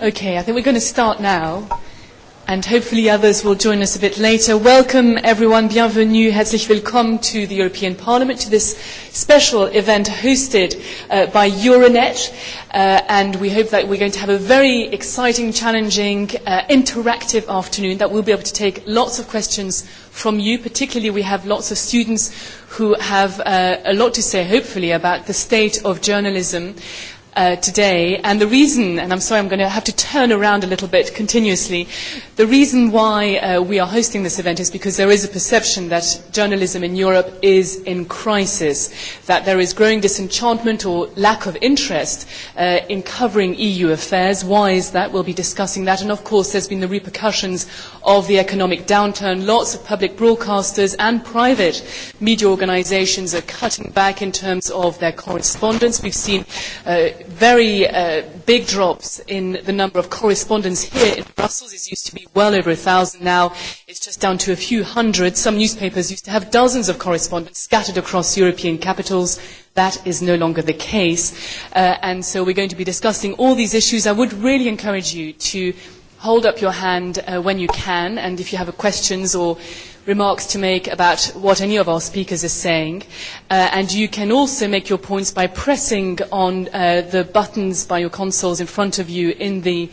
Okay, I think we're going to start now. And hopefully others will join us a bit later. Welcome everyone, bienvenue, herzlich willkommen to the European Parliament, to this special event hosted by Euronet. And we hope that we're going to have a very exciting, challenging, interactive afternoon that we'll be able to take lots of questions from you. Particularly, we have lots of students who have a lot to say, hopefully, about the state of journalism today. And the reason, and I'm sorry I'm going to have to turn around a little bit continuously, the reason why we are hosting this event is because there is a perception that journalism in Europe is in crisis, that there is growing disenchantment or lack of interest in covering EU affairs. Why is that? We'll be discussing that. And of course, there's been the repercussions of the economic downturn. Lots of public broadcasters and private media organizations are cutting back in terms of their correspondence. We've seen very big drops in the number of correspondents here in Brussels. It used to be well over a thousand now. It's just down to a few hundred. Some newspapers used to have dozens of correspondents scattered across European capitals. That is no longer the case. And so we're going to be discussing all these issues. I would really encourage you to hold up your hand when you can and if you have questions or remarks to make about what any of our speakers are saying. And you can also make your points by pressing on the buttons by your consoles in front of you, in the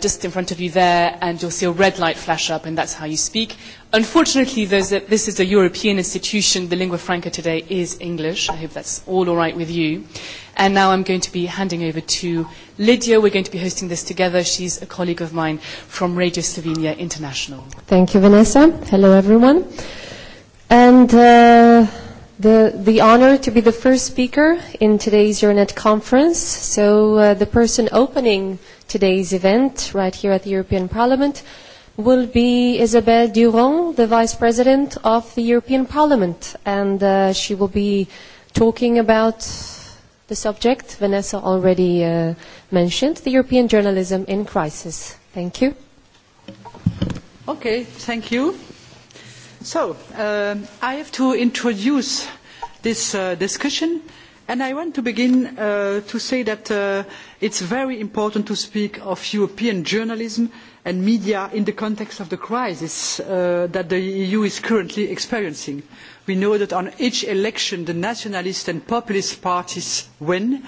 just in front of you there, and you'll see a red light flash up, and that's how you speak. Unfortunately, this is a European institution. The lingua franca today is English. I hope that's all all right with you. And now I'm going to be handing over to Lydia. We're going to be hosting this together. She's a colleague of mine from Radio Slovenia International. Thank you, Vanessa. Hello, everyone. And the, the honor to be the first speaker in today's Euronet conference. So the person opening today's event right here at the European Parliament will be Isabelle Durand, the Vice President of the European Parliament, and she will be talking about The subject, Vanessa already mentioned, the European journalism in crisis. Thank you. Okay, thank you. So, I have to introduce this discussion, and I want to begin to say that it's very important to speak of European journalism and media in the context of the crisis that the eu is currently experiencing. we know that on each election the nationalist and populist parties win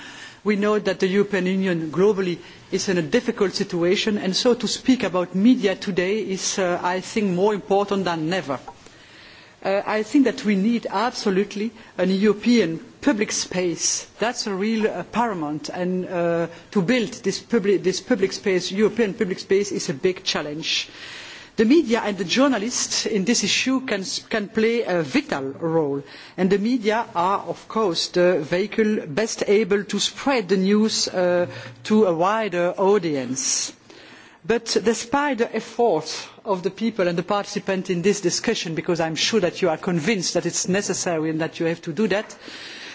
we know that the european union globally is in a difficult situation and so to speak about media today is i think more important than ever. I think that we need absolutely a European public space. That's a real paramount, and to build this public space, European public space, is a big challenge. The media and the journalists in this issue can play a vital role, and the media are, of course, the vehicle best able to spread the news to a wider audience But despite the efforts of the people and the participants in this discussion, because I am sure that you are convinced that it is necessary and that you have to do that,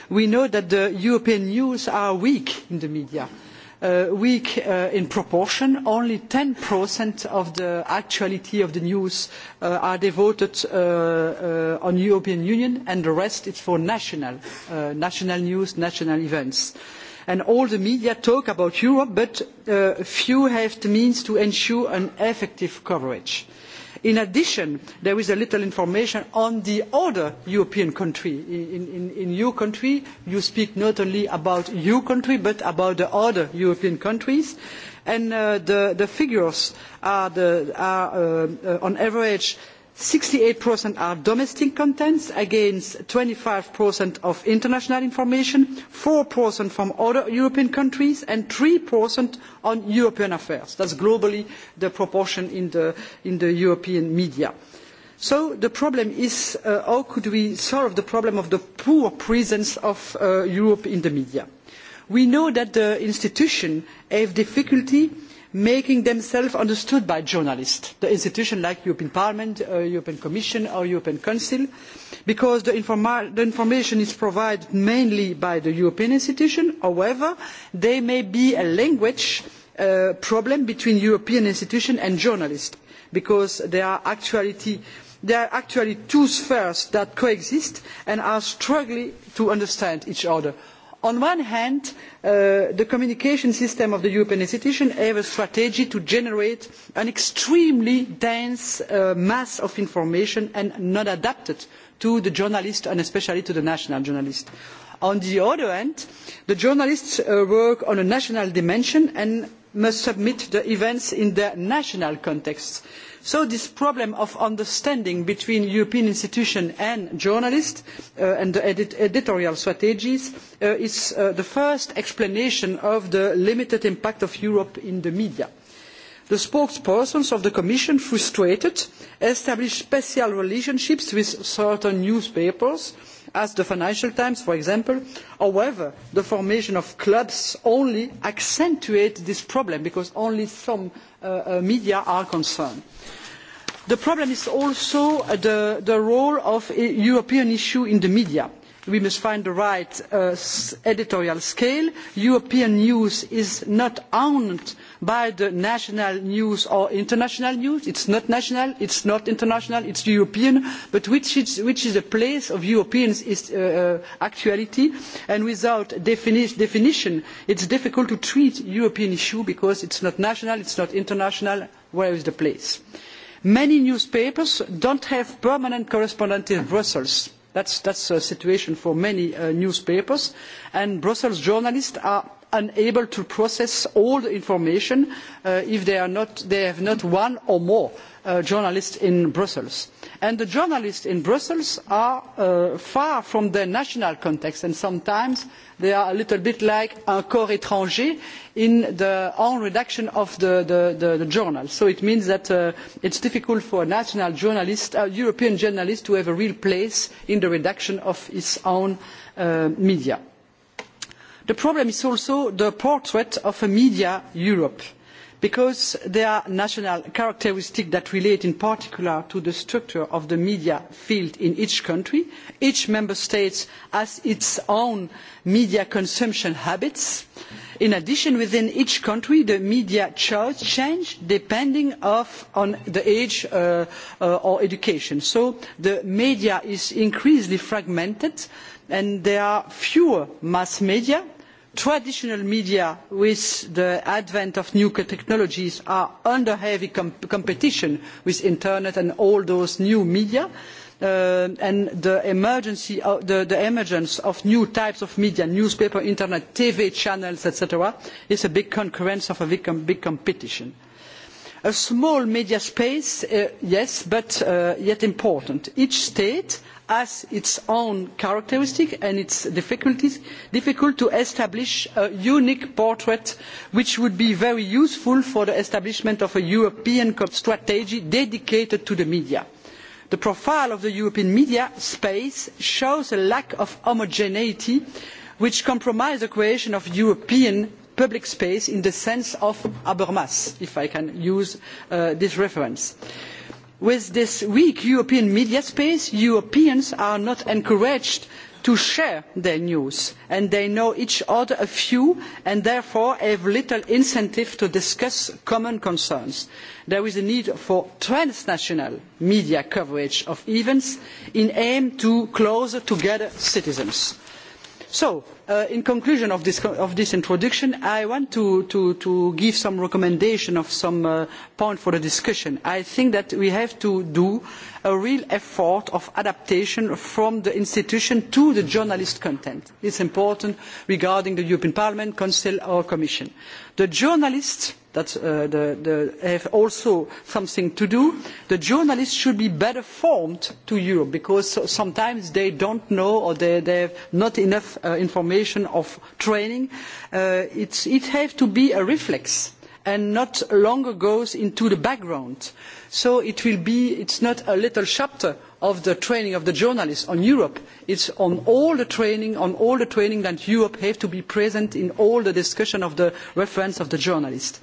we know that the European news are weak in the media, weak in proportion. Only 10% of the actuality of the news are devoted to European Union, and the rest is for national news, national events and all the media talk about europe but few have the means to ensure an effective coverage. in addition there is little information on the other european countries. in your country you speak not only about your country but about the other european countries and the figures are on average sixty eight are domestic contents against twenty five of international information four from other european countries and three on european affairs. that is globally the proportion in the european media. so the problem is how could we solve the problem of the poor presence of europe in the media? we know that the institutions have difficulty making themselves understood by journalists the institutions like the european parliament the european commission or the european council because the information is provided mainly by the european institutions. however there may be a language problem between european institutions and journalists because there are actually two spheres that coexist and are struggling to understand each other on one hand the communication system of the european institutions have a strategy to generate an extremely dense mass of information and not adapted to the journalist and especially to the national journalist. on the other hand the journalists work on a national dimension and must submit the events in their national contexts. so this problem of understanding between european institutions and journalists and the editorial strategies is the first explanation of the limited impact of europe in the media. The spokespersons of the Commission, frustrated, established special relationships with certain newspapers, as the Financial Times, for example. However, the formation of clubs only accentuates this problem, because only some media are concerned. The problem is also the role of European issue in the media. We must find the right editorial scale. European news is not owned by the national news or international news it is not national it is not international it is european but which is the place of european actuality and without definition it is difficult to treat european issue because it is not national it is not international where is the place? many newspapers do not have permanent correspondents in brussels that is the situation for many newspapers and brussels journalists are unable to process all the information if they have not one or more journalists in Brussels. And the journalists in Brussels are far from their national context and sometimes they are a little bit like un corps étranger in the own redaction of the journal. So it means that it's difficult for a national journalist, a European journalist, to have a real place in the redaction of his own media the problem is also the portrait of a media europe because there are national characteristics that relate in particular to the structure of the media field in each country. each member state has its own media consumption habits. in addition within each country the media choice changes depending on the age or education. so the media is increasingly fragmented and there are fewer mass media traditional media with the advent of new technologies are under heavy competition with the internet and all those new media and the emergence of new types of media newspaper internet tv channels etc. is a big concurrence of a big competition. a small media space yes but yet important. each state has its own characteristics and its difficulties, difficult to establish a unique portrait which would be very useful for the establishment of a european strategy dedicated to the media. the profile of the european media space shows a lack of homogeneity which compromises the creation of european public space in the sense of habermas if i can use this reference with this weak european media space europeans are not encouraged to share their news and they know each other a few and therefore have little incentive to discuss common concerns. there is a need for transnational media coverage of events in aim to bring closer together citizens so in conclusion of this introduction i want to give some recommendations of some point for the discussion. i think that we have to do a real effort of adaptation from the institution to the journalist content. this is important regarding the european parliament council or commission. the journalists have also something to do. the journalists should be better formed to europe because sometimes they do not know or they have not enough information or training. it has to be a reflex and not longer goes into the background so it will be it's not a little chapter of the training of the journalists on europe it's on all the training on all the training that europe has to be present in all the discussion of the reference of the journalists.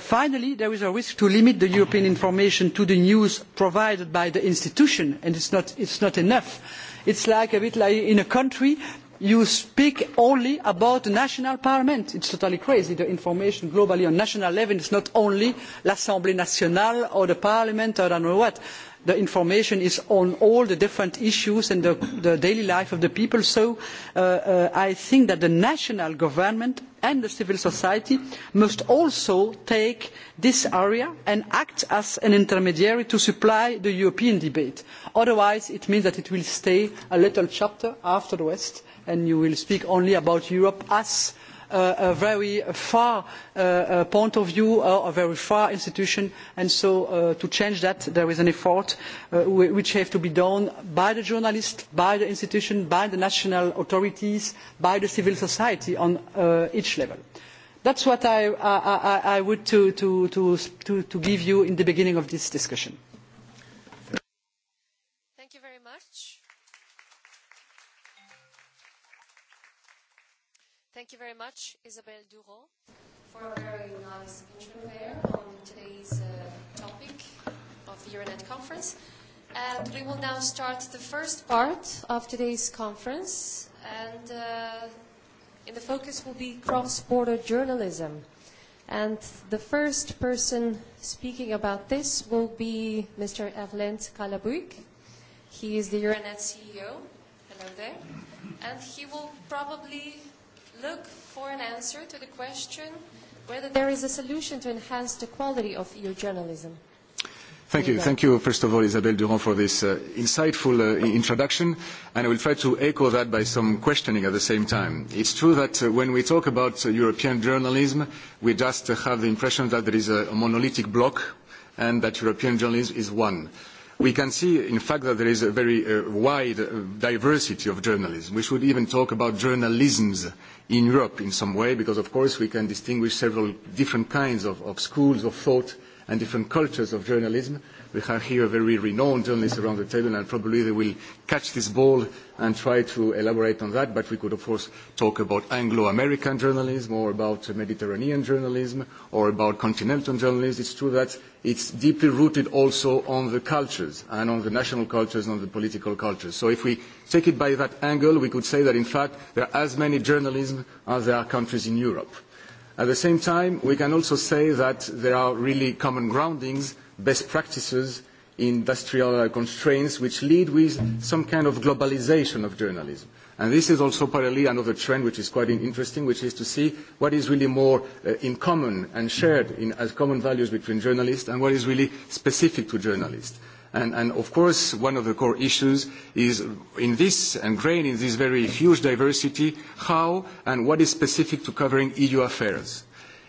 finally there is a risk to limit the european information to the news provided by the institution and it's not enough. it's like a bit like in a country you speak only about the national parliament. it is totally crazy the information globally on national level is not only l'assemblee nationale or the parliament or i don't know what the information is on all the different issues and the daily life of the people so i think that the national government and the civil society must also take this area and act as an intermediary to supply the european debate otherwise it means that it will stay a little chapter after the west and you will speak only about Europe as a very far point of view, a very far institution, and so to change that there is an effort which has to be done by the journalists, by the institutions, by the national authorities, by the civil society on each level. That is what I would to give you in the beginning of this discussion. Thank you very much, Isabelle Duro, for a very nice intro there on today's topic of the Euronet conference. And we will now start the first part of today's conference. And in the focus will be cross-border journalism. And the first person speaking about this will be Mr. Erlend Kalabuik. He is the Euronet CEO. Hello there. And he will probably look for an answer to the question whether there is a solution to enhance the quality of EU journalism. Thank you. Thank you, first of all, Isabelle Durand, for this insightful introduction. And I will try to echo that by some questioning at the same time. It's true that when we talk about European journalism, we just have the impression that there is a monolithic block and that European journalism is one. We can see, in fact, that there is a very wide diversity of journalism. We should even talk about journalisms in Europe in some way, because, of course, we can distinguish several different kinds of schools of thought and different cultures of journalism we have here a very renowned journalist around the table, and probably they will catch this ball and try to elaborate on that. But we could, of course, talk about Anglo-American journalism, or about Mediterranean journalism, or about continental journalism. It's true that it's deeply rooted also on the cultures, and on the national cultures, and on the political cultures. So if we take it by that angle, we could say that, in fact, there are as many journalism as there are countries in Europe. At the same time, we can also say that there are really common groundings best practices, industrial constraints, which lead with some kind of globalisation of journalism. And this is also parallel another trend which is quite interesting, which is to see what is really more in common and shared as common values between journalists and what is really specific to journalists. And of course, one of the core issues is in this and grain in this very huge diversity, how and what is specific to covering EU affairs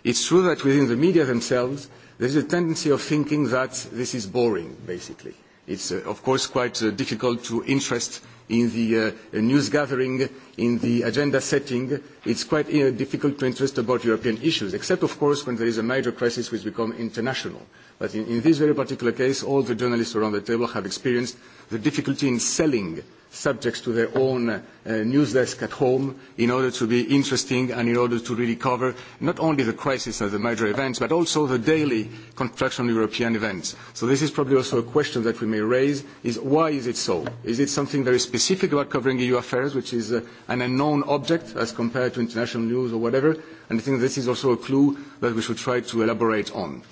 It's true that within the media themselves, there is a tendency of thinking that this is boring, basically. It's, of course, quite difficult to interest in the news gathering, in the agenda setting, it's quite difficult to interest about European issues, except, of course, when there is a major crisis which becomes international. But in this very particular case, all the journalists around the table have experienced the difficulty in selling subjects to their own news desk at home in order to be interesting and in order to really cover not only the crisis and the major events, but also the daily construction of European events. So this is probably also a question that we may raise, is why is it so? Is it something very specific about covering EU affairs, which is an unknown object as compared to international news or whatever. And I think this is also a clue that we should try to elaborate on.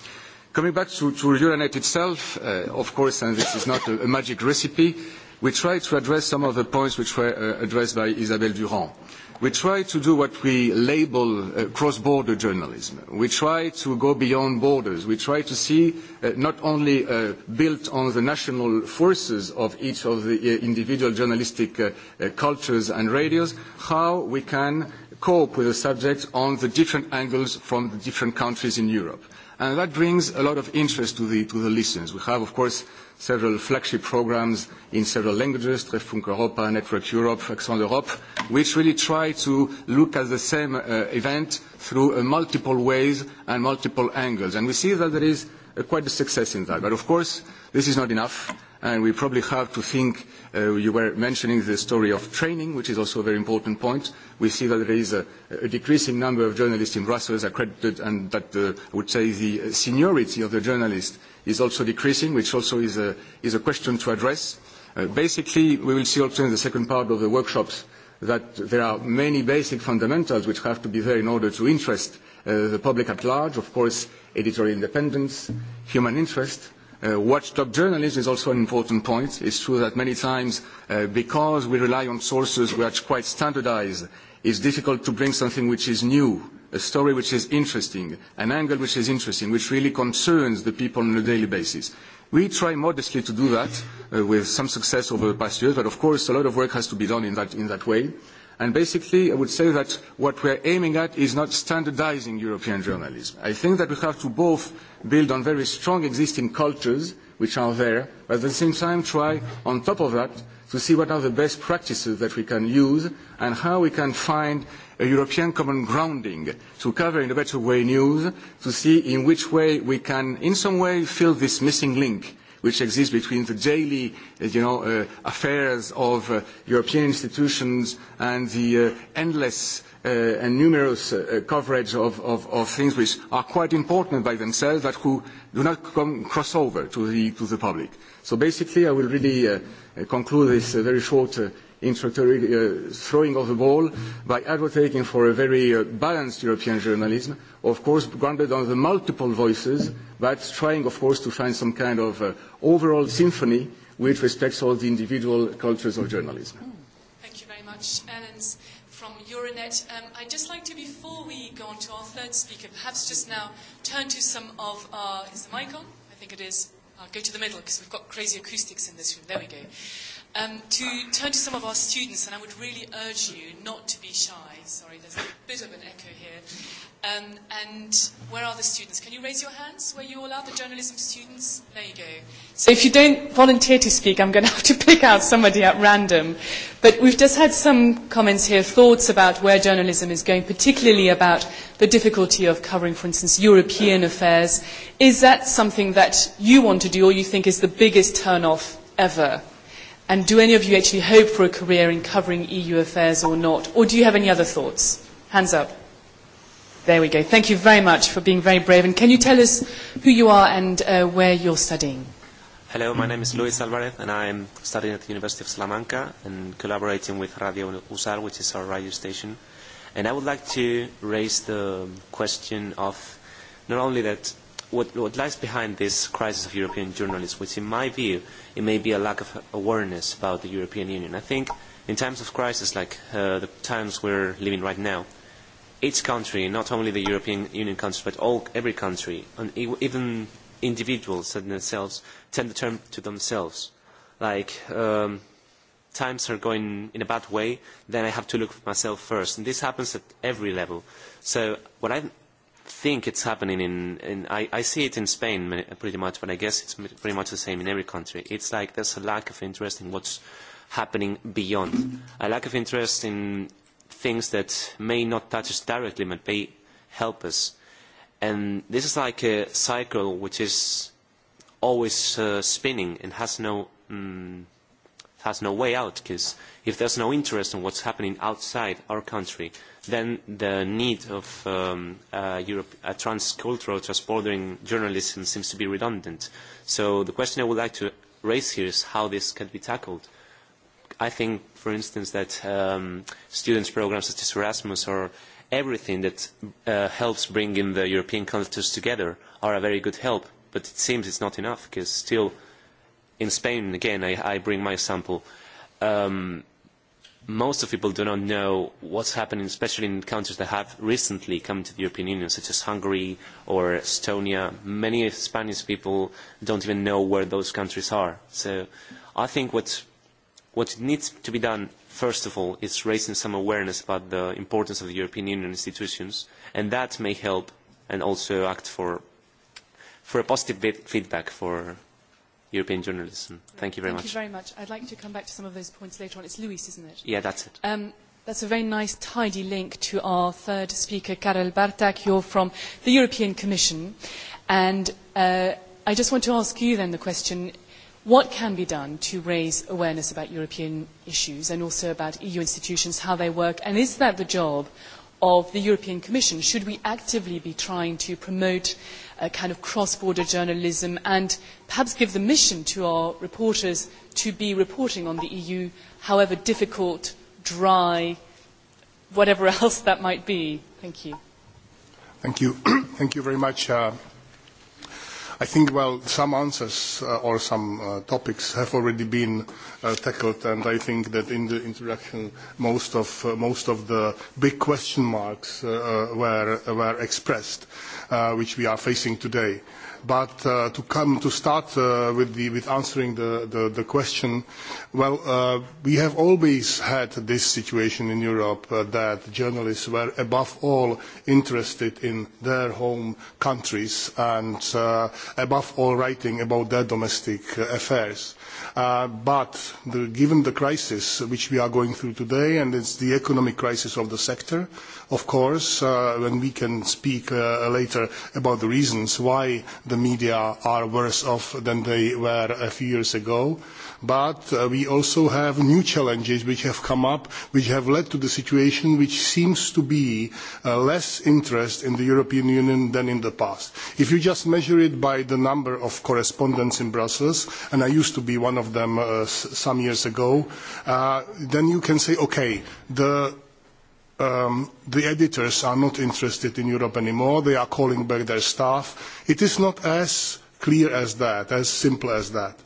Coming back to Euronet itself, of course, and this is not a magic recipe, we try to address some of the points which were addressed by Isabelle Durand. We try to do what we label cross-border journalism. We try to go beyond borders. We try to see not only built on the national forces of each of the individual journalistic cultures and radios, how we can cope with the subject on the different angles from the different countries in Europe. And that brings a lot of interest to the listeners. We have, of course, several flagship programs in several languages, Treffpunkt Europa, Network Europe, Accent Europe, which really try to look at the same event through multiple ways and multiple angles. And we see that there is quite a success in that. But of course, this is not enough and we probably have to think you were mentioning the story of training which is also a very important point we see that there is a decreasing number of journalists in brussels accredited and that i would say the seniority of the journalist is also decreasing which also is a question to address basically we will see also in the second part of the workshops that there are many basic fundamentals which have to be there in order to interest the public at large of course editorial independence human interest Watchdog journalism is also an important point. It's true that many times, because we rely on sources which are quite standardized, it's difficult to bring something which is new, a story which is interesting, an angle which is interesting, which really concerns the people on a daily basis. We try modestly to do that with some success over the past years, but of course a lot of work has to be done in that way. And basically, I would say that what we are aiming at is not standardising European journalism. I think that we have to both build on very strong existing cultures, which are there, but at the same time try, on top of that, to see what are the best practices that we can use and how we can find a European common grounding to cover in a better way news, to see in which way we can, in some way, fill this missing link which exists between the daily affairs of European institutions and the endless and numerous coverage of things which are quite important by themselves but who do not cross over to the public. So basically I will really conclude this very short throwing of the ball by advocating for a very balanced European journalism, of course grounded on the multiple voices, but trying, of course, to find some kind of overall symphony which respects all the individual cultures of journalism. Thank you very much, Elens from Euronet. I'd just like to, before we go on to our third speaker, perhaps just now turn to some of our, is the mic on? I think it is. I'll go to the middle because we've got crazy acoustics in this room. There we go um, to turn to some of our students, and I would really urge you not to be shy. Sorry, there's a bit of an echo here. Um, and where are the students? Can you raise your hands where you all are, the journalism students? There you go. So if you don't volunteer to speak, I'm going to have to pick out somebody at random. But we've just had some comments here, thoughts about where journalism is going, particularly about the difficulty of covering, for instance, European affairs. Is that something that you want to do or you think is the biggest turn-off ever? And do any of you actually hope for a career in covering EU affairs or not? Or do you have any other thoughts? Hands up. There we go. Thank you very much for being very brave. And can you tell us who you are and where you're studying? Hello, my name is Luis Alvarez and I am studying at the University of Salamanca and collaborating with Radio Usal, which is our radio station. And I would like to raise the question of not only that what lies behind this crisis of European journalists, which in my view it may be a lack of awareness about the European Union. I think in times of crisis like the times we're living right now, each country, not only the European Union countries, but all every country, and even individuals themselves, tend to turn to themselves. Like times are going in a bad way, then I have to look for myself first, and this happens at every level. So what I think it's happening in, in I, I see it in Spain pretty much, but I guess it's pretty much the same in every country. It's like there's a lack of interest in what's happening beyond, a lack of interest in things that may not touch us directly, but may help us. And this is like a cycle which is always spinning and has no has no way out, because if there's no interest in what's happening outside our country, then the need of a transcultural, transbordering journalism seems to be redundant. So the question I would like to raise here is how this can be tackled. I think, for instance, that students' programs such as Erasmus or everything that helps bring in the European cultures together are a very good help, but it seems it's not enough because still in Spain, again, I I bring my sample, most of people do not know what's happening, especially in countries that have recently come to the European Union, such as Hungary or Estonia. Many Spanish people don't even know where those countries are. So I think what needs to be done, first of all, is raising some awareness about the importance of the European Union institutions, and that may help and also act for for a positive feedback for European journalism. Thank you very much. Thank you very much. I'd like to come back to some of those points later on. It's Luis, isn't it? Yeah, that's it. Um, that's a very nice, tidy link to our third speaker, Karel Bartak. You're from the European Commission. And uh, I just want to ask you then the question, what can be done to raise awareness about European issues and also about EU institutions, how they work, and is that the job of the European Commission? Should we actively be trying to promote a kind of cross-border journalism and perhaps give the mission to our reporters to be reporting on the EU, however difficult, dry, whatever else that might be. Thank you. Thank you. Thank you very much, I think, well, some answers or some topics have already been tackled, and I think that in the introduction, most of the big question marks were expressed, which we are facing today. But to come to start with answering the question, well, we have always had this situation in Europe that journalists were above all interested in their home countries and above all writing about their domestic affairs. But given the crisis which we are going through today, and it's the economic crisis of the sector, of course, when we can speak later about the reasons why the media are worse off than they were a few years ago, but we also have new challenges which have come up, which have led to the situation which seems to be less interest in the European Union than in the past. If you just measure it by the number of correspondents in Brussels, and I used to be one of them some years ago, then you can say, okay, the the editors are not interested in Europe anymore, they are calling back their staff. It is not as clear as that, as simple as that,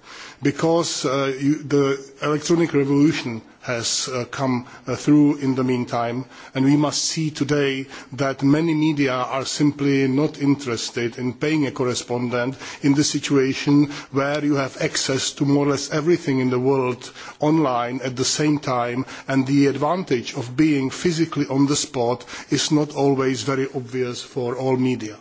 because the electronic revolution has come through in the meantime, and we must see today that many media are simply not interested in paying a correspondent in the situation where you have access to more or less everything in the world online at the same time, and the advantage of being physically on the spot is not always very obvious for all media.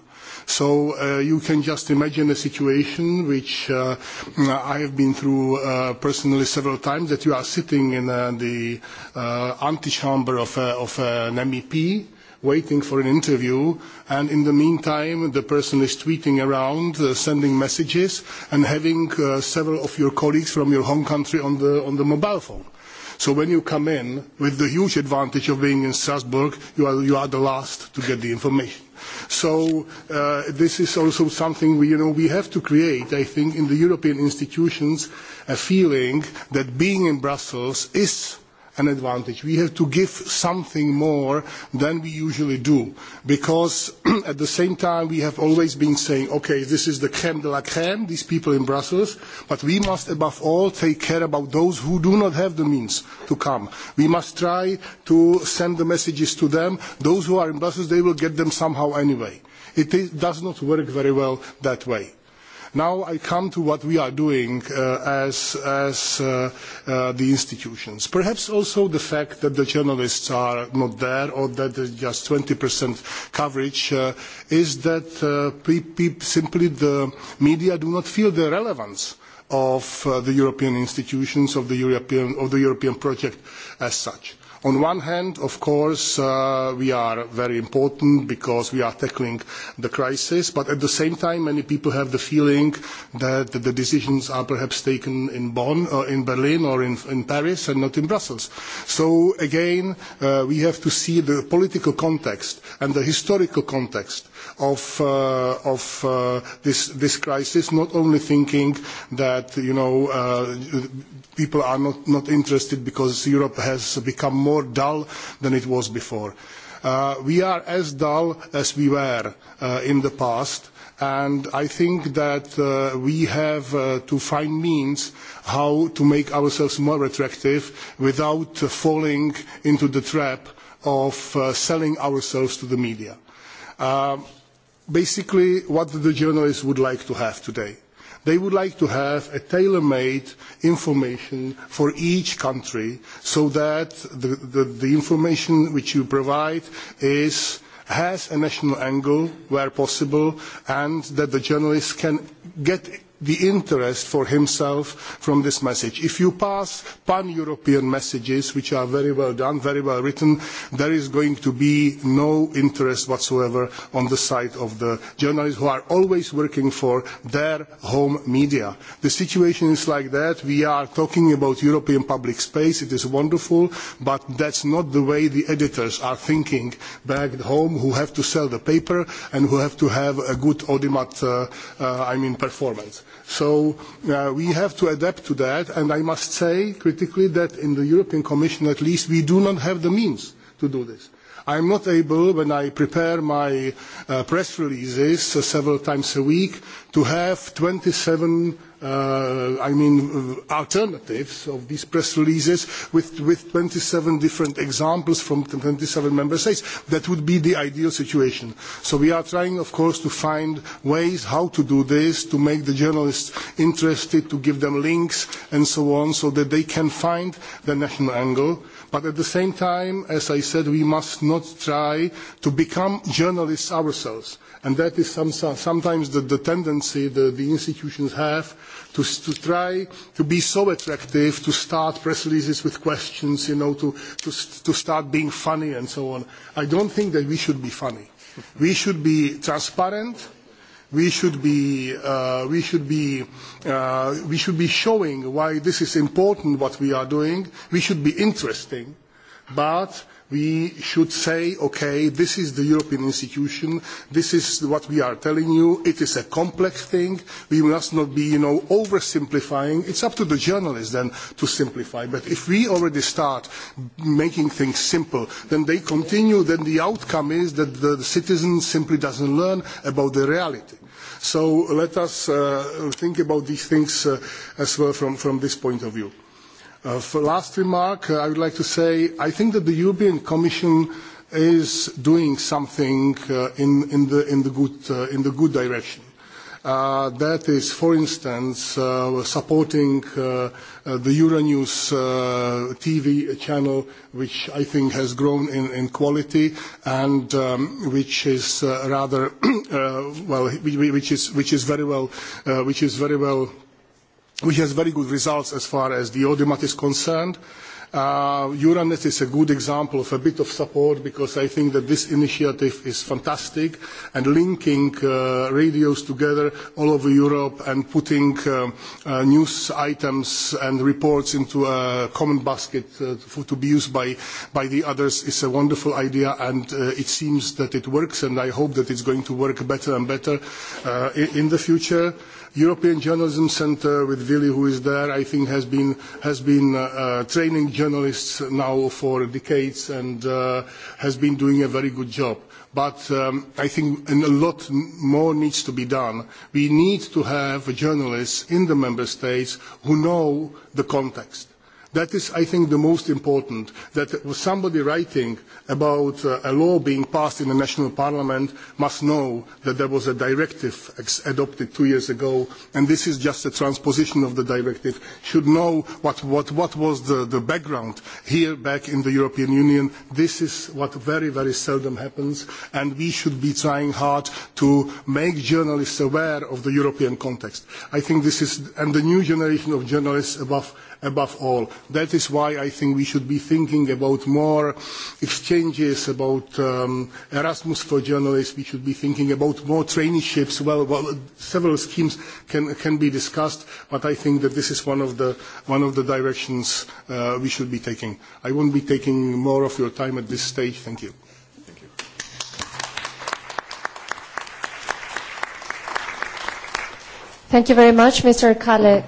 So you can just imagine a situation which I have been through personally several times, that you are sitting in the antechamber of an MEP waiting for an interview and in the meantime the person is tweeting around sending messages and having several of your colleagues from your home country on the mobile phone So when you come in with the huge advantage of being in Strasbourg, you are you are the last to get the information. So this is also something we you know we have to create, I think, in the European institutions, a feeling that being in Brussels is an advantage. We have to give something more than we usually do, because at the same time we have always been saying, okay, this is the crème de la crème, these people in Brussels, but we must above all take care about those who do not have the means to come. We must try to send the messages to them. Those who are in Brussels, they will get them somehow anyway. It does not work very well that way. Now I come to what we are doing as the institutions. Perhaps also the fact that the journalists are not there or that there is just 20% coverage is that simply the media do not feel the relevance of the European institutions, of the European project as such. On one hand, of course, we are very important because we are tackling the crisis, but at the same time, many people have the feeling that the decisions are perhaps taken in Bonn, in Berlin, or in Paris, and not in Brussels. So again, we have to see the political context and the historical context of this crisis, not only thinking that people are not interested because Europe has become more dull than it was before. We are as dull as we were in the past and I think that we have to find means how to make ourselves more attractive without falling into the trap of selling ourselves to the media basically what the journalists would like to have today. They would like to have a tailor-made information for each country so that the information which you provide has a national angle where possible and that the journalists can get the interest for himself from this message. If you pass pan-European messages, which are very well done, very well written, there is going to be no interest whatsoever on the side of the journalists who are always working for their home media. The situation is like that. We are talking about European public space. It is wonderful, but that's not the way the editors are thinking back home, who have to sell the paper and who have to have a good Audimat, I mean, performance. So we have to adapt to that, and I must say critically that in the European Commission at least we do not have the means to do this. I am not able, when I prepare my press releases several times a week, to have 27 I mean, alternatives of these press releases with 27 different examples from 27 member states. That would be the ideal situation. So we are trying, of course, to find ways how to do this, to make the journalists interested, to give them links and so on, so that they can find the national angle But at the same time, as I said, we must not try to become journalists ourselves. And that is sometimes the tendency that the institutions have to try to be so attractive, to start press releases with questions, you know, to start being funny and so on. I don't think that we should be funny. We should be transparent we should be we should be we should be showing why this is important what we are doing we should be interesting but we should say, okay, this is the European institution, this is what we are telling you, it is a complex thing, we must not be, you know, oversimplifying. It's up to the journalists then to simplify. But if we already start making things simple, then they continue, then the outcome is that the citizen simply doesn't learn about the reality. So let us think about these things as well from this point of view. For last remark, I would like to say I think that the European Commission is doing something in the good direction. That is, for instance, supporting the Euronews TV channel, which I think has grown in quality and which is rather well, which is very well which has very good results as far as the Audimat is concerned. Euronet is a good example of a bit of support because I think that this initiative is fantastic and linking radios together all over Europe and putting news items and reports into a common basket to be used by the others is a wonderful idea and it seems that it works and I hope that it's going to work better and better in the future. European Journalism Centre with Vili who is there I think has been training journalists now for decades and has been doing a very good job. But I think a lot more needs to be done. We need to have journalists in the member states who know the context That is, I think, the most important, that somebody writing about a law being passed in the national parliament must know that there was a directive adopted two years ago, and this is just a transposition of the directive, should know what was the background here back in the European Union. This is what very, very seldom happens, and we should be trying hard to make journalists aware of the European context. I think this is, and the new generation of journalists above above all. That is why I think we should be thinking about more exchanges, about Erasmus for journalists. We should be thinking about more traineeships. several schemes can be discussed, but I think that this is one of the directions we should be taking. I won't be taking more of your time at this stage. Thank you. Thank you very much, Mr.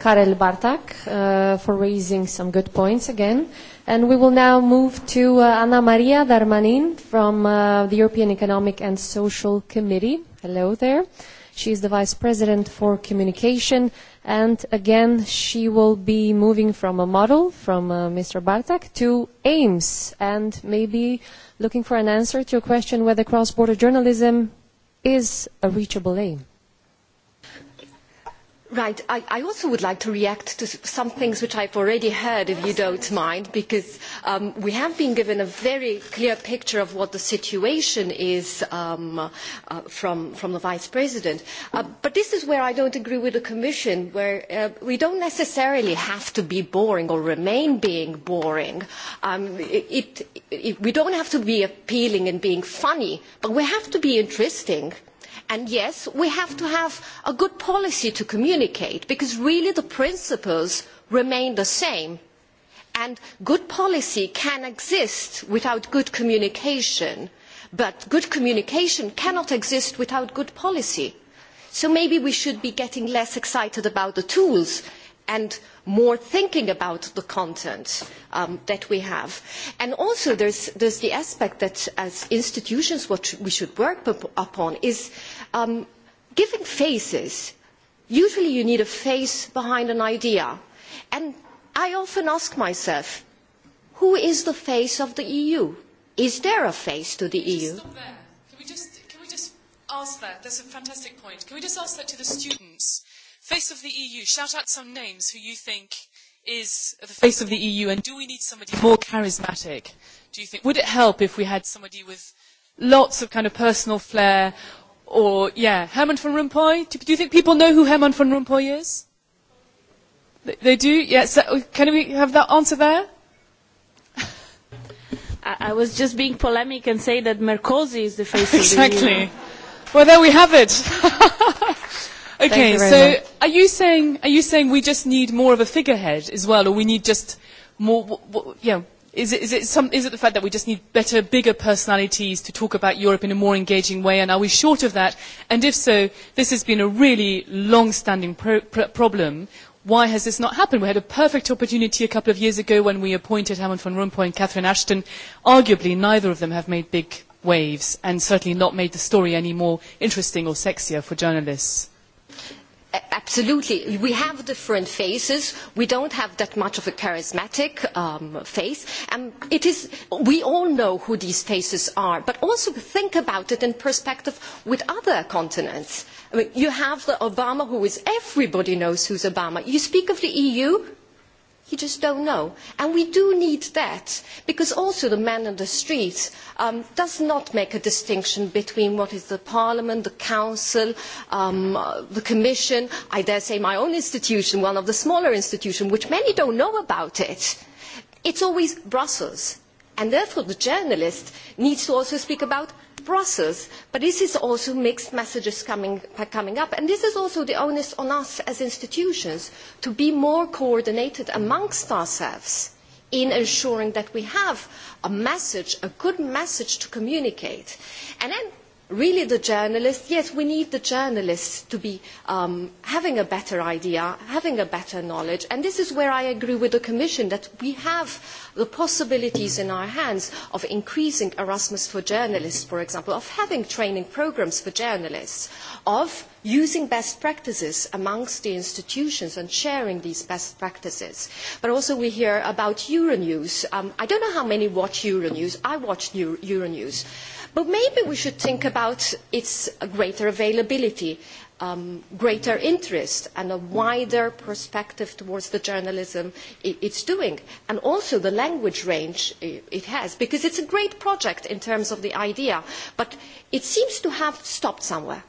Karel Bartak, for raising some good points again. And we will now move to Anna Maria Darmanin from the European Economic and Social Committee. Hello there. She is the Vice President for Communication. And again, she will be moving from a model from Mr. Bartak to aims and maybe looking for an answer to a question whether cross-border journalism is a reachable aim. Right. I also would like to react to some things which I've already heard, if you don't mind, because we have been given a very clear picture of what the situation is from the Vice President. But this is where I don't agree with the Commission, where we don't necessarily have to be boring or remain being boring. We don't have to be appealing and being funny, but we have to be interesting and yes we have to have a good policy to communicate because really the principles remain the same and good policy can exist without good communication but good communication cannot exist without good policy so maybe we should be getting less excited about the tools and more thinking about the content that we have. And also there's is the aspect that as institutions what we should work upon is giving faces. Usually you need a face behind an idea. And I often ask myself, who is the face of the EU? Is there a face to the EU? Can we just ask that? That's a fantastic point. Can we just ask that to the students? Face of the EU, shout out some names who you think is the face of the EU and do we need somebody more charismatic, do you think? Would it help if we had somebody with lots of kind of personal flair or, yeah, Herman van Rompuy? Do you think people know who Herman van Rompuy is? They do? Yes. Can we have that answer there? I was just being polemic and say that Mercosi is the face of the EU. Exactly. Well, there we have it. Okay, so are you saying are you saying we just need more of a figurehead as well, or we need just more? You know, is it is it some is it the fact that we just need better, bigger personalities to talk about Europe in a more engaging way? And are we short of that? And if so, this has been a really long-standing problem. Why has this not happened? We had a perfect opportunity a couple of years ago when we appointed Hammond von Rompuy and Catherine Ashton. Arguably, neither of them have made big waves and certainly not made the story any more interesting or sexier for journalists. Absolutely. We have different faces. We don't have that much of a charismatic face. And it is we all know who these faces are. But also think about it in perspective with other continents. You have the Obama who is everybody knows who's Obama. You speak of the EU You just don't know. And we do need that because also the man on the street does not make a distinction between what is the Parliament, the Council, the Commission, I dare say my own institution, one of the smaller institutions, which many don't know about it. It's always Brussels. And therefore the journalist needs to also speak about Brussels, but this is also mixed messages coming up, and this is also the onus on us as institutions to be more coordinated amongst ourselves in ensuring that we have a message, a good message to communicate. And then really the journalists yes we need the journalists to be having a better idea having a better knowledge and this is where i agree with the commission that we have the possibilities in our hands of increasing erasmus for journalists for example of having training programmes for journalists of using best practices amongst the institutions and sharing these best practices but also we hear about euronews i don't know how many watch euronews i watch euronews But maybe we should think about its greater availability, greater interest and a wider perspective towards the journalism it's doing, and also the language range it has, because it's a great project in terms of the idea, but it seems to have stopped somewhere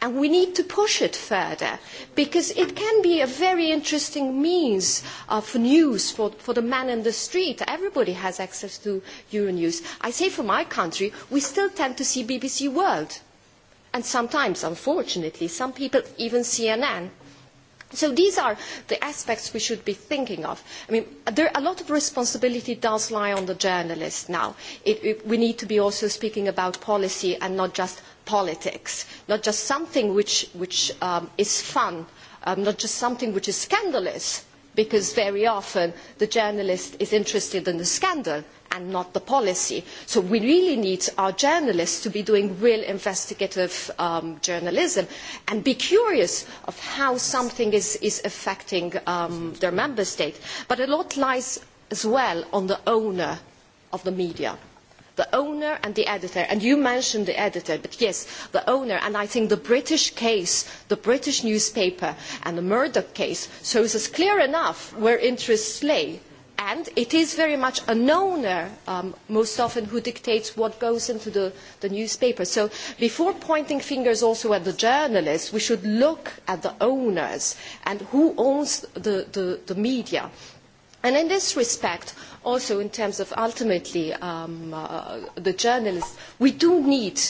and we need to push it further because it can be a very interesting means of news for the man in the street everybody has access to euronews i say for my country we still tend to see bbc world and sometimes unfortunately some people even cnn so these are the aspects we should be thinking of. a lot of responsibility does lie on the journalists now. we need to be also speaking about policy and not just politics, not just something which is fun, not just something which is scandalous, because very often the journalist is interested in the scandal and not the policy. So we really need our journalists to be doing real investigative journalism and be curious of how something is affecting their member state. But a lot lies as well on the owner of the media the owner and the editor. And you mentioned the editor, but yes, the owner. And I think the British case, the British newspaper and the Murdoch case shows us clear enough where interests lay. And it is very much an owner, most often, who dictates what goes into the newspaper. So before pointing fingers also at the journalists, we should look at the owners and who owns the media. And in this respect, also in terms of ultimately the journalists, we do need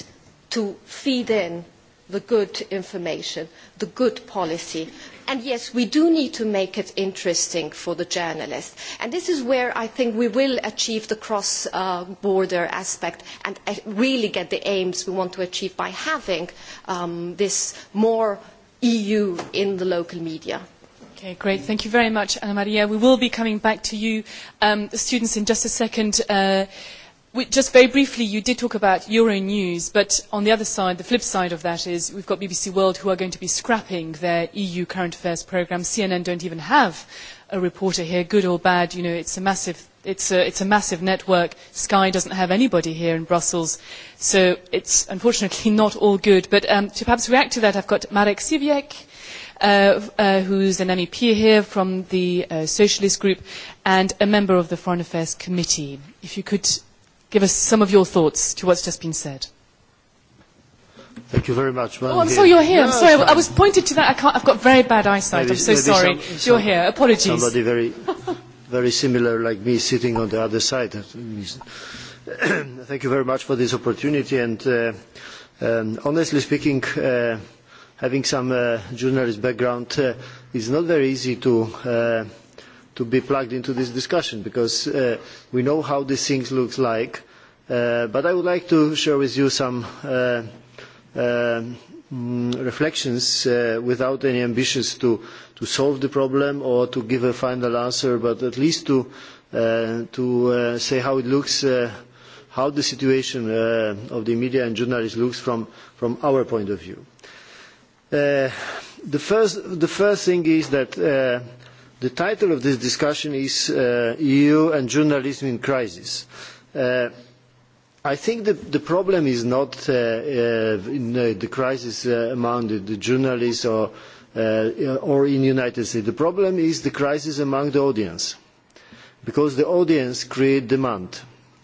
to feed in the good information, the good policy. And yes, we do need to make it interesting for the journalists. And this is where I think we will achieve the cross-border aspect and really get the aims we want to achieve by having this more EU in the local media. Okay, great. Thank you very much, Ana Maria. We will be coming back to you, the students, in just a second. Just very briefly, you did talk about News, but on the other side, the flip side of that is we've got BBC World who are going to be scrapping their EU current affairs programme. CNN don't even have a reporter here, good or bad. You know, it's a massive, it's a, it's a massive network. Sky doesn't have anybody here in Brussels, so it's unfortunately not all good. But to perhaps react to that, I've got Marek Siviek who's an MEP here from the Socialist Group and a member of the Foreign Affairs Committee. If you could give us some of your thoughts to what's just been said. Thank you very much. Oh, I'm sorry you're here. I'm sorry. I was pointed to that. I can't, I've got very bad eyesight. I'm so sorry. You're here. Apologies. Somebody very, very similar like me sitting on the other side. Thank you very much for this opportunity. And honestly speaking, having some journalist background, is not very easy to be plugged into this discussion because we know how these things look like. But I would like to share with you some reflections without any ambitions to solve the problem or to give a final answer, but at least to say how it looks, how the situation of the media and journalists looks from our point of view. The first thing is that the title of this discussion is EU and journalism in crisis. I think the problem is not in the crisis among the journalists or in the United States. The problem is the crisis among the audience, because the audience creates demand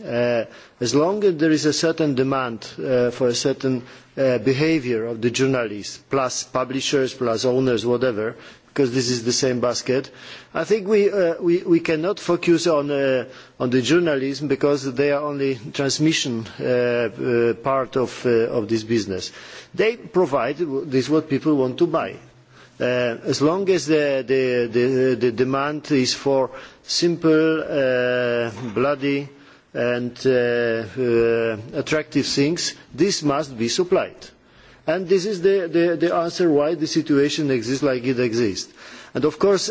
as long as there is a certain demand for a certain behaviour of the journalists plus publishers plus owners whatever because this is the same basket i think we cannot focus on the journalism because they are only transmission part of this business. they provide this what people want to buy. as long as the demand is for simple bloody and attractive things, this must be supplied. And this is the answer why the situation exists like it exists. And of course,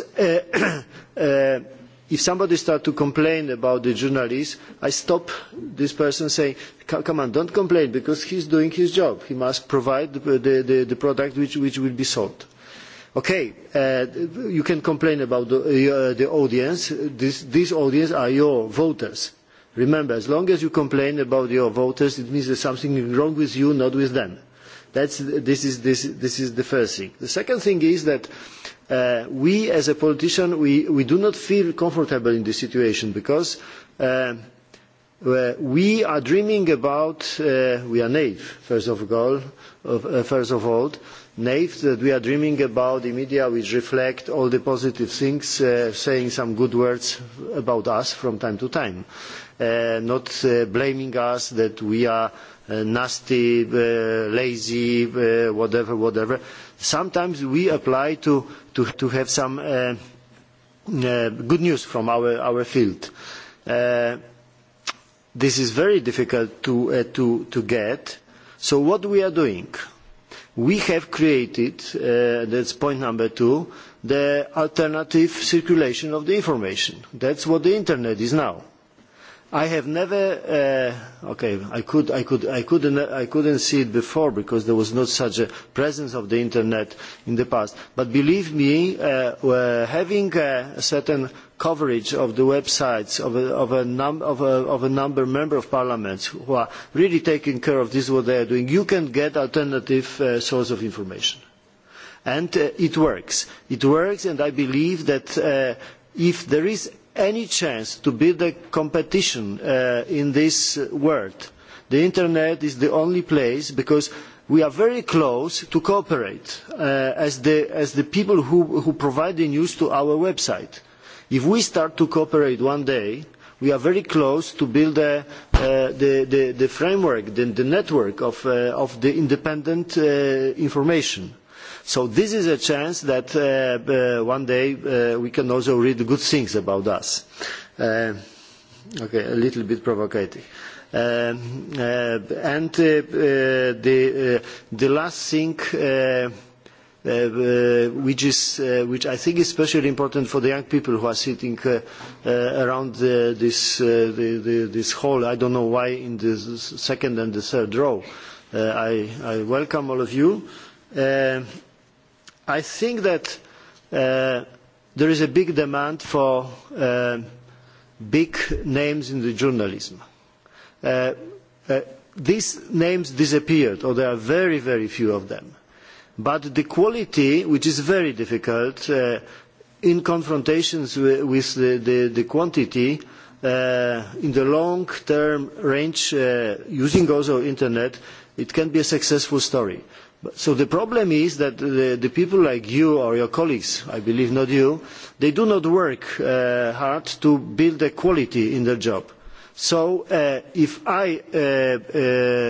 if somebody starts to complain about the journalist, I stop this person saying, come on, don't complain, because he is doing his job. He must provide the product which will be sold. Okay, you can complain about the audience. This audience are your voters Remember, as long as you complain about your voters, it means there's something wrong with you, not with them. This is the first thing. The second thing is that we, as a politician, we do not feel comfortable in this situation because we are dreaming about, we are naive, first of all, naive that we are dreaming about the media which reflect all the positive things, saying some good words about us from time to time not blaming us that we are nasty, lazy, whatever, whatever. Sometimes we apply to have some good news from our field. This is very difficult to get. So what we are doing? We have created, that's point number two, the alternative circulation of the information. That's what the Internet is now I have never, okay, I could, I could, I couldn't, I couldn't see it before because there was not such a presence of the internet in the past. But believe me, having a certain coverage of the websites of a number of member of parliaments who are really taking care of this what they are doing, you can get alternative source of information, and it works. It works, and I believe that if there is any chance to build a competition in this world. The internet is the only place because we are very close to cooperate as the people who provide the news to our website. If we start to cooperate one day, we are very close to build the framework, the network of the independent information So this is a chance that one day we can also read good things about us. Okay, a little bit provocative. And the last thing which I think is especially important for the young people who are sitting around this hall, I don't know why, in the second and the third row. I welcome all of you I think that there is a big demand for big names in journalism. These names disappeared, or there are very, very few of them. But the quality, which is very difficult, in confrontations with the quantity, in the long-term range, using also internet, it can be a successful story. So the problem is that the people like you or your colleagues, I believe not you, do not work hard to build a quality in their job. So if I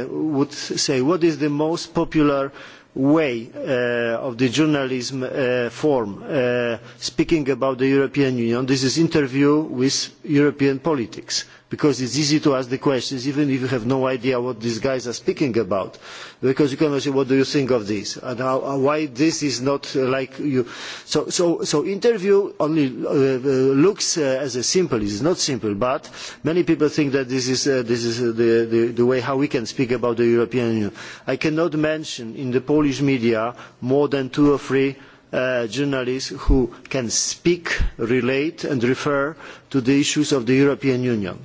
would say what is the most popular way of the journalism form speaking about the European Union, this is interview with European politics because it's easy to ask the questions even if you have no idea what these guys are speaking about because you can say what do you think of this and why this is not like you so so interview only looks as a simple it is not simple but many people think that this is this is the way how we can speak about the european union i cannot mention in the polish media more than two or three journalists who can speak relate and refer to the issues of the european union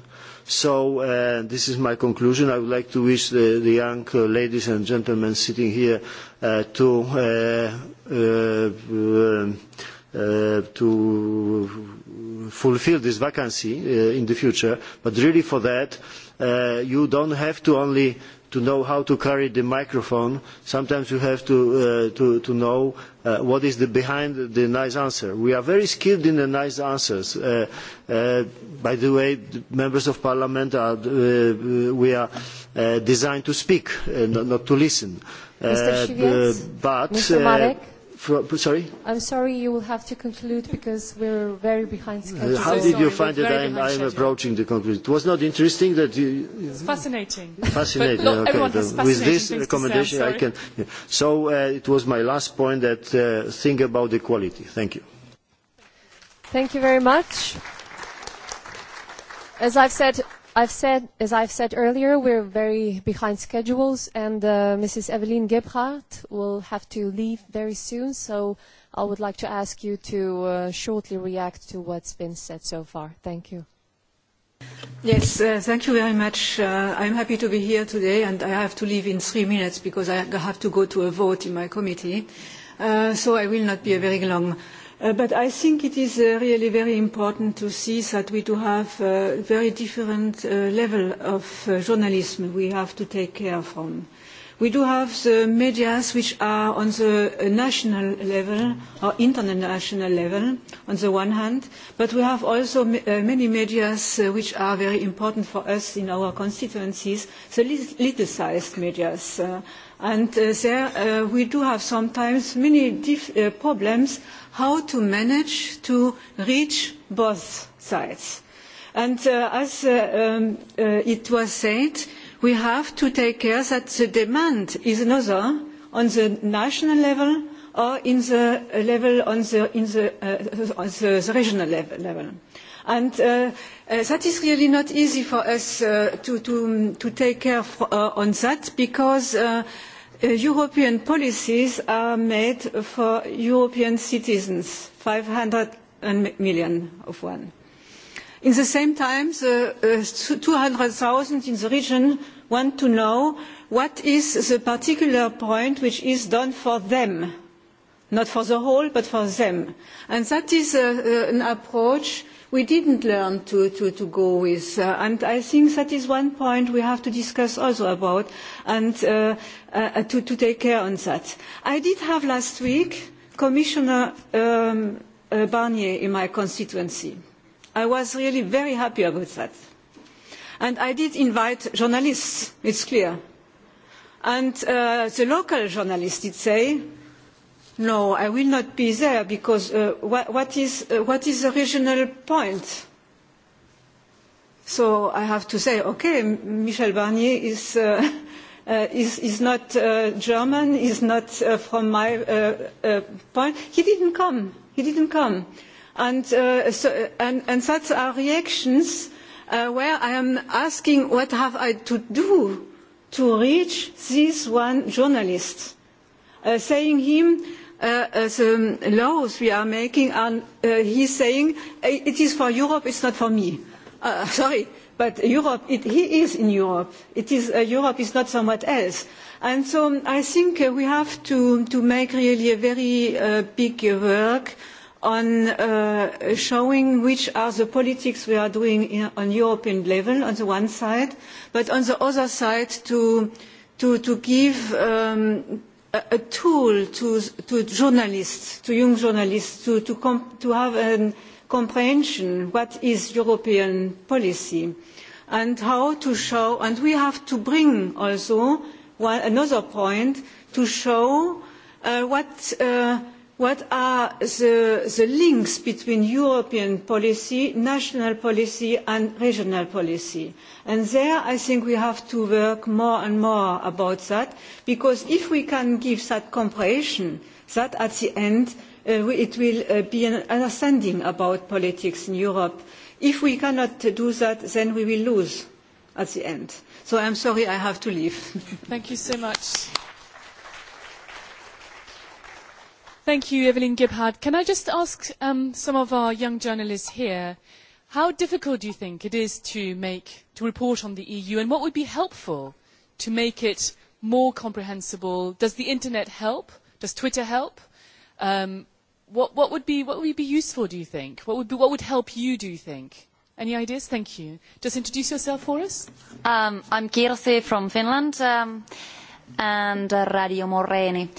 So this is my conclusion. I would like to wish the young ladies and gentlemen sitting here to to fulfill this vacancy in the future. But really for that, you don't have to only to know how to carry the microphone. Sometimes you have to know what is behind the nice answer. We are very skilled in the nice answers. By the way, members of parliament are we are designed to speak, not to listen. But Sorry? I'm sorry you will have to conclude because we're very behind schedule. How did you find that I'm approaching the conclusion? It was not interesting that you... It's fascinating. Fascinating, With this recommendation I can... So it was my last point that think about the quality. Thank you. Thank you very much. As I've said I've said, as I've said earlier, we're very behind schedules, and Mrs. Evelyn Gebhardt will have to leave very soon, so I would like to ask you to shortly react to what's been said so far. Thank you. Yes, thank you very much. I'm happy to be here today, and I have to leave in three minutes because I have to go to a vote in my committee, so I will not be a very long. But I think it is really very important to see that we do have a very different level of journalism we have to take care of. We do have the medias which are on the national level or international level on the one hand, but we have also many media which are very important for us in our constituencies, the little-sized media. And there we do have sometimes many problems how to manage to reach both sides. And as it was said, we have to take care that the demand is another on the national level or in the level on the regional level. And that is really not easy for us to take care on that because European policies are made for European citizens, 500 million of one. In the same time, 200,000 in the region want to know what is the particular point which is done for them, not for the whole, but for them. And that is an approach we didn't learn to to go with and i think that is one point we have to discuss also about and to to take care on that i did have last week commissioner barnier in my constituency i was really very happy about that and i did invite journalists it's clear and the local journalists did say No, I will not be there because what is the regional point? So I have to say, okay, Michel Barnier is not German, is not from my point. He didn't come. He didn't come. And such are reactions where I am asking what have I to do to reach this one journalist, saying him the laws we are making are he's saying it is for Europe, it's not for me. Sorry, but Europe he is in Europe. It is Europe is not somewhat else. And so I think we have to make really a very big work on showing which are the politics we are doing on European level on the one side, but on the other side to give a tool to journalists, to young journalists, to have a comprehension of what is European policy and how to show, and we have to bring also another point to show what What are the links between European policy, national policy and regional policy? And there I think we have to work more and more about that, because if we can give that comprehension, that at the end it will be an understanding about politics in Europe. If we cannot do that, then we will lose at the end. So I am sorry I have to leave. Thank you so much. Thank you, Evelyn Gibhard. Can I just ask some of our young journalists here, how difficult do you think it is to make, to report on the EU, and what would be helpful to make it more comprehensible? Does the internet help? Does Twitter help? What what would be what would be useful? Do you think? What would what would help you? Do you think? Any ideas? Thank you. Just introduce yourself for us. I'm Kirsi from Finland and Radio Moreni.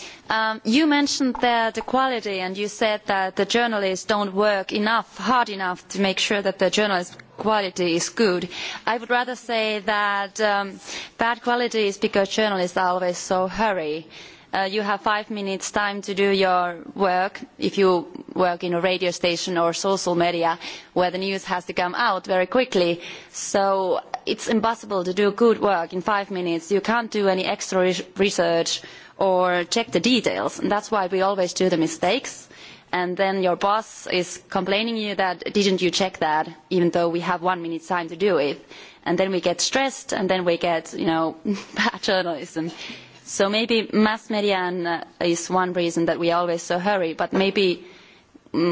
You mentioned that quality and you said that the journalists don't work enough, hard enough to make sure that the journalist quality is good. I would rather say that bad quality is because journalists are always so hurry you have five minutes time to do your work if you work in a radio station or social media where the news has to come out very quickly so it's impossible to do good work in five minutes you can't do any extra research or check the details and that's why we always do the mistakes and then your boss is complaining you that didn't you check that even though we have one minute time to do it and then we get stressed and then we get you know bad journalism So maybe mass media is one reason that we are always so hurry, but maybe we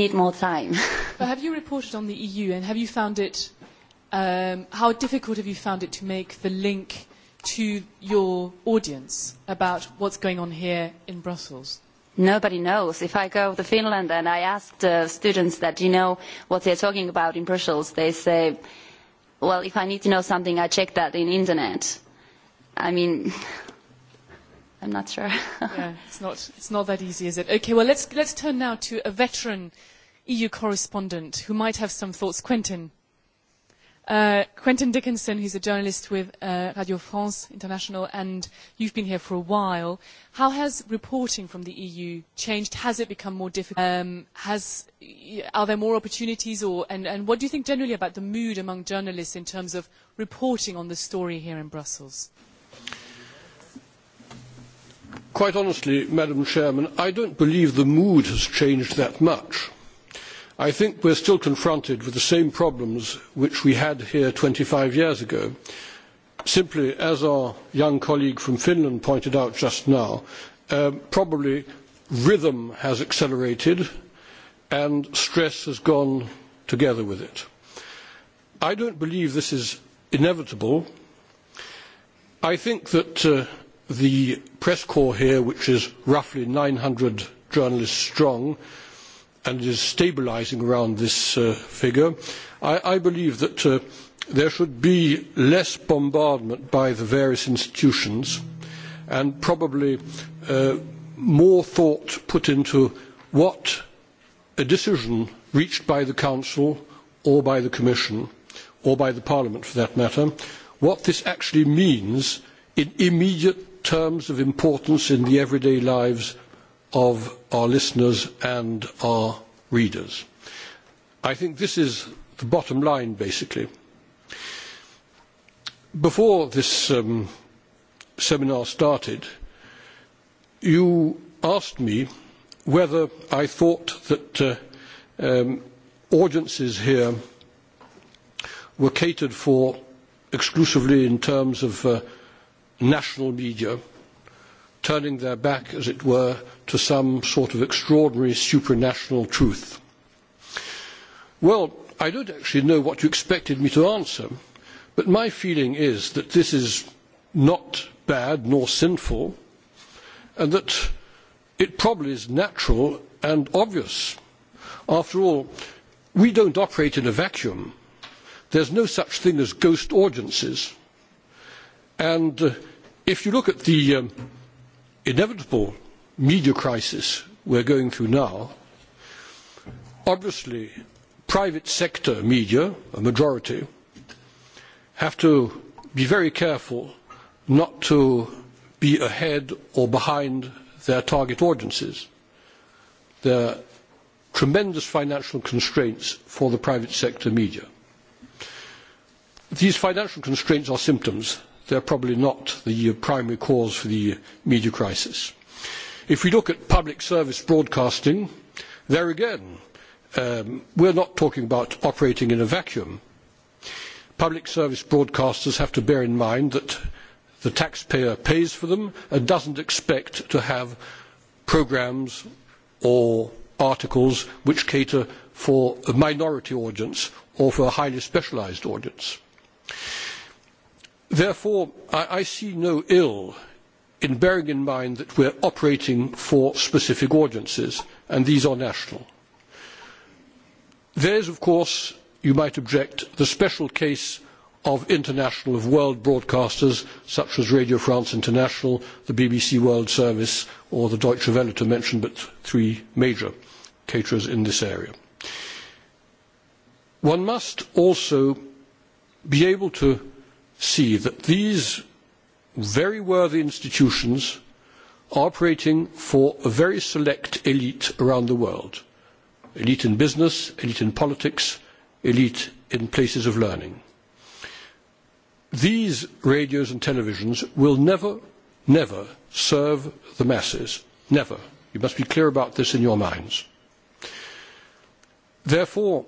need more time. But have you reported on the EU and have you found it, how difficult have you found it to make the link to your audience about what's going on here in Brussels? Nobody knows. If I go to Finland and I ask the students that, you know, what they're talking about in Brussels, they say, well, if I need to know something, I check that in internet. I mean I'm not sure. Yeah, it's not it's not that easy, is it? Okay, well let's let's turn now to a veteran EU correspondent who might have some thoughts. Quentin. Quentin Dickinson, who's a journalist with Radio France International, and you've been here for a while. How has reporting from the EU changed? Has it become more difficult? Has are there more opportunities, or and and what do you think generally about the mood among journalists in terms of reporting on the story here in Brussels? Quite honestly, Madam Chairman, I don't believe the mood has changed that much. I think we are still confronted with the same problems which we had here 25 years ago. Simply, as our young colleague from Finland pointed out just now, probably rhythm has accelerated and stress has gone together with it. I don't believe this is inevitable. I think that the press corps here, which is roughly 900 journalists strong and is stabilising around this figure, I believe that there should be less bombardment by the various institutions and probably more thought put into what a decision reached by the Council or by the Commission or by the Parliament for that matter, what this actually means in immediate terms of importance in the everyday lives of our listeners and our readers. I think this is the bottom line, basically. Before this seminar started, you asked me whether I thought that audiences here were catered for exclusively in terms of national media turning their back, as it were, to some sort of extraordinary supranational truth. Well, I don't actually know what you expected me to answer, but my feeling is that this is not bad nor sinful, and that it probably is natural and obvious. After all, we don't operate in a vacuum. There's no such thing as ghost audiences And if you look at the inevitable media crisis we are going through now, obviously private sector media, a majority, have to be very careful not to be ahead or behind their target audiences. There are tremendous financial constraints for the private sector media. These financial constraints are symptoms They are probably not the primary cause for the media crisis. If we look at public service broadcasting, there again, we're not talking about operating in a vacuum. Public service broadcasters have to bear in mind that the taxpayer pays for them and doesn't expect to have programmes or articles which cater for a minority audience or for a highly specialised audience. Therefore, I see no ill in bearing in mind that we are operating for specific audiences, and these are national. There is, of course, you might object, the special case of international, of world broadcasters such as Radio France International, the BBC World Service, or the Deutsche Welle, to mention but three major caterers in this area. One must also be able to see that these very worthy institutions are operating for a very select elite around the world elite in business, elite in politics, elite in places of learning. These radios and televisions will never, never serve the masses. Never. You must be clear about this in your minds. Therefore,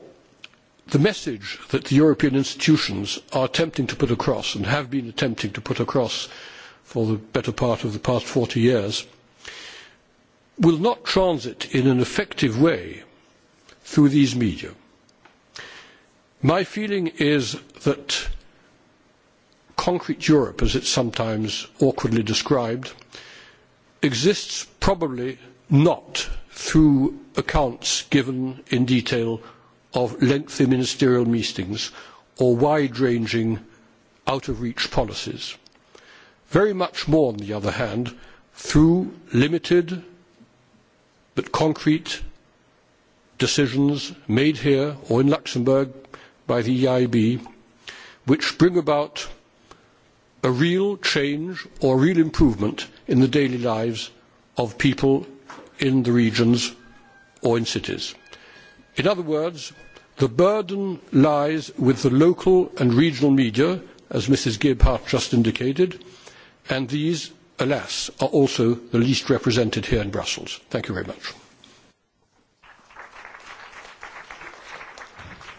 the message that the European institutions are attempting to put across and have been attempting to put across for the better part of the past 40 years will not transit in an effective way through these media. My feeling is that concrete Europe, as it's sometimes awkwardly described, exists probably not through accounts given in detail of lengthy ministerial meetings or wide-ranging, out-of-reach policies. Very much more, on the other hand, through limited but concrete decisions made here or in Luxembourg by the EIB, which bring about a real change or real improvement in the daily lives of people in the regions or in cities. In other words, the burden lies with the local and regional media, as Mrs Gebhardt just indicated, and these, alas, are also the least represented here in Brussels. Thank you very much.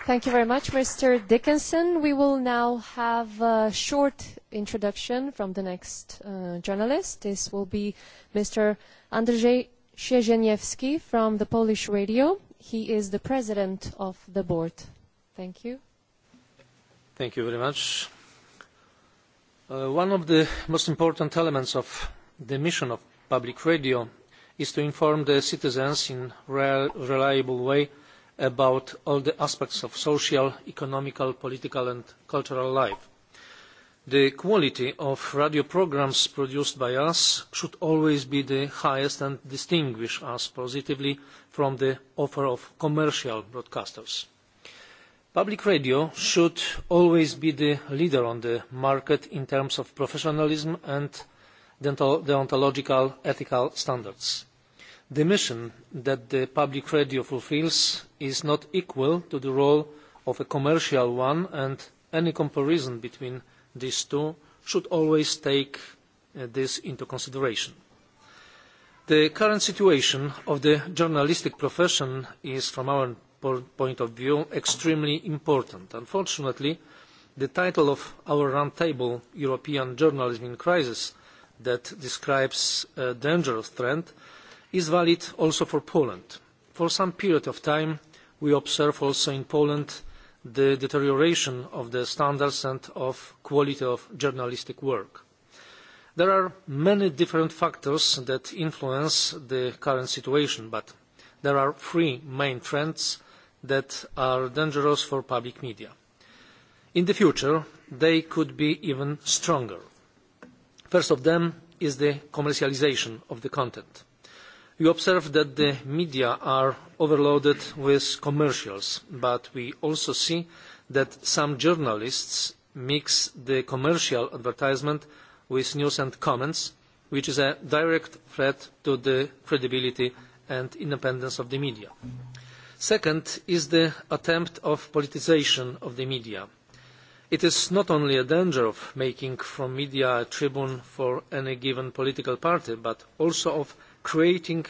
Thank you very much, Mr. Dickinson. We will now have a short introduction from the next journalist. This will be Mr. Andrzej Sierzeniewski from the Polish radio. He is the president of the board. Thank you. Thank you very much. One of the most important elements of the mission of public radio is to inform the citizens in a reliable way about all the aspects of social, economical, political and cultural life. The quality of radio programmes produced by us should always be the highest and distinguish us positively from the offer of commercial broadcasters. Public radio should always be the leader on the market in terms of professionalism and deontological ethical standards. The mission that the public radio fulfils is not equal to the role of a commercial one and any comparison between these two should always take this into consideration. The current situation of the journalistic profession is, from our point of view, extremely important. Unfortunately, the title of our roundtable, European Journalism in Crisis, that describes a dangerous trend, is valid also for Poland. For some period of time, we observe also in Poland the deterioration of the standards and of quality of journalistic work. There are many different factors that influence the current situation, but there are three main trends that are dangerous for public media. In the future, they could be even stronger. First of them is the commercialisation of the content. We observe that the media are overloaded with commercials, but we also see that some journalists mix the commercial advertisement with news and comments, which is a direct threat to the credibility and independence of the media. Second is the attempt of politicisation of the media. It is not only a danger of making from media a tribune for any given political party, but also of creating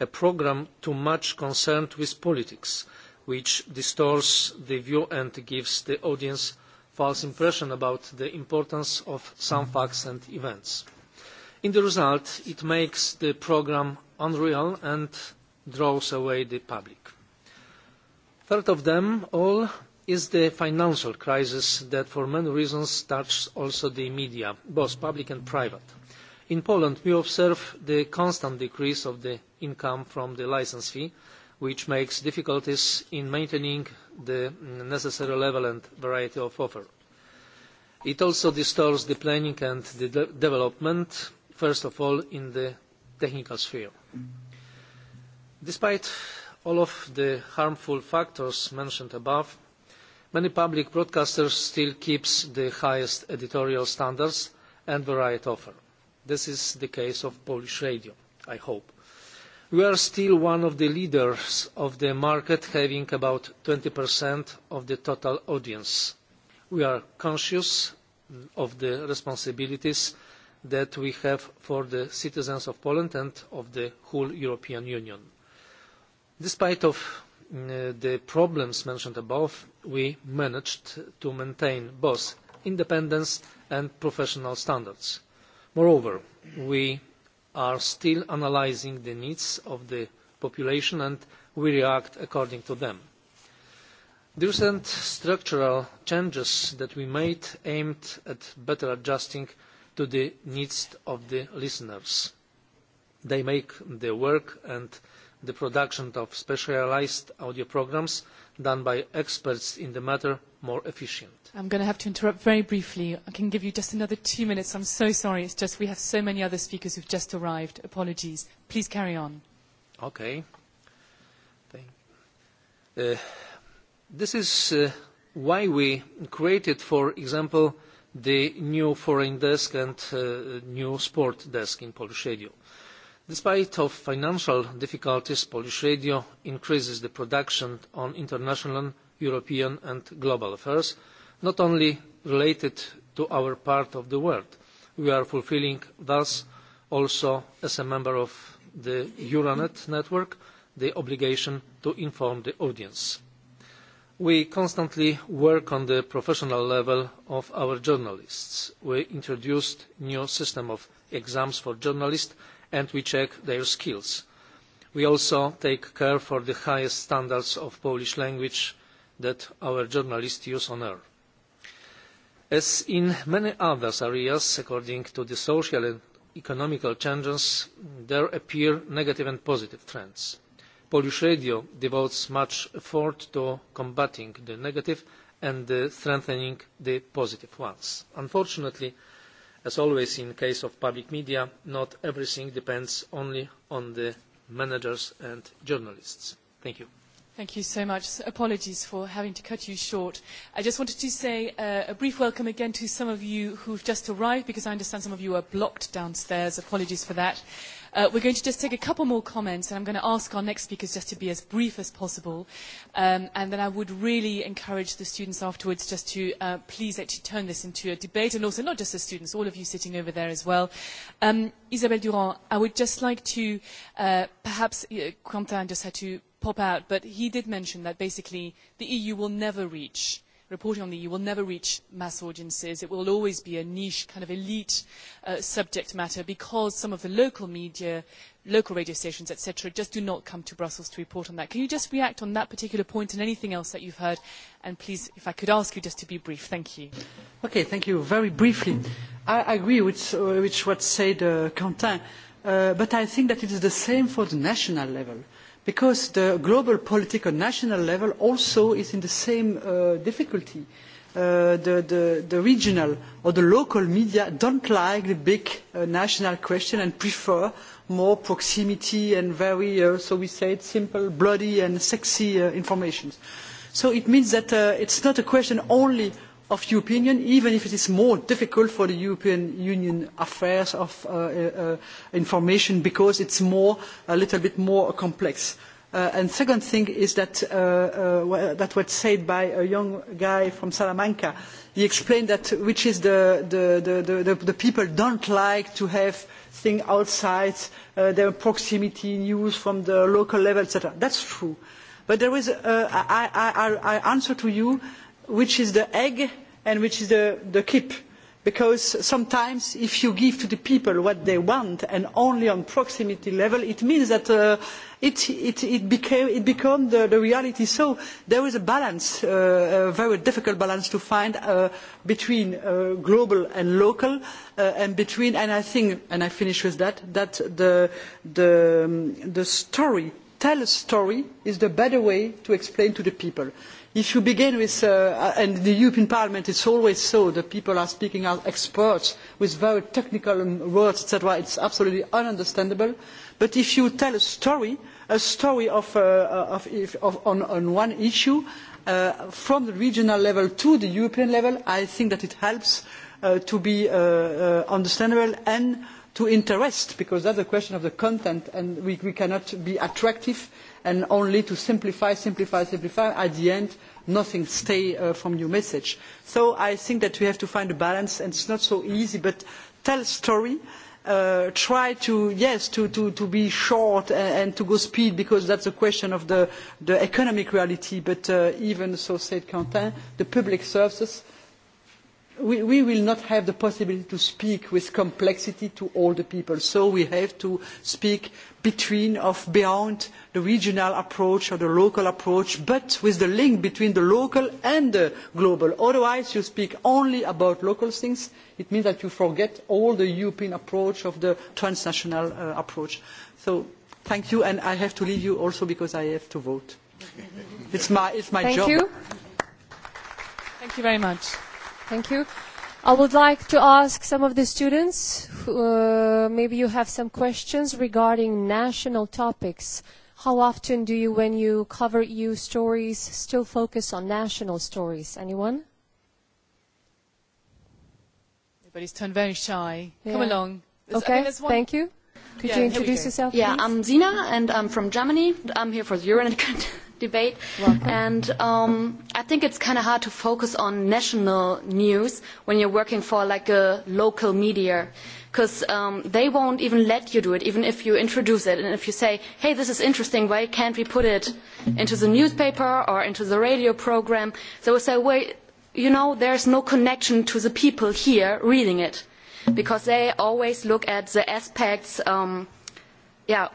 a programme too much concerned with politics, which distorts the view and gives the audience false impression about the importance of some facts and events. In the result, it makes the programme unreal and draws away the public. Third of them all is the financial crisis that for many reasons touches also the media, both public and private. In Poland, we observe the constant decrease of the income from the licence fee, which makes difficulties in maintaining the necessary level and variety of offer. It also distorts the planning and the development, first of all in the technical sphere. Despite all of the harmful factors mentioned above, many public broadcasters still keep the highest editorial standards and variety offer. This is the case of Polish radio, I hope. We are still one of the leaders of the market, having about 20% of the total audience. We are conscious of the responsibilities that we have for the citizens of Poland and of the whole European Union. Despite of the problems mentioned above, we managed to maintain both independence and professional standards. Moreover, we are still analysing the needs of the population and we react according to them. The recent structural changes that we made aimed at better adjusting to the needs of the listeners. They make the work and the production of specialised audio programmes done by experts in the matter more efficient. I'm going to have to interrupt very briefly. I can give you just another two minutes. I'm so sorry. It's just we have so many other speakers who've just arrived. Apologies. Please carry on. Okay. This is why we created, for example, the new foreign desk and new sport desk in Polish schedule Despite of financial difficulties, Polish radio increases the production on international, European and global affairs, not only related to our part of the world. We are fulfilling thus also as a member of the Euronet network the obligation to inform the audience. We constantly work on the professional level of our journalists. We introduced a new system of exams for journalists and we check their skills. We also take care for the highest standards of Polish language that our journalists use on air. As in many other areas, according to the social and economical changes, there appear negative and positive trends. Polish radio devotes much effort to combating the negative and strengthening the positive ones. Unfortunately, As always in case of public media, not everything depends only on the managers and journalists. Thank you. Thank you so much. Apologies for having to cut you short. I just wanted to say a brief welcome again to some of you who have just arrived, because I understand some of you are blocked downstairs. Apologies for that. We're going to just take a couple more comments, and I'm going to ask our next speakers just to be as brief as possible. And then I would really encourage the students afterwards just to please actually turn this into a debate, and also not just the students, all of you sitting over there as well. Isabelle Durand, I would just like to perhaps, Quentin just had to pop out, but he did mention that basically the EU will never reach reporting on the EU will never reach mass audiences. It will always be a niche, kind of elite subject matter because some of the local media, local radio stations, etc., just do not come to Brussels to report on that. Can you just react on that particular point and anything else that you've heard? And please, if I could ask you just to be brief. Thank you. Okay, thank you. Very briefly, I agree with what said Quentin, but I think that it is the same for the national level because the global political national level also is in the same difficulty. The regional or the local media don't like the big national question and prefer more proximity and very, so we say, simple, bloody and sexy information. So it means that it's not a question only of the European even if it is more difficult for the European Union affairs of information because it's is a little bit more complex. And second thing is that that was said by a young guy from Salamanca. He explained that which is the people don't like to have things outside their proximity news from the local level, etc. That's true. But there is, I answer to you which is the egg and which is the kip because sometimes if you give to the people what they want and only on proximity level it means that it becomes the reality. so there is a balance a very difficult balance to find between global and local and between and i think and i finish with that that the story tell a story is the better way to explain to the people if you begin with and the european parliament is always so the people are speaking as experts with very technical words etc it is absolutely ununderstandable but if you tell a story a story on one issue from the regional level to the european level i think that it helps to be understandable and to interest because that is a question of the content and we cannot be attractive and only to simplify simplify simplify at the end nothing stays from your message. so i think that we have to find a balance and it is not so easy but tell a story try to yes to be short and to go speed because that is a question of the economic reality but even so said quentin the public services we will not have the possibility to speak with complexity to all the people so we have to speak between of beyond the regional approach or the local approach but with the link between the local and the global otherwise you speak only about local things it means that you forget all the european approach of the transnational approach so thank you and i have to leave you also because i have to vote it's my job thank you very much thank you I would like to ask some of the students, maybe you have some questions regarding national topics. How often do you, when you cover EU stories, still focus on national stories? Anyone? Everybody's turned very shy. Come along. Okay, thank you. Could you introduce yourself, Yeah, I'm Zina, and I'm from Germany. I'm here for the Euronet debate. And um I think it's kind of hard to focus on national news when you're working for like a local media, because they won't even let you do it, even if you introduce it and if you say, hey, this is interesting, why can't we put it into the newspaper or into the radio program? They will say, wait, you know, there's no connection to the people here reading it, because they always look at the aspects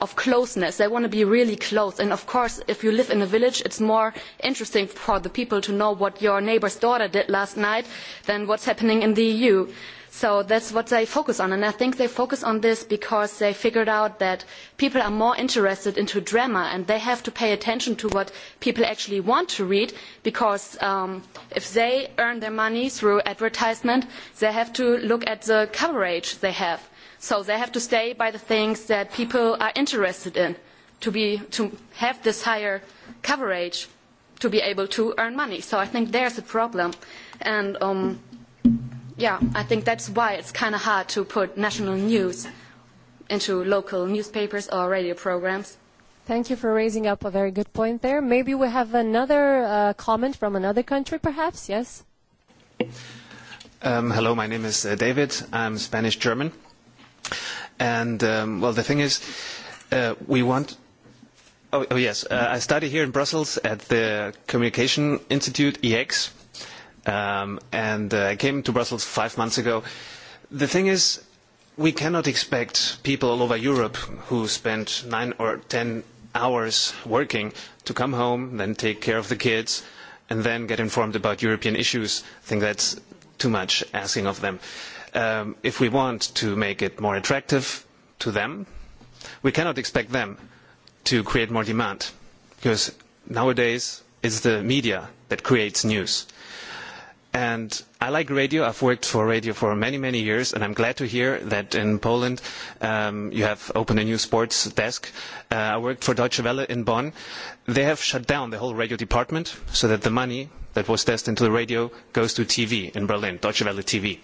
of closeness. They want to be really close. And of course, if you live in a village, it's more interesting for the people to know what your neighbour's daughter did last night than what's happening in the EU. So that's what they focus on. And I think they focus on this because they figured out that people are more interested into drama and they have to pay attention to what people actually want to read because if they earn their money through advertisement, they have to look at the coverage they have So they have to stay by the things that people are interested in to have this higher coverage to be able to earn money. So I think there's a problem. And yeah, I think that's why it's kind of hard to put national news into local newspapers or radio programs. Thank you for raising up a very good point there. Maybe we have another comment from another country, perhaps. Yes. Hello, my name is David. I'm Spanish-German And, well, the thing is, we want. Oh, yes. I study here in Brussels at the Communication Institute, EX, and I came to Brussels five months ago. The thing is, we cannot expect people all over Europe who spend nine or ten hours working to come home, then take care of the kids, and then get informed about European issues. I think that's too much asking of them if we want to make it more attractive to them, we cannot expect them to create more demand, because nowadays it's the media that creates news. And I like radio. I've worked for radio for many, many years, and I'm glad to hear that in Poland you have opened a new sports desk. I worked for Deutsche Welle in Bonn. They have shut down the whole radio department so that the money that was destined to the radio goes to TV in Berlin, Deutsche Welle TV.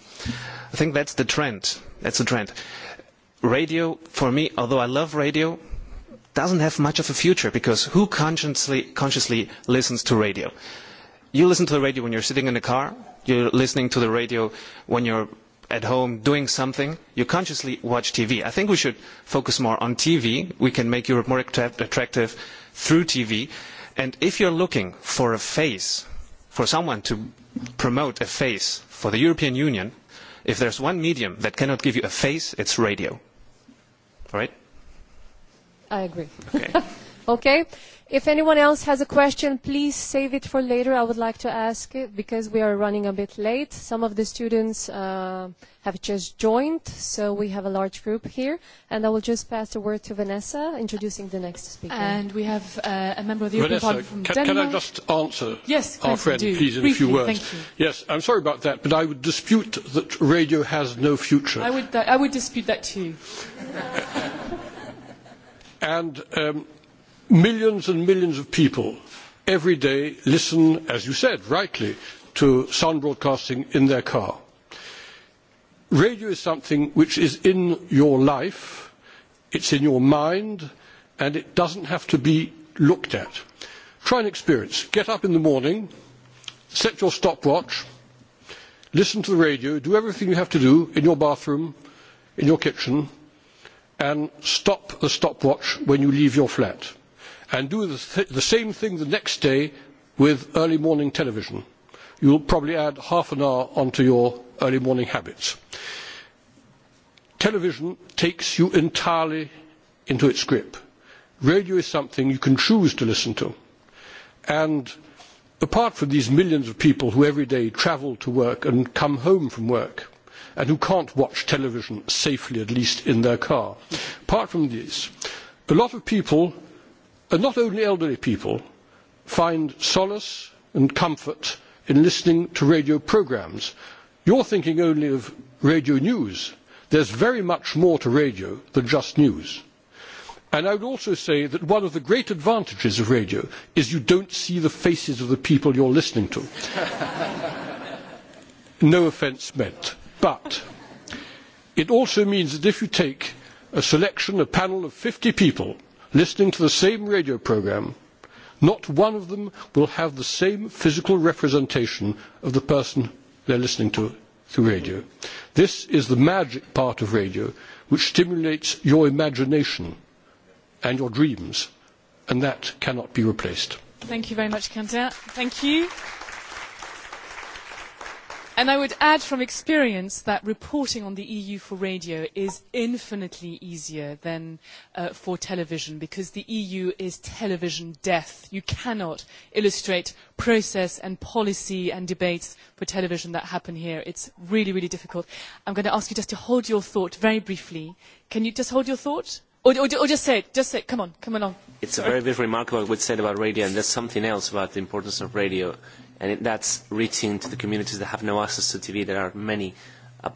I think that's the trend. That's the trend. Radio, for me, although I love radio, doesn't have much of a future because who consciously listens to radio? You listen to the radio when you're sitting in a car. You're listening to the radio when you're at home doing something. You consciously watch TV. I think we should focus more on TV. We can make Europe more attractive through TV. And if you're looking for a face for someone to promote a face for the European Union, if there's one medium that cannot give you a face, it's radio. All right? I agree. Okay. If anyone else has a question, please save it for later. I would like to ask it because we are running a bit late. Some of the students have just joined, so we have a large group here. And I will just pass the word to Vanessa, introducing the next speaker. And we have a member of the European Parliament from Denmark. Can I just answer our friend, please, in a few words? Yes, I'm sorry about that, but I would dispute that radio has no future. I would dispute that too. And millions and millions of people every day listen as you said rightly to sound broadcasting in their car. radio is something which is in your life it is in your mind and it doesn't have to be looked at. try an experience get up in the morning set your stopwatch listen to the radio do everything you have to do in your bathroom in your kitchen and stop the stopwatch when you leave your flat and do the same thing the next day with early morning television. You will probably add half an hour onto your early morning habits. Television takes you entirely into its grip. Radio is something you can choose to listen to. And apart from these millions of people who every day travel to work and come home from work and who can't watch television safely, at least in their car, apart from these, a lot of people and not only elderly people find solace and comfort in listening to radio programmes. You're thinking only of radio news. There's very much more to radio than just news. And I would also say that one of the great advantages of radio is you don't see the faces of the people you're listening to. No offence meant. But it also means that if you take a selection, a panel of 50 people, listening to the same radio programme, not one of them will have the same physical representation of the person they are listening to through radio. This is the magic part of radio, which stimulates your imagination and your dreams, and that cannot be replaced. Thank you very much, Thank you. And I would add from experience that reporting on the EU for radio is infinitely easier than for television because the EU is television death. You cannot illustrate process and policy and debates for television that happen here. It's really, really difficult. I'm going to ask you just to hold your thought very briefly. Can you just hold your thought? Or just say it. Just say it. Come on. Come on. It's a very remarkable what said about radio, and there's something else about the importance of radio and that's reaching to the communities that have no access to TV. There are many.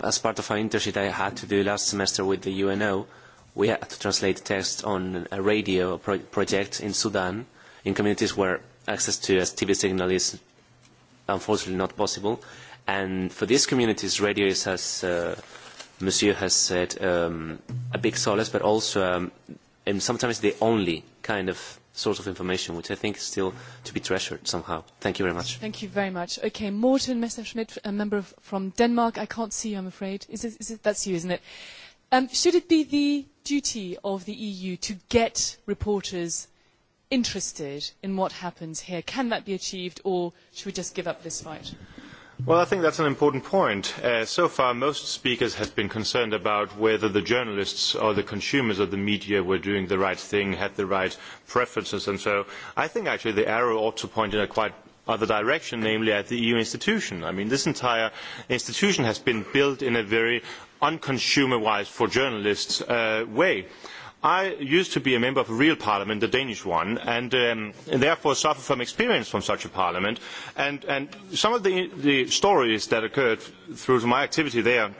As part of our internship I had to do last semester with the UNO, we had to translate text on a radio project in Sudan, in communities where access to a TV signal is unfortunately not possible. And for these communities, radio is, as Monsieur has said, a big solace, but also and sometimes the only kind of source of information, which I think is still to be treasured somehow. Thank you very much. Thank you very much. Okay, Morten Messerschmidt, a member from Denmark. I can't see you, I'm afraid. Is it, that's you, isn't it? should it be the duty of the EU to get reporters interested in what happens here? Can that be achieved, or should we just give up this fight? Well, I think that's an important point. So far, most speakers have been concerned about whether the journalists or the consumers of the media were doing the right thing, had the right preferences, and so I think actually the arrow ought to point in a quite other direction, namely at the EU institution. I mean, this entire institution has been built in a very unconsumer-wise for journalists way I used to be a member of a real parliament, the Danish one, and therefore suffer from experience from such a parliament. And some of the stories that occurred through my activity there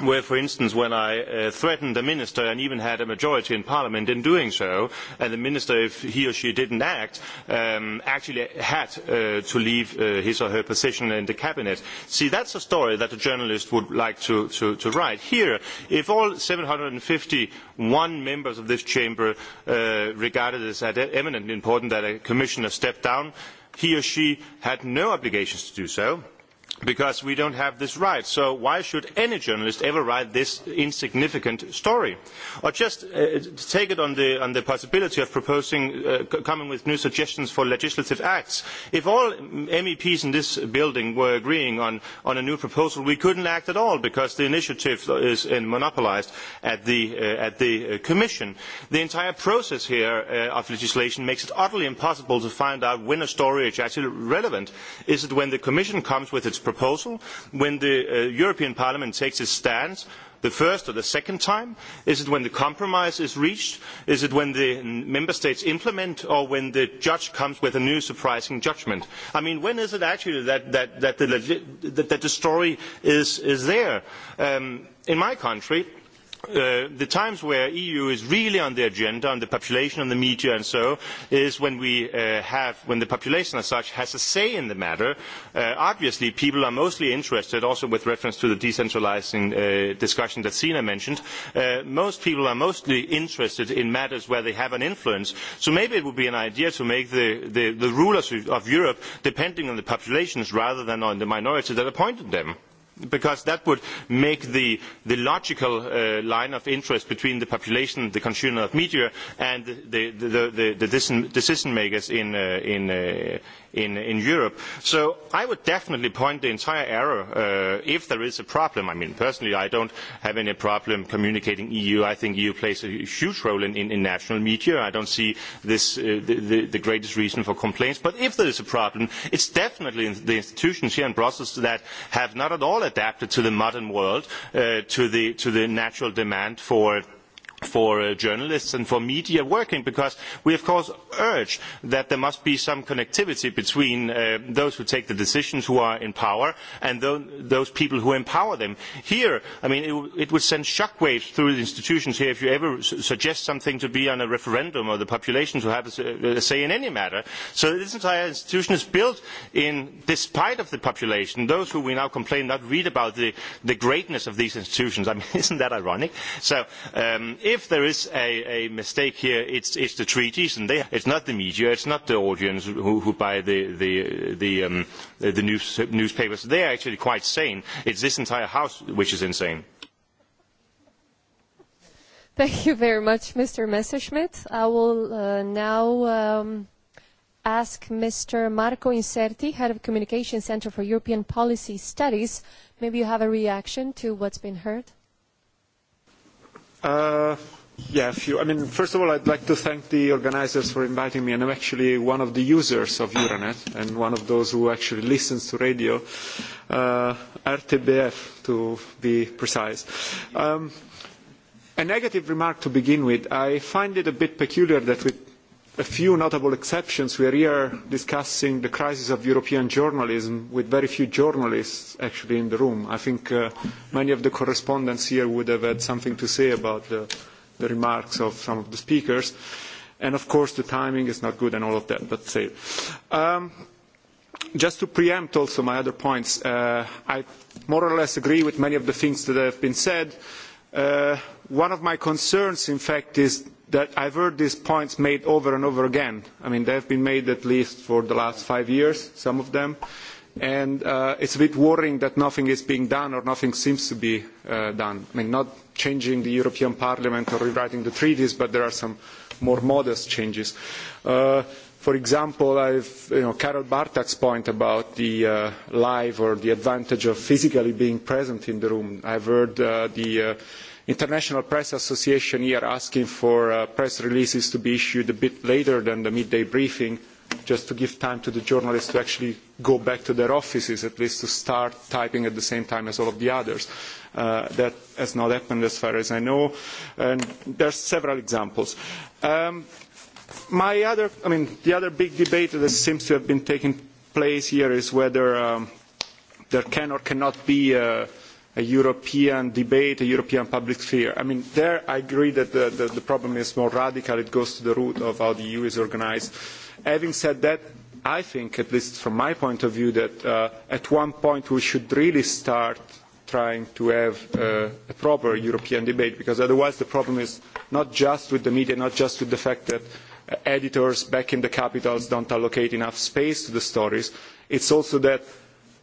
where for instance when i threatened the minister and even had a majority in parliament in doing so and the minister if he or she didn't act actually had to leave his or her position in the cabinet see that's a story that a journalist would like to write here if all 751 members of this chamber regarded it as eminently important that a commissioner stepped down he or she had no obligations to do so because we don't have this right. So why should any journalist ever write this insignificant story? Or just take it on the possibility of proposing, coming with new suggestions for legislative acts. If all MEPs in this building were agreeing on a new proposal, we couldn't act at all because the initiative is monopolised at the Commission. The entire process here of legislation makes it utterly impossible to find out when a story is actually relevant. Is it when the Commission comes with its proposal when the European Parliament takes its stance the first or the second time? Is it when the compromise is reached? Is it when the member states implement or when the judge comes with a new surprising judgment? I mean, when is it actually that the story is there? In my country, the times where the eu is really on the agenda on the population on the media and so is when when the population as such has a say in the matter. obviously people are mostly interested also with reference to the decentralising discussion that sina mentioned most people are mostly interested in matters where they have an influence so maybe it would be an idea to make the rulers of europe depending on the populations rather than on the minority that appointed them because that would make the logical line of interest between the population, the consumer of media, and the decision makers in in in Europe. So I would definitely point the entire error if there is a problem. I mean, personally, I don't have any problem communicating EU. I think EU plays a huge role in national media. I don't see this the greatest reason for complaints. But if there is a problem, it's definitely the institutions here in Brussels that have not at all adapted to the modern world, to the to the natural demand for for journalists and for media working because we of course urge that there must be some connectivity between those who take the decisions who are in power and those people who empower them. Here, I mean, it would send shockwaves through the institutions here if you ever suggest something to be on a referendum or the population to have a say in any matter. So this entire institution is built in despite of the population, those who we now complain not read about the greatness of these institutions. I mean, isn't that ironic? So if there is a mistake here it's the treaties and it's not the media it's not the audience who buy the newspapers they are actually quite sane it's this entire house which is insane thank you very much mr messerschmidt i will now ask mr marco inserti head of communication center for european policy studies maybe you have a reaction to what's been heard Yeah, I mean, first of all, I'd like to thank the organisers for inviting me, and I'm actually one of the users of Euronet and one of those who actually listens to radio, RTBF to be precise. A negative remark to begin with. I find it a bit peculiar that we a few notable exceptions, we are here discussing the crisis of European journalism with very few journalists actually in the room. I think many of the correspondents here would have had something to say about the remarks of some of the speakers. And of course the timing is not good and all of that, but say. Just to preempt also my other points, I more or less agree with many of the things that have been said. One of my concerns, in fact, is that I've heard these points made over and over again. I mean, they have been made at least for the last five years, some of them, and it's a bit worrying that nothing is being done or nothing seems to be done. I mean, not changing the European Parliament or rewriting the treaties, but there are some more modest changes. For example, Carol Bartak's point about the live or the advantage of physically being present in the room. I've heard the International Press Association here asking for press releases to be issued a bit later than the midday briefing, just to give time to the journalists to actually go back to their offices, at least to start typing at the same time as all of the others. That has not happened as far as I know, and there are several examples. My other, I mean, the other big debate that seems to have been taking place here is whether there can or cannot be a European debate, a European public sphere. I mean, there I agree that the problem is more radical. It goes to the root of how the EU is organised. Having said that, I think, at least from my point of view, that at one point we should really start trying to have a proper European debate, because otherwise the problem is not just with the media, not just with the fact that editors back in the capitals don't allocate enough space to the stories. It's also that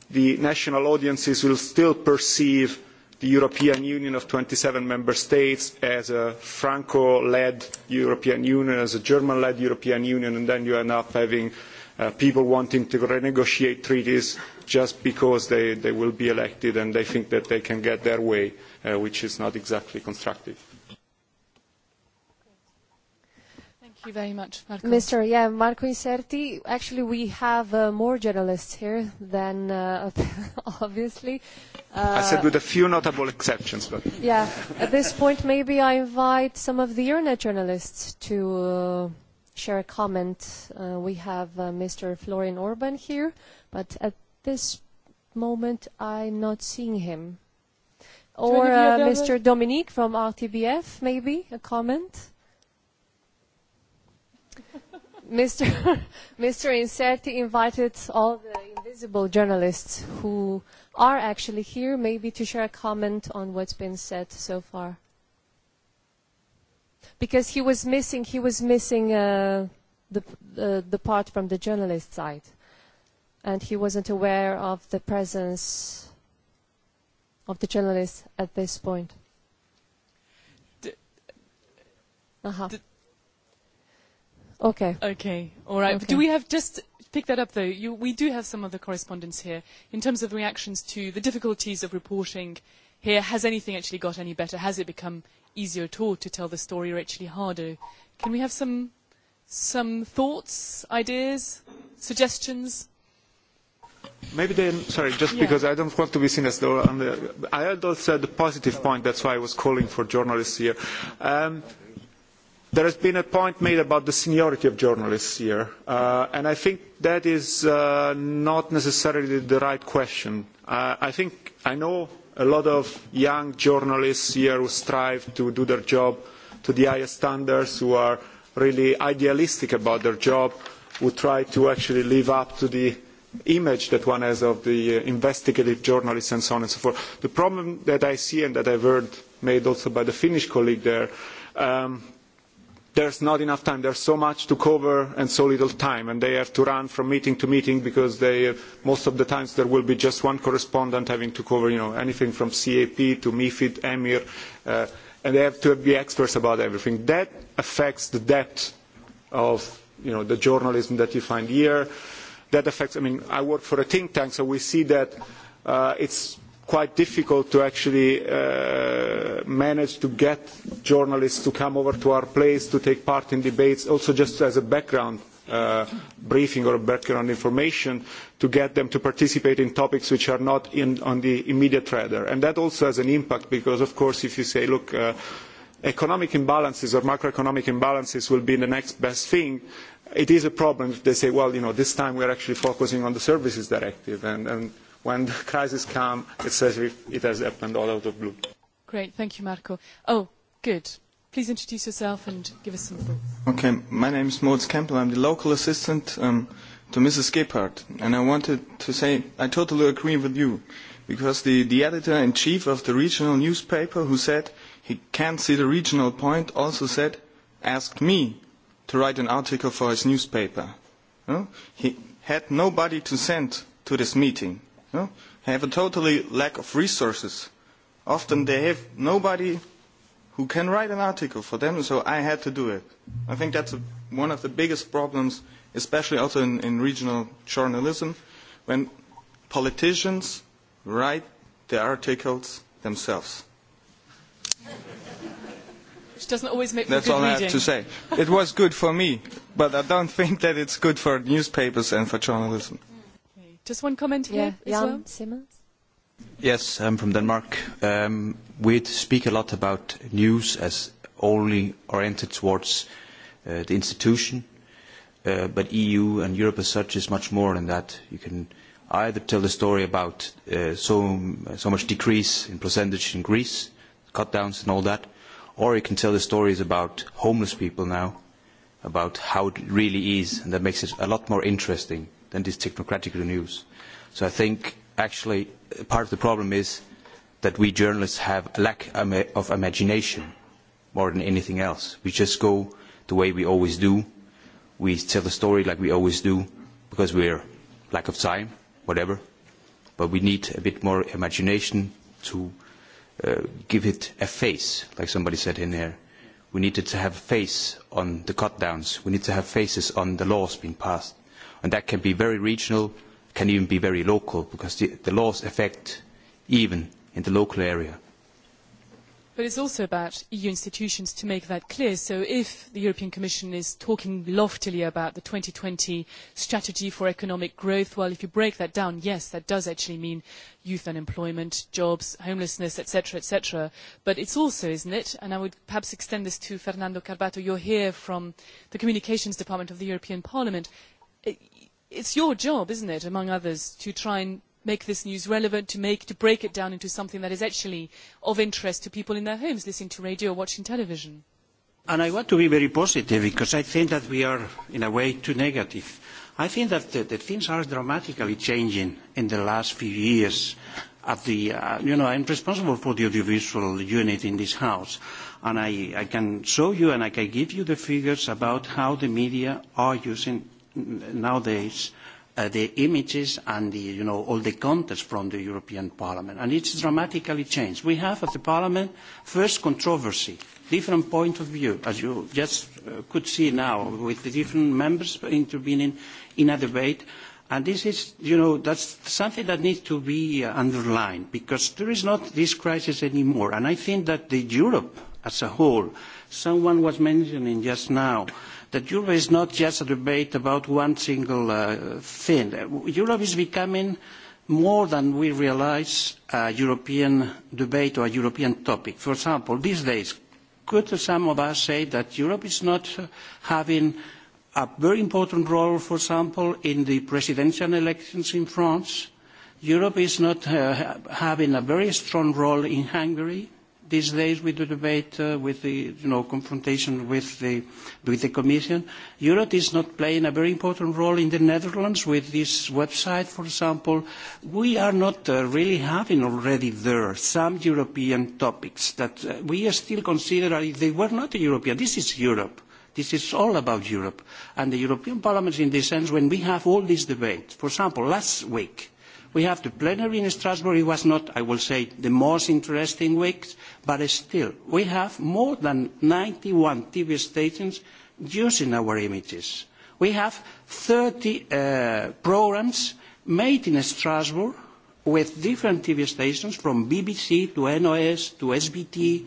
the national audiences will still perceive the European Union of 27 member states as a Franco-led European Union, as a German-led European Union, and then you end up having people wanting to renegotiate treaties just because they will be elected and they think that they can get their way, which is not exactly constructive. you very much, Mr. Yeah, Marco Inserti. Actually, we have more journalists here than obviously. I said with a few notable exceptions, but. Yeah, at this point, maybe I invite some of the internet journalists to share a comment. We have Mr. Florian Orban here, but at this moment, I'm not seeing him. Or Mr. Dominique from RTBF, maybe a comment. Mr. Insetti invited all the invisible journalists who are actually here maybe to share a comment on what's been said so far. Because he was missing, he was missing the, the part from the journalist side. And he wasn't aware of the presence of the journalists at this point. Okay. Okay. All right. Do we have just pick that up though? We do have some of the correspondence here in terms of reactions to the difficulties of reporting. Here, has anything actually got any better? Has it become easier at all to tell the story, or actually harder? Can we have some some thoughts, ideas, suggestions? Maybe then, sorry, just because I don't want to be seen as though I had also said the positive point. That's why I was calling for journalists here There has been a point made about the seniority of journalists here, and I think that is not necessarily the right question. I think I know a lot of young journalists here who strive to do their job to the highest standards, who are really idealistic about their job, who try to actually live up to the image that one has of the investigative journalists and so on and so forth. The problem that I see and that I've heard made also by the Finnish colleague there There is not enough time. There is so much to cover and so little time, and they have to run from meeting to meeting because most of the times there will be just one correspondent having to cover anything from CAP to MIFID, EMIR, and they have to be experts about everything. That affects the depth of the journalism that you find here. That affects, I mean, I work for a think tank, so we see that it's quite difficult to actually manage to get journalists to come over to our place to take part in debates, also just as a background briefing or background information, to get them to participate in topics which are not on the immediate radar. And that also has an impact because, of course, if you say, look, economic imbalances or macroeconomic imbalances will be the next best thing, it is a problem if they say, well, you know, this time we are actually focusing on the Services Directive. and when the crisis comes, it's as if it has happened all out of blue. Great. Thank you, Marco. Oh, good. Please introduce yourself and give us some thoughts. Okay. My name is Moritz Campbell. I'm the local assistant to Mrs. Gebhardt. And I wanted to say I totally agree with you because the, the editor-in-chief of the regional newspaper who said he can't see the regional point also said, asked me to write an article for his newspaper. He had nobody to send to this meeting have a totally lack of resources. Often they have nobody who can write an article for them, so I had to do it. I think that's one of the biggest problems, especially also in regional journalism, when politicians write the articles themselves. Which doesn't always make good reading. all I have to say. It was good for me, but I don't think that it's good for newspapers and for journalism. Just one comment here Yes, I'm from Denmark. We speak a lot about news as only oriented towards the institution, but EU and Europe as such is much more than that. You can either tell the story about so much decrease in percentage in Greece, cut downs and all that, or you can tell the stories about homeless people now, about how it really is, and that makes it a lot more interesting and these technocratic renews. So I think actually part of the problem is that we journalists have a lack of imagination more than anything else. We just go the way we always do. We tell the story like we always do because we're lack of time, whatever. But we need a bit more imagination to give it a face, like somebody said in here. We need to have a face on the cut downs. We need to have faces on the laws being passed and that can be very regional, can even be very local, because the laws affect even in the local area. But it's also about EU institutions to make that clear. So if the European Commission is talking loftily about the 2020 strategy for economic growth, well, if you break that down, yes, that does actually mean youth unemployment, jobs, homelessness, etc., etc. But it's also, isn't it? And I would perhaps extend this to Fernando Carbato. You're here from the Communications Department of the European Parliament it's your job, isn't it, among others, to try and make this news relevant, to make, to break it down into something that is actually of interest to people in their homes, listening to radio or watching television. And I want to be very positive because I think that we are, in a way, too negative. I think that things are dramatically changing in the last few years. At the, you know, I'm responsible for the audiovisual unit in this house, and I can show you and I can give you the figures about how the media are using nowadays the images and the, you know, all the contents from the European Parliament. And it's dramatically changed. We have at the Parliament first controversy, different point of view, as you just could see now with the different members intervening in a debate. And this is, you know, that's something that needs to be underlined because there is not this crisis anymore. And I think that the Europe as a whole, someone was mentioning just now, that Europe is not just a debate about one single thing. Europe is becoming more than we realise a European debate or a European topic. For example, these days, could some of us say that Europe is not having a very important role, for example, in the presidential elections in France? Europe is not having a very strong role in Hungary? These days with the debate, with the confrontation with the Commission, Europe is not playing a very important role in the Netherlands with this website, for example. We are not really having already there some European topics that we still consider if they were not European. This is Europe. This is all about Europe. And the European Parliament, in this sense, when we have all these debates, for example, last week. We have the plenary in Strasbourg. It was not, I will say, the most interesting week, But still, we have more than 91 TV stations using our images. We have 30 programs made in Strasbourg with different TV stations from BBC to NOS to SBT.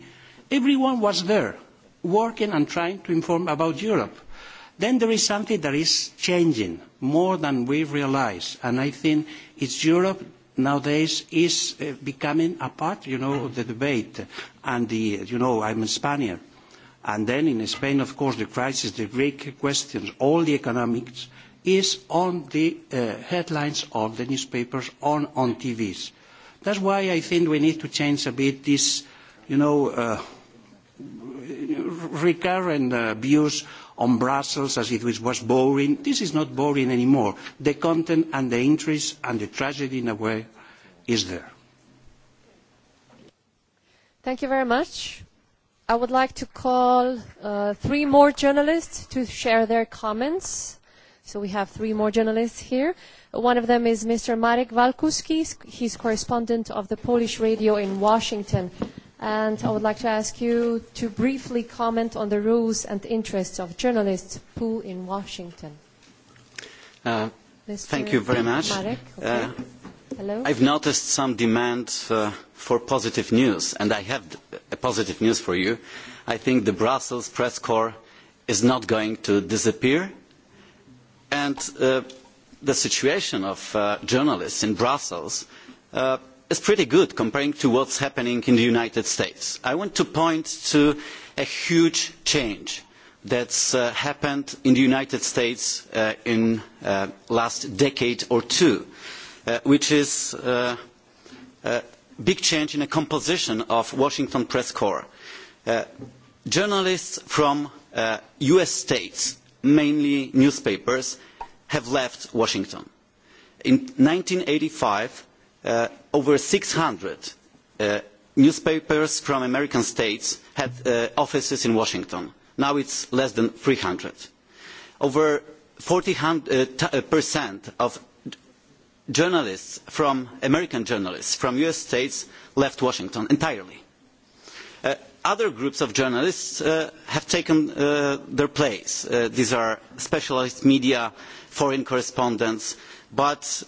Everyone was there working and trying to inform about Europe. Then there is something that is changing more than we realize. And I think it's Europe nowadays is becoming a part, you know, of the debate. And the, you know, I'm a Spaniard. And then in Spain, of course, the crisis, the Greek questions, all the economics is on the headlines of the newspapers, on on TVs. That's why I think we need to change a bit this, you know, recurrent views on Brussels as if it was boring. This is not boring anymore. The content and the interest and the tragedy in a way is there. Thank you very much. I would like to call three more journalists to share their comments. So we have three more journalists here. One of them is Mr. Marek Walkuski. He's correspondent of the Polish radio in Washington and I would like to ask you to briefly comment on the rules and interests of journalists pool in Washington. Thank you very much. I've noticed some demand for positive news, and I have positive news for you. I think the Brussels press corps is not going to disappear, and the situation of journalists in Brussels is pretty good comparing to what is happening in the united states. i want to point to a huge change that has happened in the united states in the last decade or two which is a big change in the composition of washington press corps. journalists from us states mainly newspapers have left washington. in 1985. eighty five over 600 newspapers from American states had offices in Washington. Now it's less than 300. Over 40% of journalists from American journalists from US states left Washington entirely. Other groups of journalists have taken their place. These are specialized media, foreign correspondents, but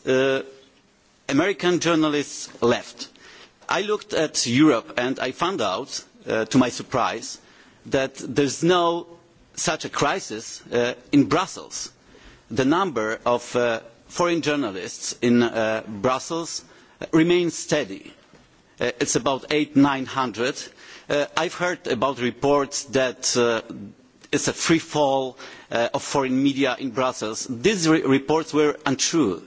American journalists left. I looked at Europe and I found out, to my surprise, that there is no such a crisis in Brussels. The number of foreign journalists in Brussels remains steady. It's about 800-900. I have heard about reports that it is a free fall of foreign media in Brussels. These reports were untrue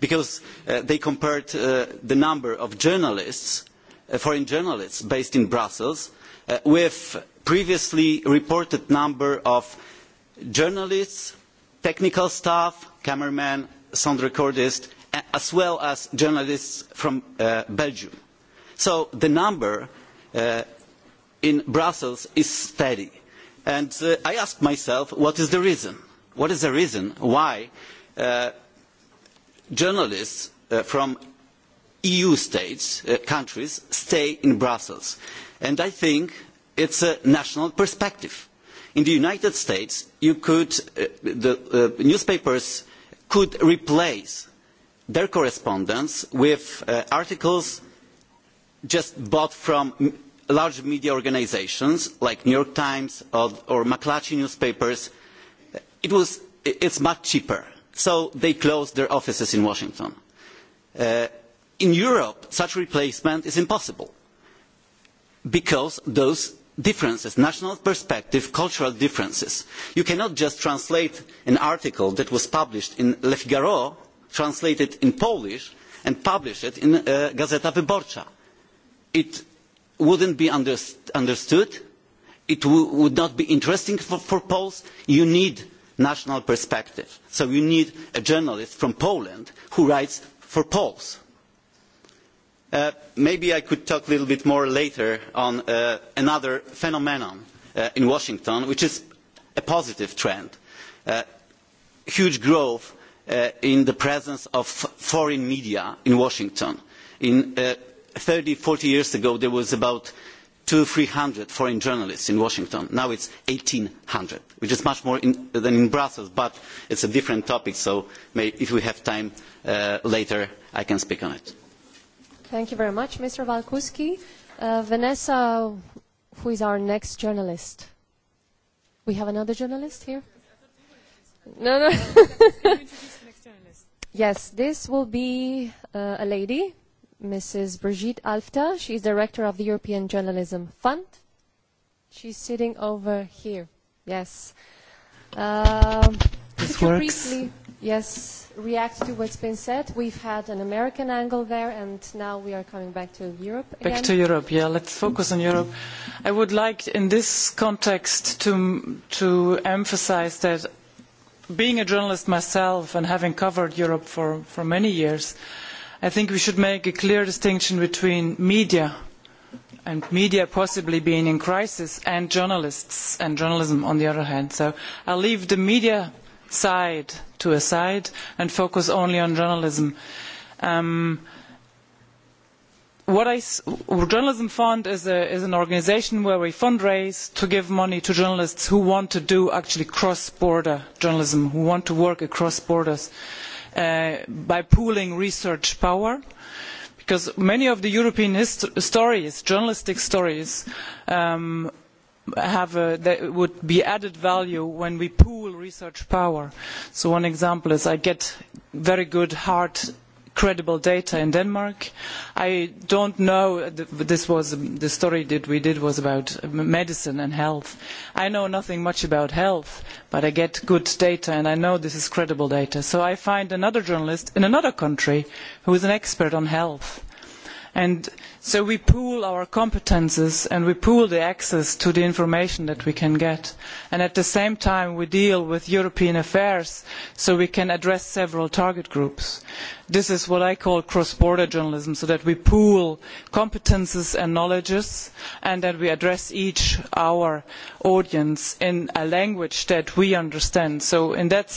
because they compared the number of journalists, foreign journalists based in Brussels, with previously reported number of journalists, technical staff, cameramen, sound recordists, as well as journalists from Belgium. So the number in Brussels is steady And I asked myself, what is the reason? What is the reason why journalists from EU states, countries, stay in Brussels? And I think it's a national perspective. In the United States, the newspapers could replace their correspondence with articles just bought from large media organisations like New York Times or McClatchy newspapers, it was it's much cheaper. So they closed their offices in Washington. In Europe, such replacement is impossible because those differences, national perspective, cultural differences. You cannot just translate an article that was published in Le Figaro, translate it in Polish, and publish it in Gazeta Wyborcza. It wouldn't be understood. It would not be interesting for Poles. You need national perspective. So you need a journalist from Poland who writes for Poles. Maybe I could talk a little bit more later on another phenomenon in Washington, which is a positive trend. Huge growth in the presence of foreign media in Washington. In 30, 40 years ago, there was about three 300 foreign journalists in Washington. Now it's 1,800, which is much more than in Brussels, but it's a different topic, so if we have time later, I can speak on it. Thank you very much, Mr. Valkuski. Vanessa, who is our next journalist? We have another journalist here? No, no. Yes, this will be a lady Mrs. Brigitte Alfta. She is Director of the European Journalism Fund. She's sitting over here. Yes. This works. Yes, react to what's been said. We've had an American angle there, and now we are coming back to Europe again. Back to Europe, yeah. Let's focus on Europe. I would like, in this context, to to emphasize that being a journalist myself and having covered Europe for for many years, I think we should make a clear distinction between media and media possibly being in crisis and journalists and journalism on the other hand. So I'll leave the media side to a side and focus only on journalism. What Journalism Fund is an organisation where we fundraise to give money to journalists who want to do actually cross-border journalism, who want to work across borders by pooling research power because many of the european stories journalistic stories would be added value when we pool research power. so one example is i get very good hard credible data in Denmark. I don't know, this was the story that we did was about medicine and health. I know nothing much about health, but I get good data and I know this is credible data. So I find another journalist in another country who is an expert on health. And so we pool our competences and we pool the access to the information that we can get and at the same time we deal with european affairs so we can address several target groups. this is what i call cross border journalism so that we pool competences and knowledges and that we address each our audience in a language that we understand. so in that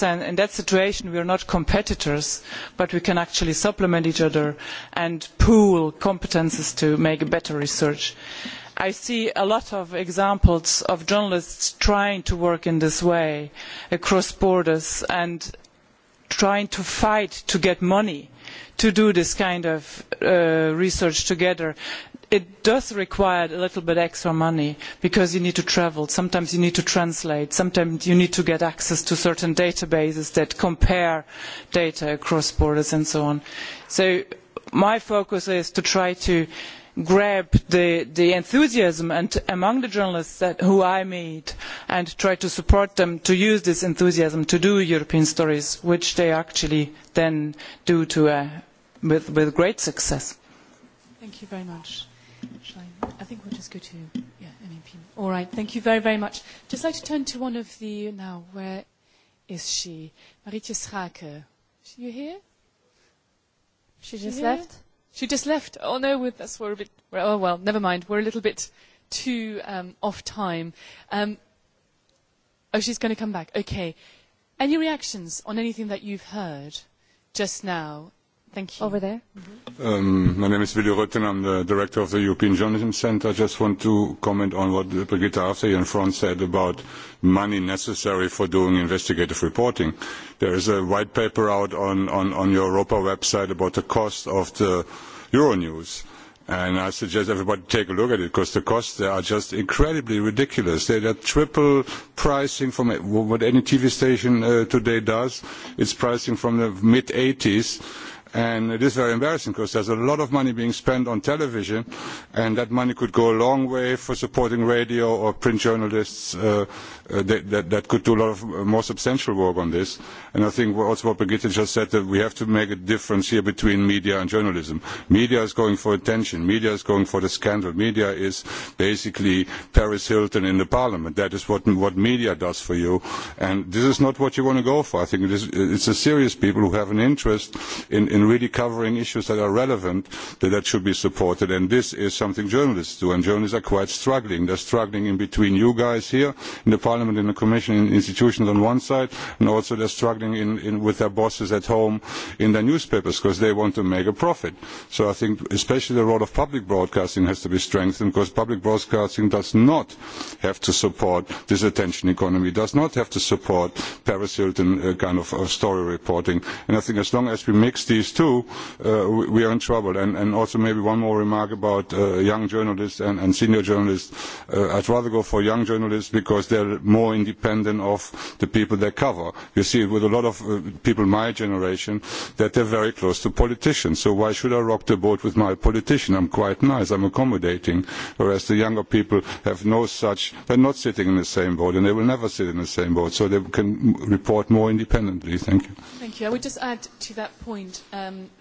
situation we are not competitors but we can actually supplement each other and pool competences to make better research. I see a lot of examples of journalists trying to work in this way across borders and trying to fight to get money to do this kind of research together. It does require a little bit extra money because you need to travel, sometimes you need to translate, sometimes you need to get access to certain databases that compare data across borders and so on. So my focus is to try to grab the enthusiasm among the journalists who I meet and try to support them to use this enthusiasm to do European stories, which they actually then do with great success. Thank you very much. I think we'll just go to All right. Thank you very, very much. Just like to turn to one of the now. Where is she? Marietje Schaake. You here? She just left? She just left. Oh no, with us we're a bit. Oh well, never mind. We're a little bit too um, off time. Um, oh, she's going to come back. Okay. Any reactions on anything that you've heard just now? Thank you. Over there. My name is Willy Rutten. I'm the director of the European Journalism Centre. I just want to comment on what Brigitte Arthur and Franz said about money necessary for doing investigative reporting. There is a white paper out on your Europa website about the cost of the Euronews. And I suggest everybody take a look at it, because the costs are just incredibly ridiculous. They are triple pricing from what any TV station today does. It's pricing from the mid-80s and it is very embarrassing because is a lot of money being spent on television and that money could go a long way for supporting radio or print journalists that could do a lot of more substantial work on this and i think also what Brigitte just said that we have to make a difference here between media and journalism media is going for attention media is going for the scandal media is basically Paris Hilton in the parliament that is what media does for you and this is not what you want to go for i think it's a serious people who have an interest in really covering issues that are relevant, that should be supported. And this is something journalists do, and journalists are quite struggling. They're struggling in between you guys here in the Parliament, in the Commission, in institutions on one side, and also they're struggling with their bosses at home in their newspapers because they want to make a profit. So I think especially the role of public broadcasting has to be strengthened because public broadcasting does not have to support this attention economy, does not have to support Paris Hilton kind of story reporting. And I think as long as we mix these Too, we are in trouble. And also maybe one more remark about young journalists and senior journalists. I'd rather go for young journalists because they're more independent of the people they cover. You see, with a lot of people my generation, that they're very close to politicians. So why should I rock the boat with my politician? I'm quite nice. I'm accommodating. Whereas the younger people have no such. They're not sitting in the same boat, and they will never sit in the same boat. So they can report more independently. Thank you. Thank you. I would just add to that point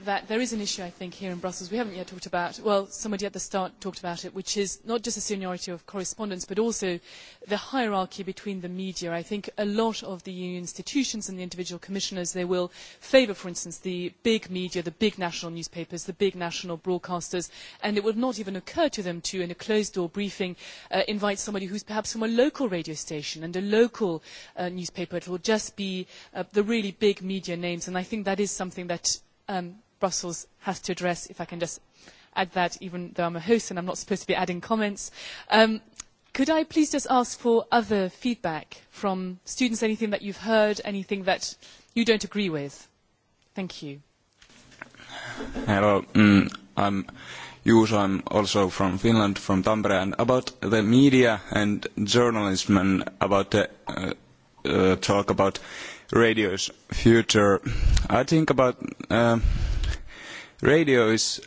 that there is an issue, I think, here in Brussels we haven't yet talked about. Well, somebody at the start talked about it, which is not just the seniority of correspondence, but also the hierarchy between the media. I think a lot of the union institutions and the individual commissioners, they will favour, for instance, the big media, the big national newspapers, the big national broadcasters, and it would not even occur to them to, in a closed-door briefing, invite somebody who is perhaps from a local radio station and a local newspaper. It will just be the really big media names, and I think that is something that Brussels has to address, if I can just add that, even though I'm a host and I'm not supposed to be adding comments. Could I please just ask for other feedback from students, anything that you've heard, anything that you don't agree with? Thank you. Hello. I'm Juuso. I'm also from Finland, from Tampere. And about the media and journalism and about the talk about radio's future. I think about radio is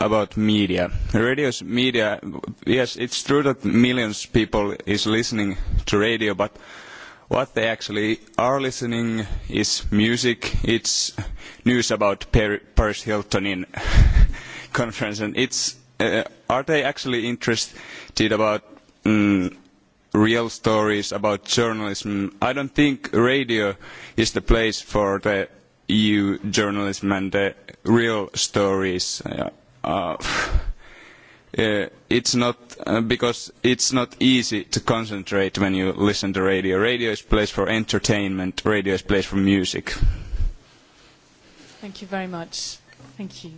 about media. Radio's media, yes, it's true that millions of people is listening to radio, but what they actually are listening is music, it's news about Paris Hilton in conference, and it's, are they actually interested about real stories about journalism. I don't think radio is the place for the EU journalism and the real stories. It's not because it's not easy to concentrate when you listen to radio. Radio is a place for entertainment. Radio is a place for music. Thank you very much. Thank you.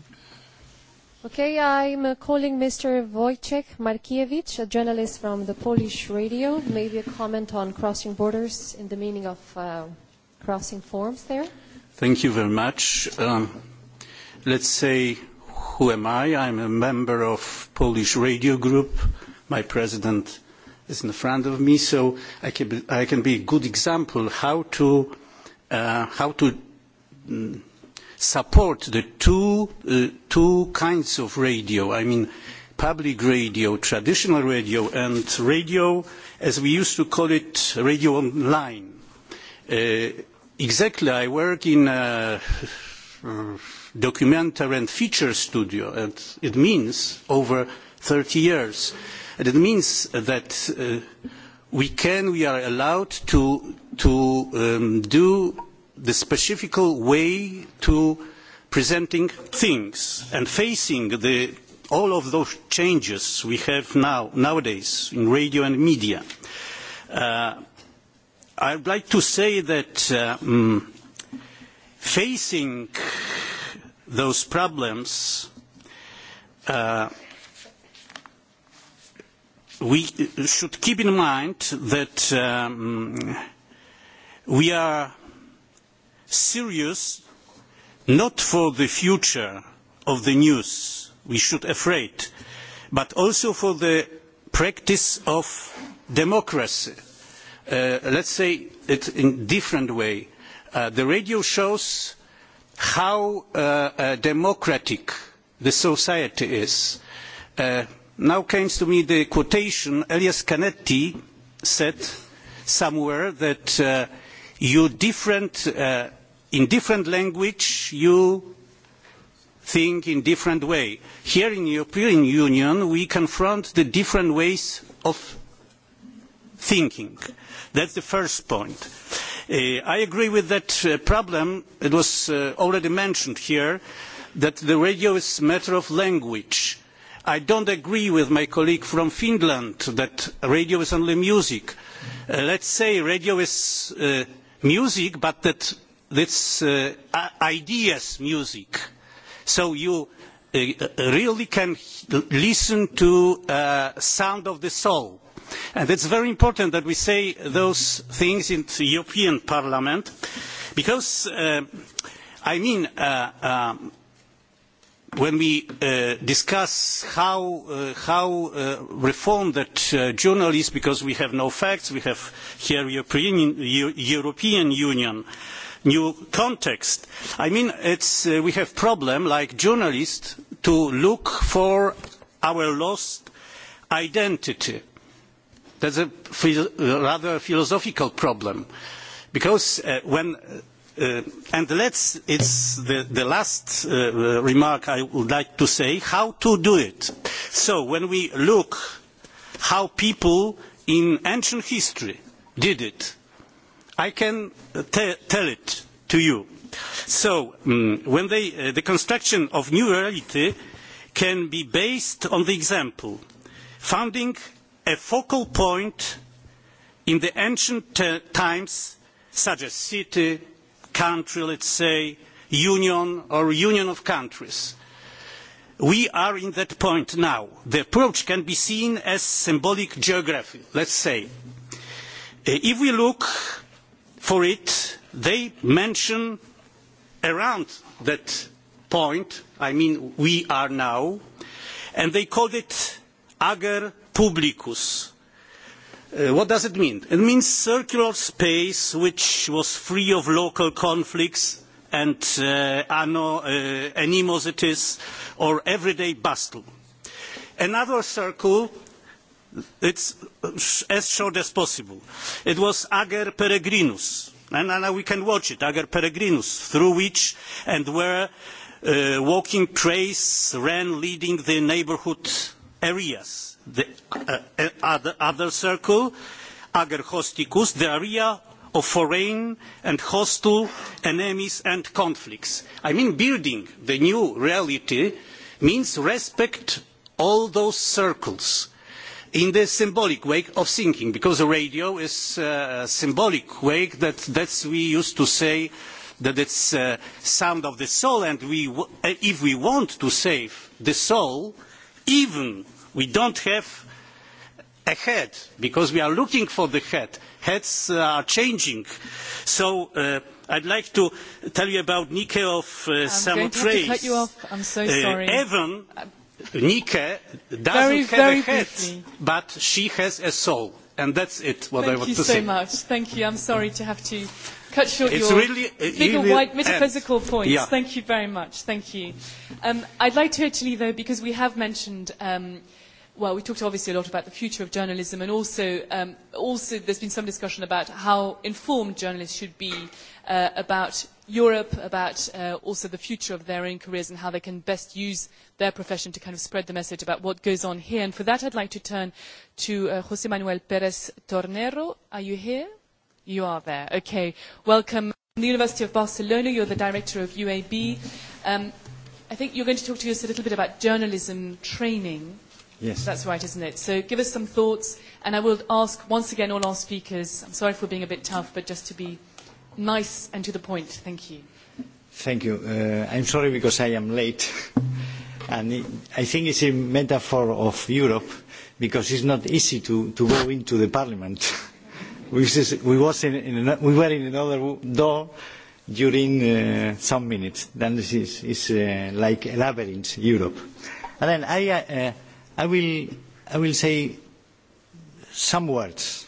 Okay, I'm calling Mr. Wojciech Markiewicz, a journalist from the Polish radio. Maybe a comment on crossing borders in the meaning of crossing forms there? Thank you very much. Let's say, who am I? I'm a member of Polish radio group. My president is in front of me, so I can be a good example how to how to support the two kinds of radio, I mean public radio, traditional radio, and radio, as we used to call it, radio online. Exactly, I work in a documentary and feature studio, and it means over 30 years. And it means that we can, we are allowed to do the specific way to presenting things and facing all of those changes we have nowadays in radio and media. I would like to say that facing those problems we should keep in mind that we are serious not for the future of the news we should afraid but also for the practice of democracy let's say it in a different way the radio shows how democratic the society is now comes to me the quotation Elias Canetti said somewhere that you different in different language you think in different way. Here in the European Union we confront the different ways of thinking. That's the first point. I agree with that problem. It was already mentioned here that the radio is a matter of language. I don't agree with my colleague from Finland that radio is only music. Let's say radio is music, but that this ideas music so you really can listen to sound of the soul and it's very important that we say those things in the european parliament because i mean when we discuss how how reform that journalists because we have no facts we have here european union new context. I mean, we have a problem, like journalists, to look for our lost identity. That's a rather philosophical problem, because when and let's it's the last remark I would like to say how to do it. So when we look how people in ancient history did it I can tell it to you. So, when the construction of new reality can be based on the example, founding a focal point in the ancient times, such as city, country, let's say, union or union of countries. We are in that point now. The approach can be seen as symbolic geography, let's say. If we look for it they mention around that point i mean we are now and they called it ager publicus. what does it mean? it means circular space which was free of local conflicts and animosities or everyday bustle. another circle as short as possible. It was Ager Peregrinus, and now we can watch it, Ager Peregrinus, through which and where walking trails ran leading the neighbourhood areas. The other circle, Ager Hosticus, the area of foreign and hostile enemies and conflicts. I mean, building the new reality means respect all those circles in the symbolic wake of thinking, because radio is a symbolic wake that we used to say that it's the sound of the soul, and we if we want to save the soul, even we don't have a head, because we are looking for the head. Heads are changing. So I'd like to tell you about Nike of Samothrace. I'm going to cut you off. I'm so sorry. Nike doesn't have a head, but she has a soul, and that's it. What I want to say. Thank you so much. Thank you. I'm sorry to have to cut short your big and white metaphysical points. Thank you very much. Thank you. I'd like to actually, though, because we have mentioned. um Well, we talked obviously a lot about the future of journalism, and also, um also there's been some discussion about how informed journalists should be about Europe, about also the future of their own careers and how they can best use their profession to kind of spread the message about what goes on here. And for that, I'd like to turn to José Manuel Pérez Tornero. Are you here? You are there. Okay. Welcome. From the University of Barcelona, you're the director of UAB. I think you're going to talk to us a little bit about journalism training. Yes. That's right, isn't it? So give us some thoughts. And I will ask once again all our speakers, I'm sorry for being a bit tough, but just to be nice and to the point. Thank you. Thank you. I'm sorry because I am late. And I think it's a metaphor of Europe because it's not easy to to go into the parliament. We we were in another door during some minutes. Then this is like a labyrinth, Europe. And then I I will I will say some words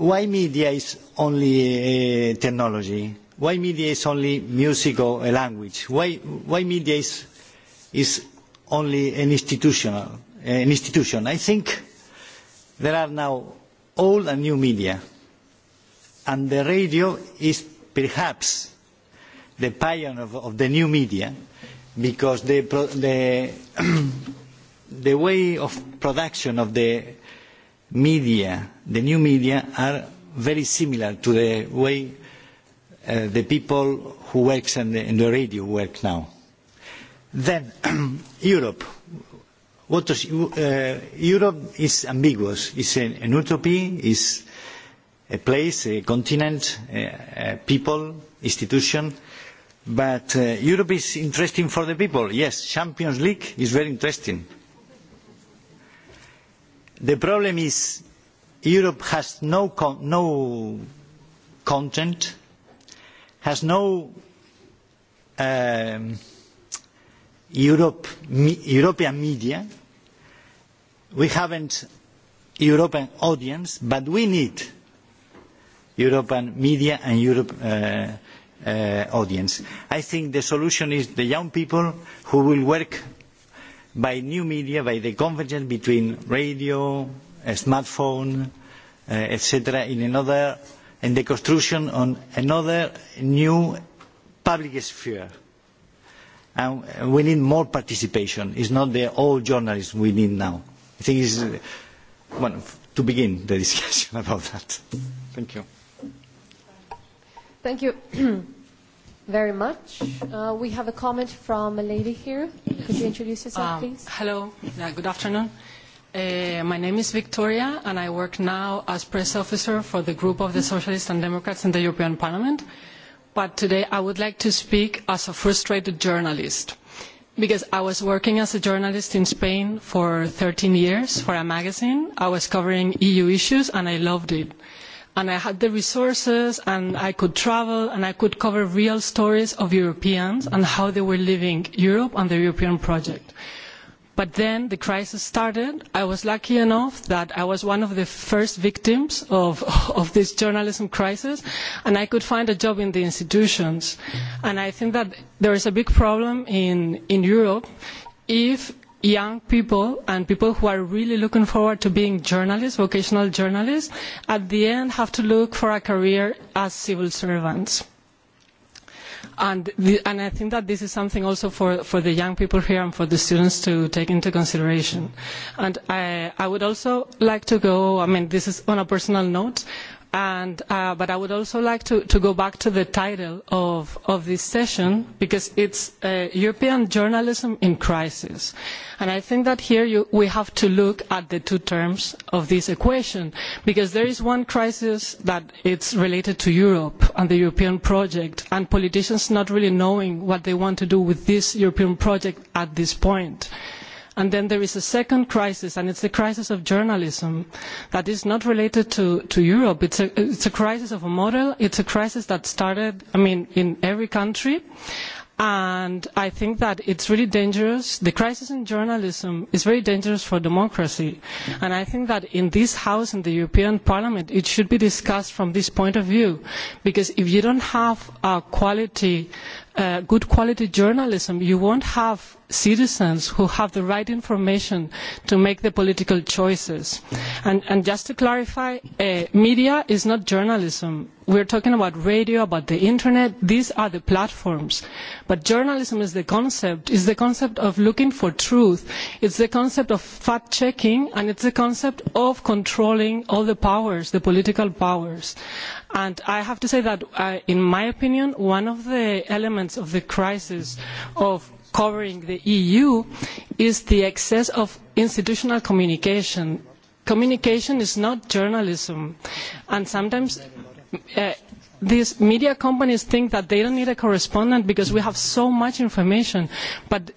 why media is only technology? Why media is only music or a language? Why media is only an institution? I think there are now old and new media, and the radio is perhaps the pioneer of the new media, because the way of production of the media, the new media, are very similar to the way the people who work in the radio work now. Then, Europe. Europe is ambiguous. It's an utopia, is a place, a continent, people, institution. But Europe is interesting for the people. Yes, Champions League is very interesting The problem is Europe has no content, has no European media. We haven't European audience, but we need European media and European audience. I think the solution is the young people who will work by new media, by the convergence between radio, smartphone, etc., in another, and the construction on another new public sphere. And we need more participation. It's not the old journalism we need now. I think it's to begin the discussion about that. Thank you. Thank you very much. We have a comment from a lady here. Could you introduce yourself, please? Hello. Good afternoon. My name is Victoria, and I work now as press officer for the group of the Socialists and Democrats in the European Parliament. But today I would like to speak as a frustrated journalist, because I was working as a journalist in Spain for 13 years for a magazine. I was covering EU issues, and I loved it and I had the resources and I could travel and I could cover real stories of Europeans and how they were living Europe and the European project. But then the crisis started. I was lucky enough that I was one of the first victims of this journalism crisis, and I could find a job in the institutions. And I think that there is a big problem in Europe if young people and people who are really looking forward to being journalists, vocational journalists, at the end have to look for a career as civil servants. And I think that this is something also for the young people here and for the students to take into consideration. And I would also like to go, I mean, this is on a personal note, But I would also like to go back to the title of this session because it's European journalism in crisis, and I think that here we have to look at the two terms of this equation because there is one crisis that is related to Europe and the European project, and politicians not really knowing what they want to do with this European project at this point and then there is a second crisis and it's the crisis of journalism that is not related to europe it's a crisis of a model it's a crisis that started i mean in every country and i think that it's really dangerous the crisis in journalism is very dangerous for democracy and i think that in this house in the european parliament it should be discussed from this point of view because if you don't have good quality journalism you won't have citizens who have the right information to make the political choices. And just to clarify, media is not journalism. We're talking about radio, about the internet. These are the platforms. But journalism is the concept. It's the concept of looking for truth. It's the concept of fact-checking, and it's the concept of controlling all the powers, the political powers. And I have to say that, in my opinion, one of the elements of the crisis of covering the EU is the excess of institutional communication. Communication is not journalism, and sometimes these media companies think that they don't need a correspondent because we have so much information, but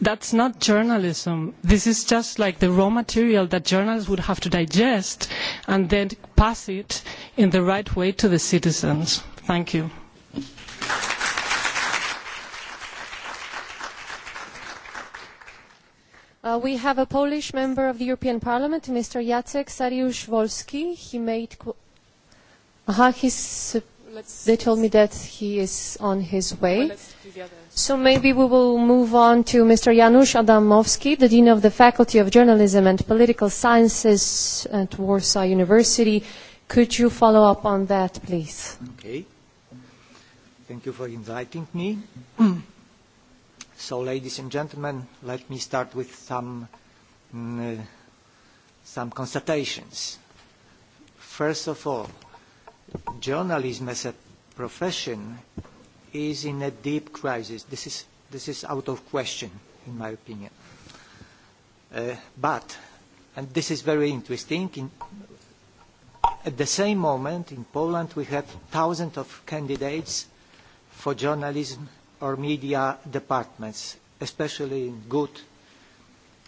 that's not journalism. This is just like the raw material that journalists would have to digest and then pass it in the right way to the citizens. Thank you. We have a Polish member of the European Parliament, Mr. Jacek Sariusz-Wolski. He made... They told me that he is on his way. So maybe we will move on to Mr. Janusz Adamowski, the Dean of the Faculty of Journalism and Political Sciences at Warsaw University. Could you follow up on that, please? Okay. Thank you for inviting me. So, ladies and gentlemen, let me start with some constatations. First of all, journalism as a profession is in a deep crisis. This is this is out of question, in my opinion. But, and this is very interesting, at the same moment in Poland we have thousands of candidates for journalism or media departments, especially in good,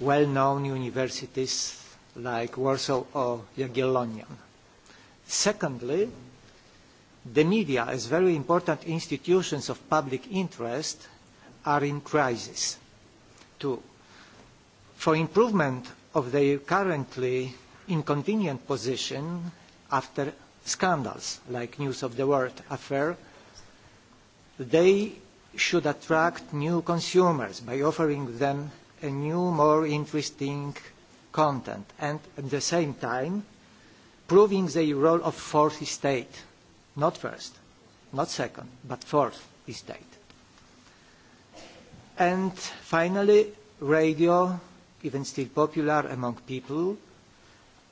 well-known universities like Warsaw or Jagiellonian. Secondly, the media as very important institutions of public interest are in crisis. Two, for improvement of their currently inconvenient position after scandals like News of the World affair, they should attract new consumers by offering them a new, more interesting content and at the same time proving the role of fourth state, not first, not second, but fourth estate. And finally, radio, even still popular among people,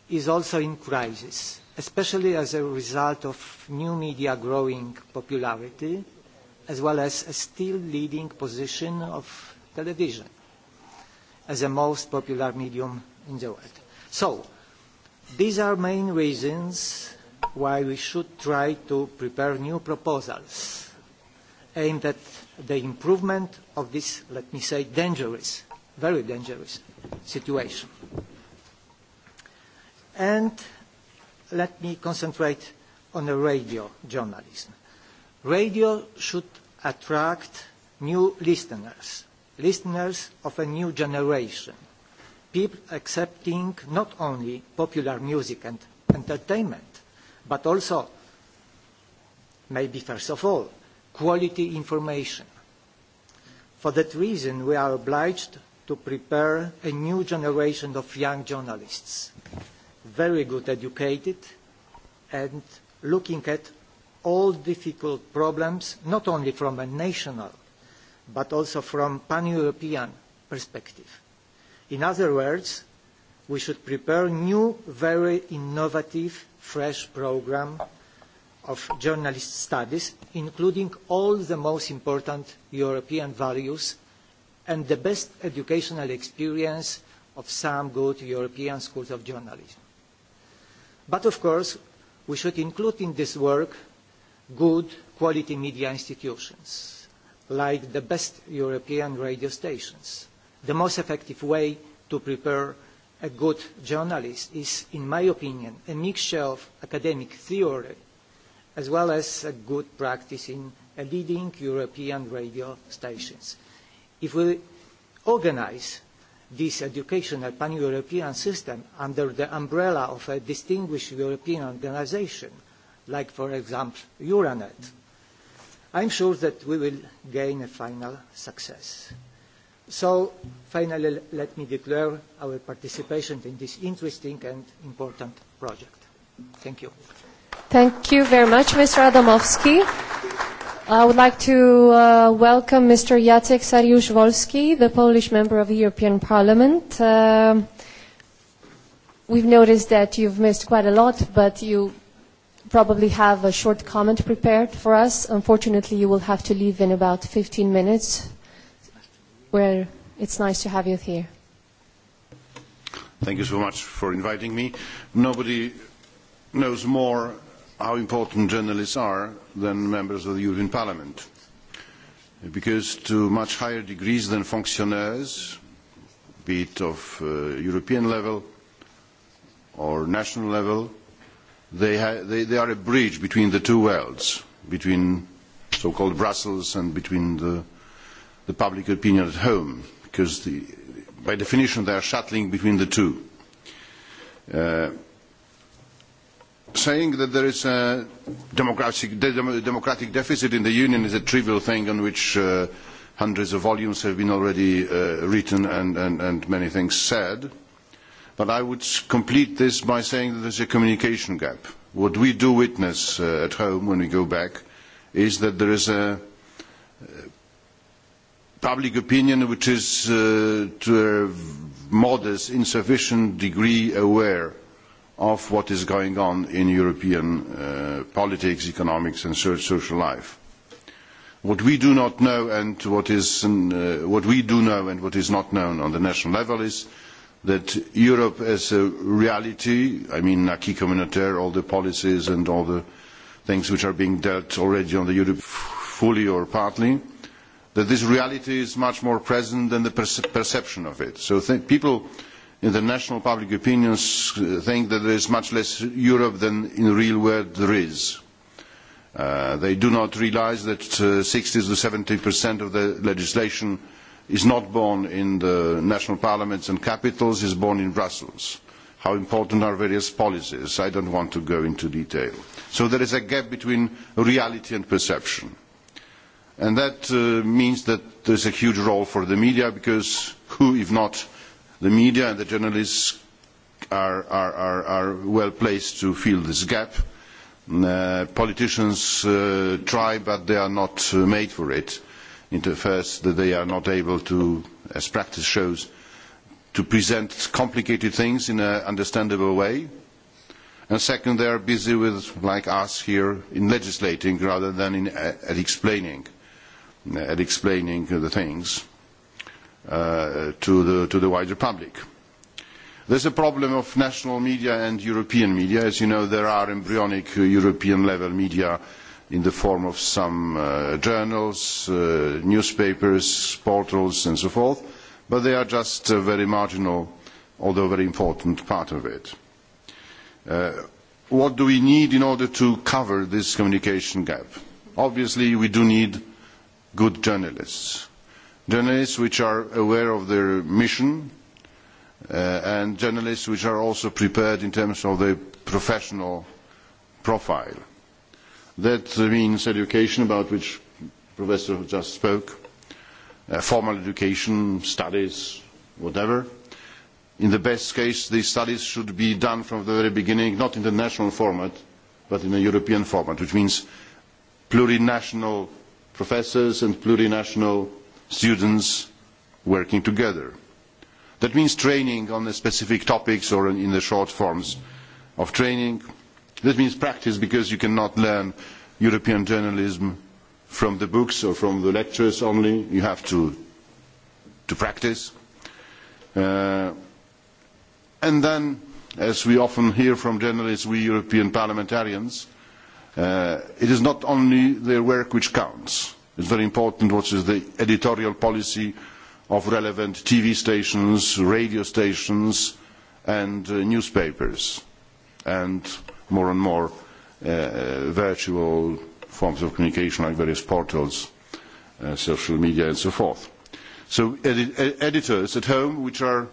is also in crisis, especially as a result of new media growing popularity as well as a still leading position of television as the most popular medium in the world. So these are main reasons why we should try to prepare new proposals aimed at the improvement of this, let me say, dangerous, very dangerous situation. And let me concentrate on the radio journalism. Radio should attract new listeners, listeners of a new generation, people accepting not only popular music and entertainment, but also, maybe first of all, quality information. For that reason, we are obliged to prepare a new generation of young journalists, very good educated and looking at all difficult problems, not only from a national, but also from pan-European perspective. In other words, we should prepare a new, very innovative, fresh programme of journalist studies, including all the most important European values and the best educational experience of some good European schools of journalism. But of course, we should include in this work good quality media institutions, like the best European radio stations. The most effective way to prepare a good journalist is, in my opinion, a mixture of academic theory as well as a good practice in leading European radio stations. If we organise this educational pan-European system under the umbrella of a distinguished European organisation, like for example Euronet. I'm sure that we will gain a final success. So finally let me declare our participation in this interesting and important project. Thank you. Thank you very much, Mr. Adamowski. I would like to welcome Mr. Jacek Sariusz-Wolski, the Polish member of the European Parliament. We've noticed that you've missed quite a lot, but you probably have a short comment prepared for us. Unfortunately, you will have to leave in about 15 minutes, where it's nice to have you here. Thank you so much for inviting me. Nobody knows more how important journalists are than members of the European Parliament, because to much higher degrees than functionaries, be it of European level or national level, They are a bridge between the two worlds, between so-called Brussels and between the public opinion at home, because by definition they are shuttling between the two. Saying that there is a democratic deficit in the Union is a trivial thing on which hundreds of volumes have been already written and many things said. But I would complete this by saying that there is a communication gap. What we do witness at home when we go back is that there is a public opinion which is to a modest, insufficient degree aware of what is going on in European politics, economics and social life. What we do not know and what we do know and what is not known on the national level is that Europe as a reality, I mean acquis communautaire, all the policies and all the things which are being dealt already on the Europe fully or partly, that this reality is much more present than the perception of it. So people in the national public opinion think that there is much less Europe than in the real world there is. They do not realise that 60 to 70% of the legislation is not born in the national parliaments and capitals, is born in Brussels. How important are various policies? I don't want to go into detail. So there is a gap between reality and perception. And that means that there is a huge role for the media because who, if not the media and the journalists, are well placed to fill this gap. Politicians try, but they are not made for it first that they are not able to as practice shows to present complicated things in an understandable way and second they are busy with like us here in legislating rather than in explaining the things to the wider public. There is a problem of national media and European media. As you know, there are embryonic European level media in the form of some journals, newspapers, portals and so forth, but they are just a very marginal, although very important part of it. What do we need in order to cover this communication gap? Obviously we do need good journalists, journalists which are aware of their mission and journalists which are also prepared in terms of their professional profile That means education about which Professor just spoke, formal education, studies, whatever. In the best case, these studies should be done from the very beginning, not in the national format, but in a European format, which means plurinational professors and plurinational students working together. That means training on the specific topics or in the short forms of training That means practice because you cannot learn European journalism from the books or from the lectures only. You have to practice. And then, as we often hear from journalists, we European parliamentarians, it is not only their work which counts. It is very important what is the editorial policy of relevant TV stations, radio stations and newspapers. And more and more virtual forms of communication like various portals, social media and so forth. So editors at home, which are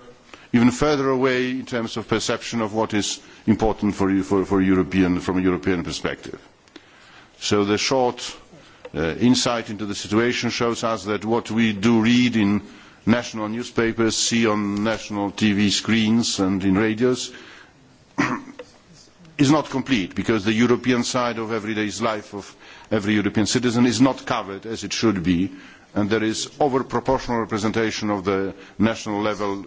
even further away in terms of perception of what is important for European from a European perspective. So the short insight into the situation shows us that what we do read in national newspapers, see on national TV screens and in radios is not complete because the European side of everyday life of every European citizen is not covered as it should be and there is over proportional representation of the national level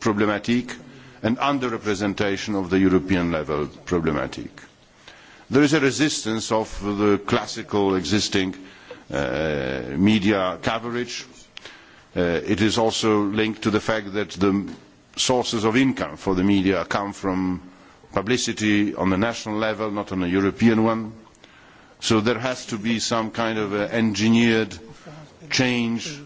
problematic and under representation of the European level problematic. There is a resistance of the classical existing media coverage. It is also linked to the fact that the sources of income for the media come from publicity on the national level, not on a European one. So there has to be some kind of engineered change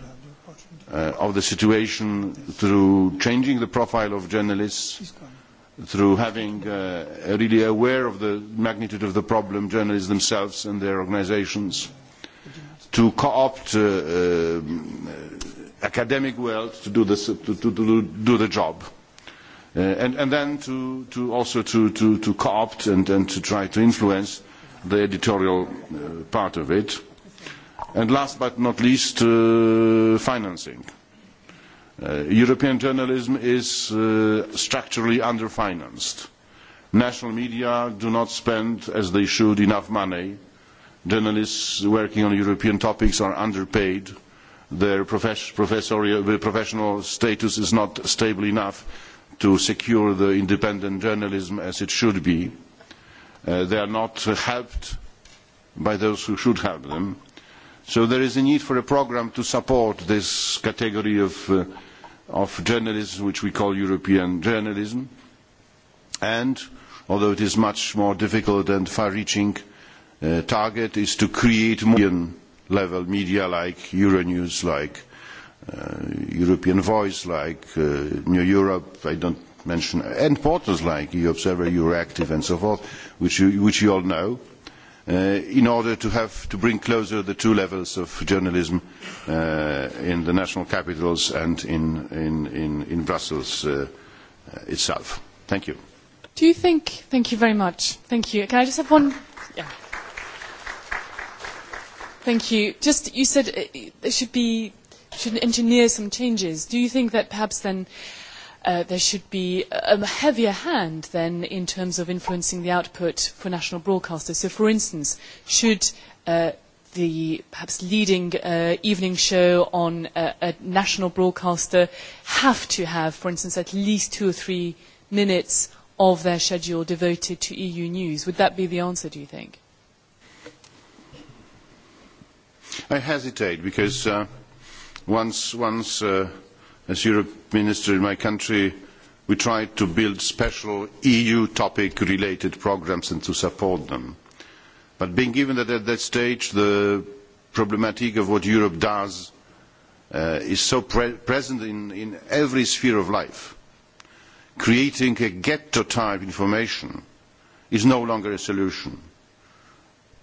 of the situation through changing the profile of journalists, through having really aware of the magnitude of the problem, journalists themselves and their organisations, to co-opt academic world to do the job and then to also to co-opt and to try to influence the editorial part of it. And last but not least, financing. European journalism is structurally underfinanced. National media do not spend, as they should, enough money. Journalists working on European topics are underpaid. Their professional status is not stable enough to secure the independent journalism as it should be. They are not helped by those who should help them. So there is a need for a programme to support this category of journalism which we call European journalism. And, although it is a much more difficult and far-reaching, target is to create more level media like Euronews, like European voice like New Europe, I don't mention, and portals like EU Observer, Euroactive and so forth, which you all know, in order to have to bring closer the two levels of journalism in the national capitals and in Brussels itself. Thank you. Do you think? Thank you very much. Thank you. Can I just have one? Thank you. Just you said it should be should engineer some changes. Do you think that perhaps then there should be a heavier hand then in terms of influencing the output for national broadcasters? So, for instance, should the perhaps leading evening show on a national broadcaster have to have, for instance, at least two or three minutes of their schedule devoted to EU news? Would that be the answer, do you think? I hesitate because Once, once as Europe Minister in my country, we tried to build special EU topic-related programmes and to support them. But being given that at that stage the problematic of what Europe does is so present in every sphere of life, creating a ghetto-type information is no longer a solution.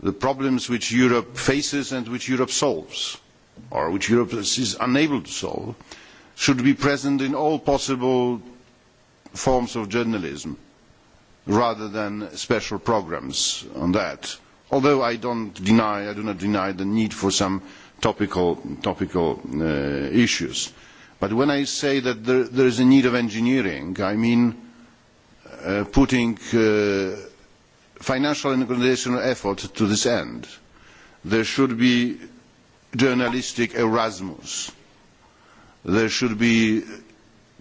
The problems which Europe faces and which Europe solves or which Europe is unable to solve, should be present in all possible forms of journalism, rather than special programmes on that. Although I do not deny the need for some topical issues, but when I say that there is a need of engineering, I mean putting financial and organizational effort to this end. There should be journalistic Erasmus. There should be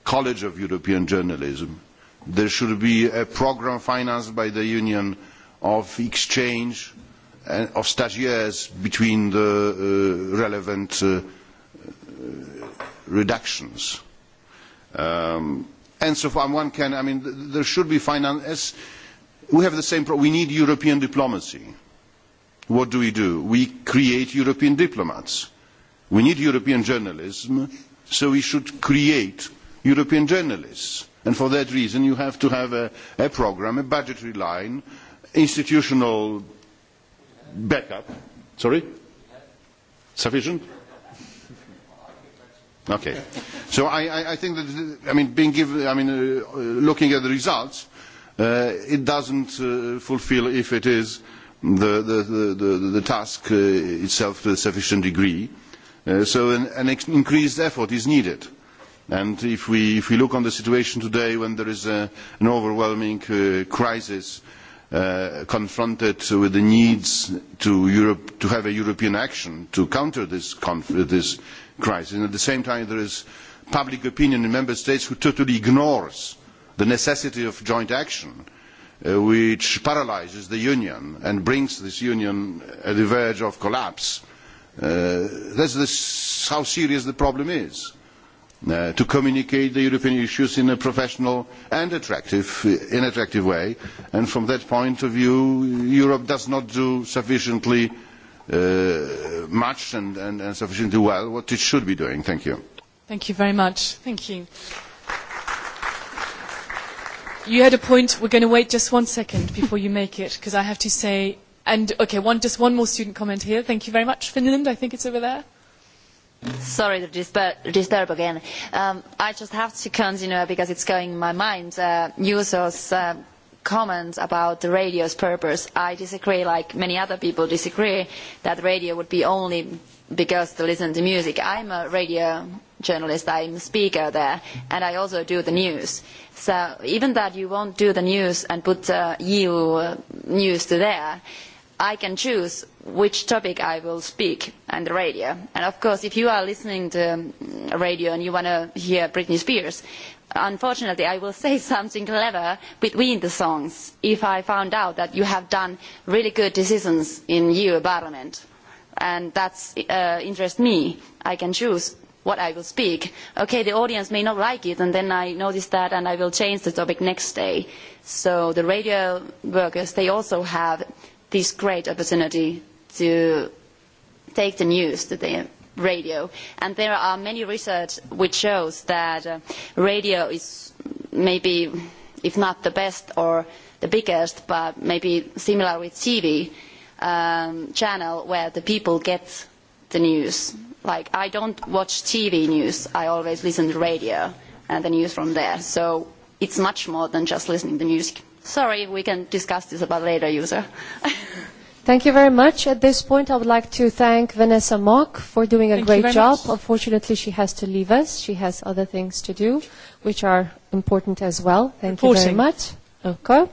College of European Journalism. There should be a programme financed by the Union of exchange of stagiaires between the relevant reductions. And so far one can I mean there should be finance we have the same problem. we need European diplomacy what do we do? We create European diplomats. We need European journalism, so we should create European journalists. And for that reason, you have to have a program, a budgetary line, institutional backup. Sorry? Sufficient? Okay. So I think that, I mean, being given, I mean, looking at the results, it doesn't fulfil if it is the task itself to a sufficient degree. So an increased effort is needed. And if we look on the situation today when there is an overwhelming crisis confronted with the needs to have a European action to counter this crisis, and at the same time there is public opinion in member states who totally ignores the necessity of joint action, which paralyses the union and brings this union at the verge of collapse. That is how serious the problem is. To communicate the European issues in a professional and attractive way, and from that point of view, Europe does not do sufficiently much and sufficiently well what it should be doing. Thank you. Thank you very much. Thank you. You had a point. We're going to wait just one second before you make it, because I have to say. And okay, one just one more student comment here. Thank you very much, Finland. I think it's over there. Sorry to disturb again. I just have to continue because it's going in my mind. Users comment about the radio's purpose. I disagree, like many other people disagree, that radio would be only because to listen to music. I'm a radio journalist, I'm speaker there, and I also do the news. So even that you won't do the news and put EU news to there, I can choose which topic I will speak on the radio. And of course, if you are listening to radio and you want to hear Britney Spears, unfortunately I will say something clever between the songs if I found out that you have done really good decisions in EU Parliament. And that interests me. I can choose what I will speak. Okay, the audience may not like it, and then I notice that, and I will change the topic next day. So the radio workers, they also have this great opportunity to take the news to the radio. And there are many research which shows that radio is maybe, if not the best or the biggest, but maybe similar with TV channel where the people get the news like I don't watch TV news. I always listen to radio and the news from there. So it's much more than just listening to music. Sorry, we can discuss this about later, user. Thank you very much. At this point, I would like to thank Vanessa Mock for doing a great job. Unfortunately, she has to leave us. She has other things to do, which are important as well. Thank you very much. Okay.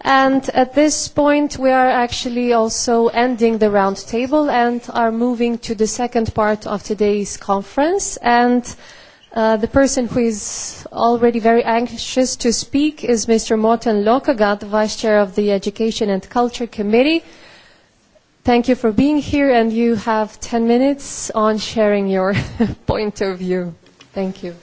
And at this point, we are actually also ending the round table and are moving to the second part of today's conference. And the person who is already very anxious to speak is Mr. Morten Lokagat, Vice Chair of the Education and Culture Committee. Thank you for being here, and you have 10 minutes on sharing your point of view. Thank you.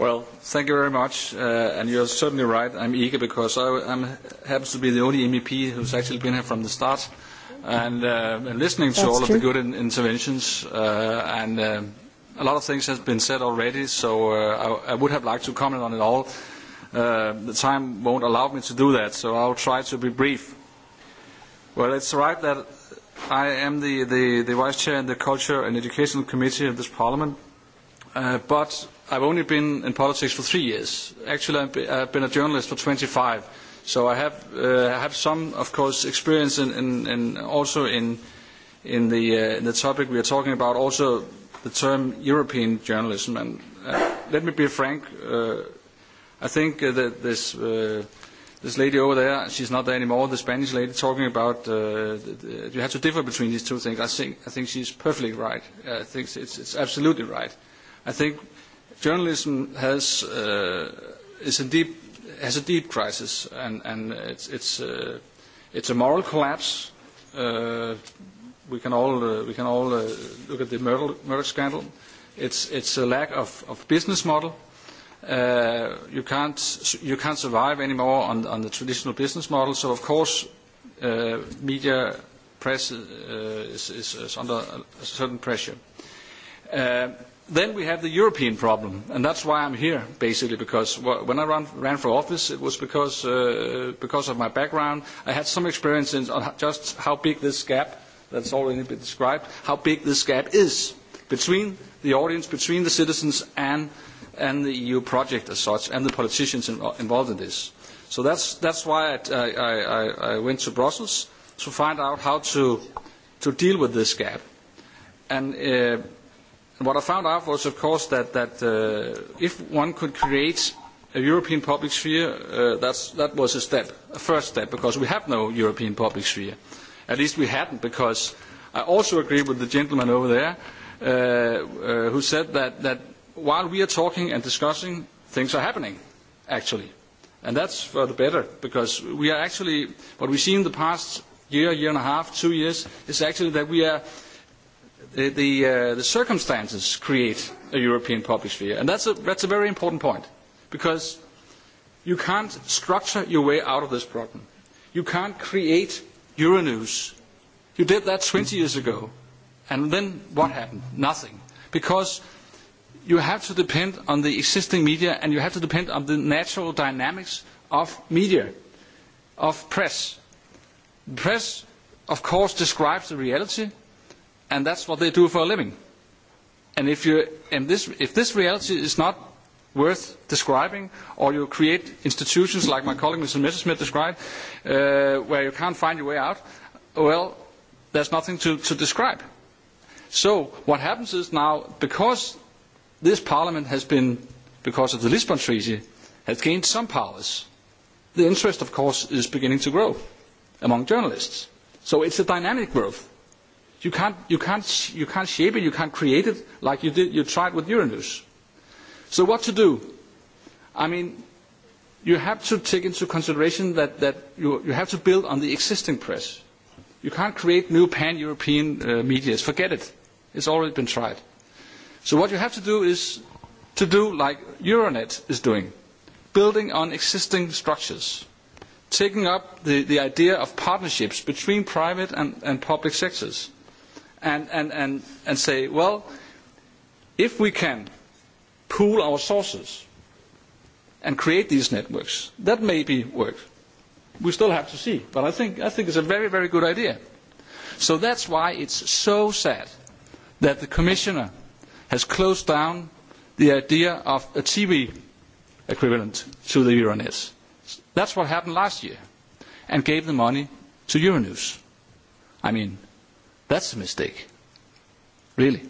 Well, thank you very much, and you're certainly right. I'm eager because I happens to be the only MEP who's actually been here from the start and listening to all of the good interventions. And a lot of things have been said already, so I would have liked to comment on it all. The time won't allow me to do that, so I'll try to be brief. Well, it's right that I am the Vice Chair in the Culture and Educational Committee of this Parliament, but I've only been in politics for three years. Actually, I've been a journalist for 25, so I have some, of course, experience also in the topic we are talking about, also the term European journalism. And let me be frank, I think that this this lady over there, she's not there anymore, the Spanish lady, talking about you have to differ between these two things. I think she's perfectly right. I think it's absolutely right. I think Journalism has is a deep has a deep crisis and and it's it's it's a moral collapse. We can all we can all look at the murder scandal. It's it's a lack of of business model. You can't you can't survive anymore on the traditional business model. So of course, media press is under a certain pressure. Then we have the European problem, and that's why I'm here, basically, because when I ran for office, it was because of my background. I had some experience in just how big this gap, that's already been described, how big this gap is between the audience, between the citizens and the EU project as such, and the politicians involved in this. So that's why I went to Brussels, to find out how to deal with this gap. And What I found out was, of course, that if one could create a European public sphere, that was a step, a first step, because we have no European public sphere. At least we hadn't, because I also agree with the gentleman over there who said that while we are talking and discussing, things are happening, actually. And that's for the better, because we are actually, what we seen in the past year, year and a half, two years, is actually that we are the circumstances create a European public sphere. And that's a very important point, because you can't structure your way out of this problem. You can't create Euronews. You did that 20 years ago, and then what happened? Nothing, because you have to depend on the existing media and you have to depend on the natural dynamics of media, of press. Press, of course, describes the reality and that's what they do for a living. And if this reality is not worth describing, or you create institutions like my colleague Mr. Messerschmidt described, where you can't find your way out, well, there's nothing to describe. So what happens is now, because this Parliament has been, because of the Lisbon Treaty, has gained some powers, the interest, of course, is beginning to grow among journalists. So it's a dynamic growth You can't, you can't shape it, you can't create it like you did, you tried with Uranus. So what to do? I mean, you have to take into consideration that, you, you have to build on the existing press. You can't create new pan-European medias. Forget it. It's already been tried. So what you have to do is to do like Euronet is doing, building on existing structures, taking up the idea of partnerships between private and public sectors and say, well, if we can pool our sources and create these networks, that maybe works. We still have to see, but I think it's a very, very good idea. So that's why it's so sad that the Commissioner has closed down the idea of a TV equivalent to the Euronews. That's what happened last year and gave the money to Euronews. I mean, That's a mistake, really.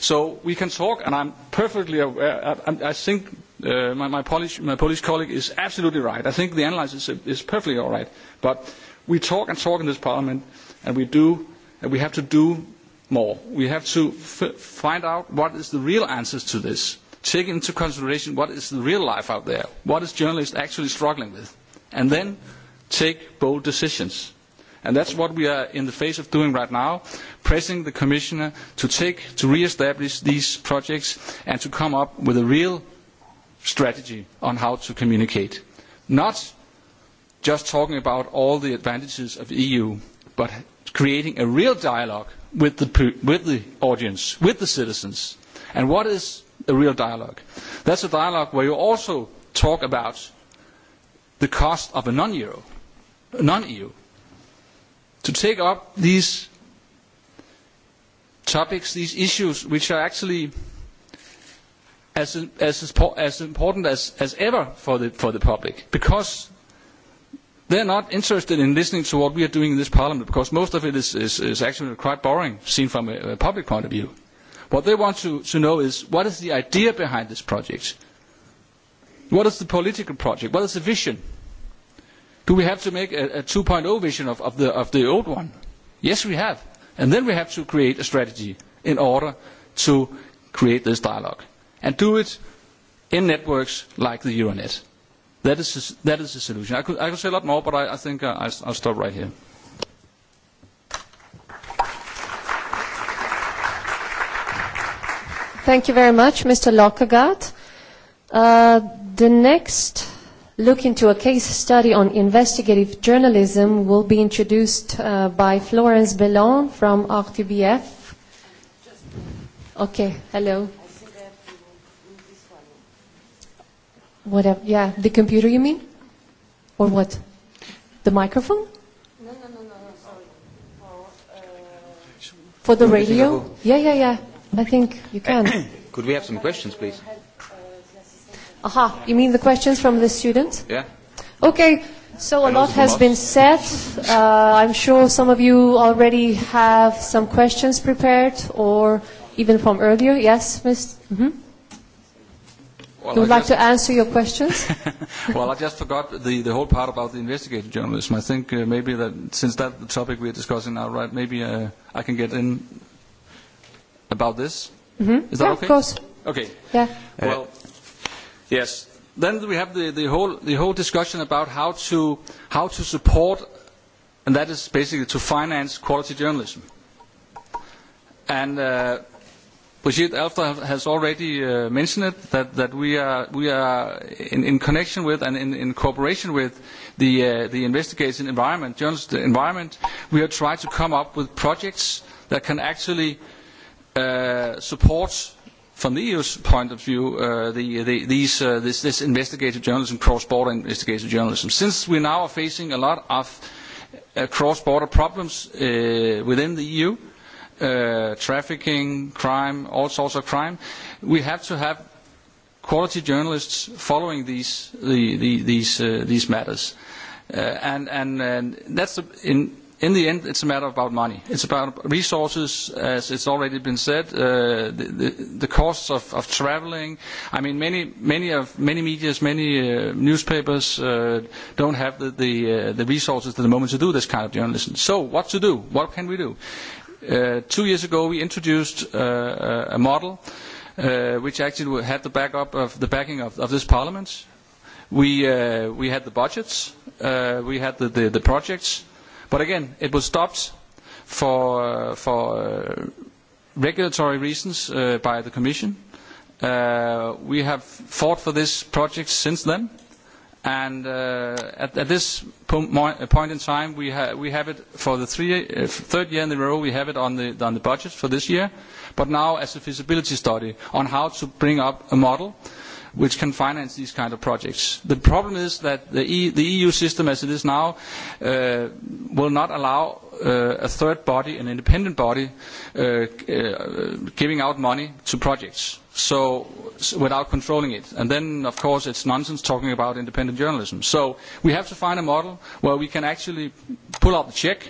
So we can talk, and I'm perfectly aware. I think my Polish colleague is absolutely right. I think the analysis is perfectly all right. But we talk and talk in this Parliament, and we do, and we have to do more. We have to find out what is the real answers to this. Take into consideration what is the real life out there, what is journalists actually struggling with, and then take bold decisions. And that's what we are in the face of doing right now, pressing the Commissioner to take, to re-establish these projects and to come up with a real strategy on how to communicate. Not just talking about all the advantages of EU, but creating a real dialogue with the audience, with the citizens. And what is a real dialogue? That's a dialogue where you also talk about the cost of a non-EU to take up these topics, these issues, which are actually as important as ever for the public, because they are not interested in listening to what we are doing in this Parliament, because most of it is actually quite boring, seen from a public point of view. What they want to know is what is the idea behind this project, what is the political project, what is the vision. Do we have to make a 2.0 vision of the old one? Yes, we have. And then we have to create a strategy in order to create this dialogue. And do it in networks like the Euronet. That is the solution. I could say a lot more, but I think I'll stop right here. Thank you very much, Mr. Lockergaard. The next look into a case study on investigative journalism will be introduced by Florence Bellon from RTBF. Okay, hello. Whatever, yeah, the computer you mean? Or what? The microphone? No, no, no, no, sorry. For the radio? Yeah, yeah, yeah. I think you can. Could we have some questions, please? Aha, you mean the questions from the students? Yeah. Okay, so a lot has been said. I'm sure some of you already have some questions prepared or even from earlier. Yes, Ms. Would you like to answer your questions? Well, I just forgot the the whole part about the investigative journalism. I think maybe that since that topic we are discussing now, right, maybe I can get in about this. Is that okay? Of course. Okay. Yeah. Well, Yes. Then we have the whole discussion about how to support, and that is basically to finance quality journalism. And Brigitte Alfter has already mentioned it, that we are in connection with and in cooperation with the investigation environment, journalist environment, we are trying to come up with projects that can actually support From the EU's point of view, this investigative journalism, cross-border investigative journalism, since we now are facing a lot of cross-border problems within the EU, trafficking, crime, all sorts of crime, we have to have quality journalists following these these matters. And that's in in the end it's a matter about money it's about resources as it's already been said the costs of traveling i mean many many of many medias many newspapers don't have the the resources at the moment to do this kind of journalism so what to do what can we do two years ago we introduced a model which actually had the of the backing of this parliament we we had the budgets we had the projects But again, it was stopped for regulatory reasons by the Commission. We have fought for this project since then, and at this point in time, we have it for the third year in a row. We have it on the budget for this year, but now as a feasibility study on how to bring up a model which can finance these kind of projects. The problem is that the EU system as it is now will not allow a third body, an independent body, giving out money to projects so without controlling it. And then, of course, it's nonsense talking about independent journalism. So we have to find a model where we can actually pull out the check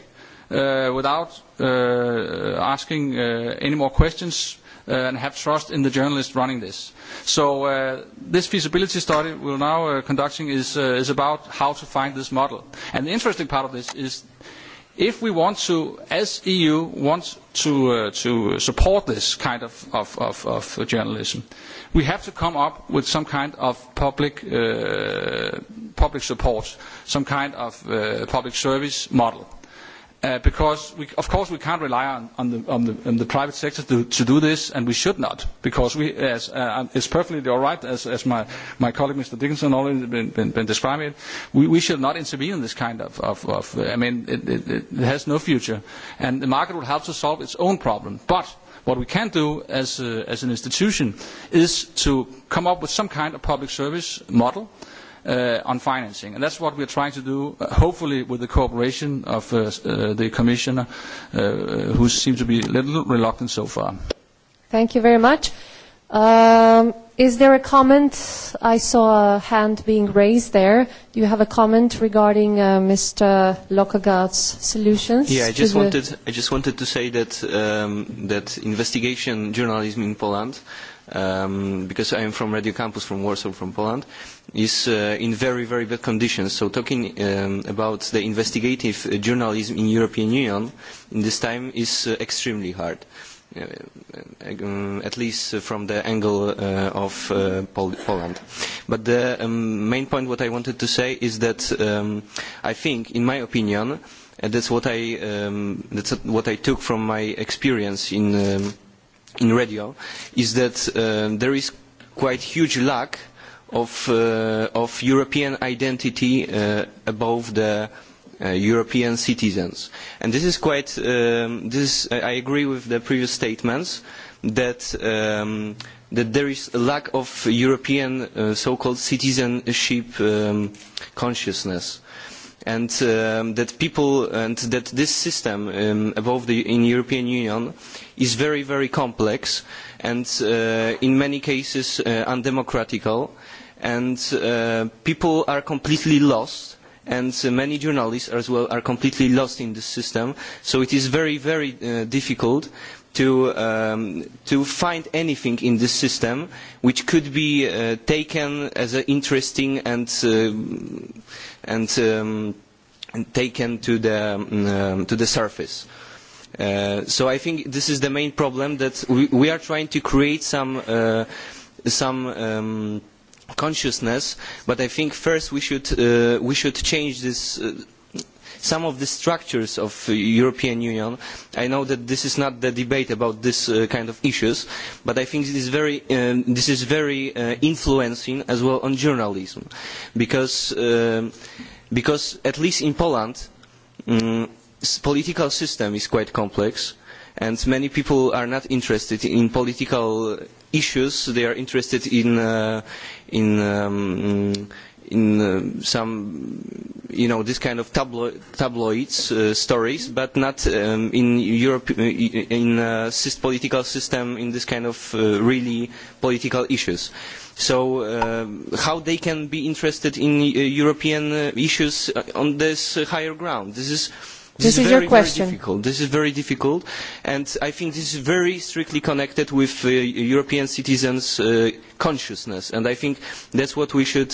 without asking any more questions and have trust in the journalists running this. So this feasibility study we are now conducting is about how to find this model. And the interesting part of this is if we want to, as EU, want to support this kind of journalism, we have to come up with some kind of public support, some kind of public service model because of course we can't rely on the private sector to do this and we should not because is perfectly all right as my colleague mr dickinson already been describing it we should not intervene in this kind of i mean it has no future and the market will help to solve its own problem but what we can do as an institution is to come up with some kind of public service model on financing. And that's what we are trying to do, hopefully with the cooperation of the Commissioner, who seems to be a little reluctant so far. Thank you very much. Is there a comment? I saw a hand being raised there. Do you have a comment regarding Mr. Lokkegaard's solutions? Yeah, I just wanted I just wanted to say that that investigation journalism in Poland, because I am from Radio Campus, from Warsaw, from Poland is in very, very bad conditions. So talking about the investigative journalism in the European Union in this time is extremely hard, at least from the angle of Poland. But the main point what I wanted to say is that I think, in my opinion, and that's what I took from my experience in radio, is that there is quite huge lack of European identity above the European citizens. And this is quite, I agree with the previous statements that there is a lack of European so-called citizenship consciousness and that people and that this system above the in European Union is very, very complex and in many cases undemocratical and people are completely lost and many journalists as well are completely lost in this system so it is very very difficult to find anything in this system which could be taken as interesting and taken to the surface. So I think this is the main problem that we are trying to create some consciousness but i think first we should change some of the structures of the european union i know that this is not the debate about this kind of issues but i think this is very influencing as well on journalism because at least in poland the political system is quite complex and many people are not interested in political issues they are interested in in in some you know this kind of tabloids stories but not in europe in political system in this kind of really political issues so how they can be interested in european issues on this higher ground this is This is your question. This is very difficult, and I think this is very strictly connected with European citizens' consciousness, and I think that's what we should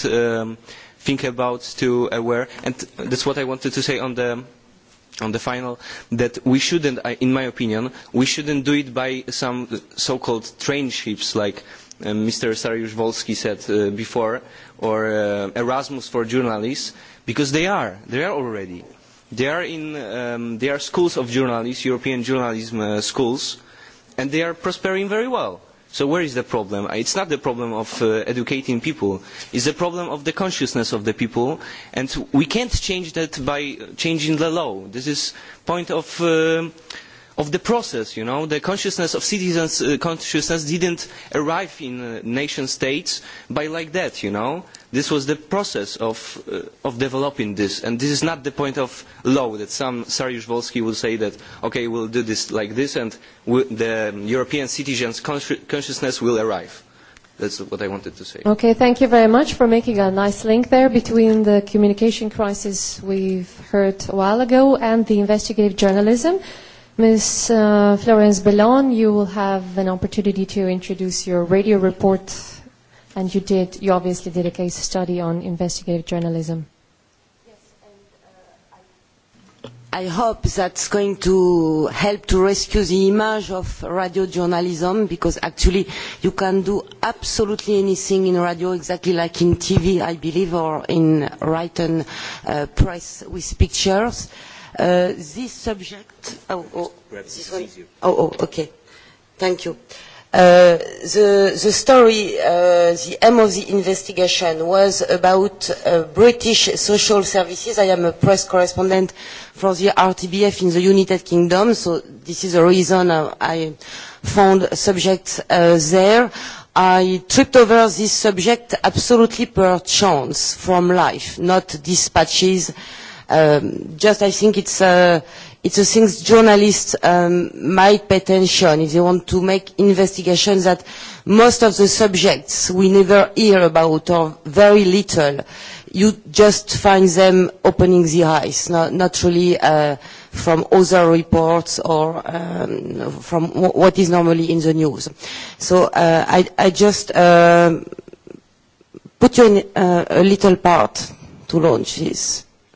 think about to aware, and that's what I wanted to say on the on the final that we shouldn't, in my opinion, we shouldn't do it by some so-called train ships like. Mr. Saryusz Wolski said before, or Erasmus for journalists, because they are, they are already. There are in schools of journalists, European journalism schools, and they are prospering very well. So where is the problem? It's not the problem of educating people. It's the problem of the consciousness of the people, and we can't change that by changing the law. This is point of of the process you know the consciousness of citizens consciousness didn't arrive in nation states by like that you know this was the process of developing this and this is not the point of law that some Sariusz Wolski will say that okay will do this like this and the european citizens consciousness will arrive that's what i wanted to say okay thank you very much for making a nice link there between the communication crisis we've heard a while ago and the investigative journalism Ms. Florence Bellon, you will have an opportunity to introduce your radio report, and you did, you obviously did a case study on investigative journalism. Yes, and I hope that's going to help to rescue the image of radio journalism, because actually you can do absolutely anything in radio, exactly like in TV, I believe, or in written press with pictures This subject. Oh, oh, okay. Thank you. The the story, the aim of the investigation was about British social services. I am a press correspondent for the RTBF in the United Kingdom, so this is the reason I found subject there. I tripped over this subject absolutely per chance from life, not dispatches Just I think it's it's a thing journalists might pay attention if they want to make investigations that most of the subjects we never hear about or very little, you just find them opening the eyes, not really from other reports or from what is normally in the news. So I just put you in a little part to launch this.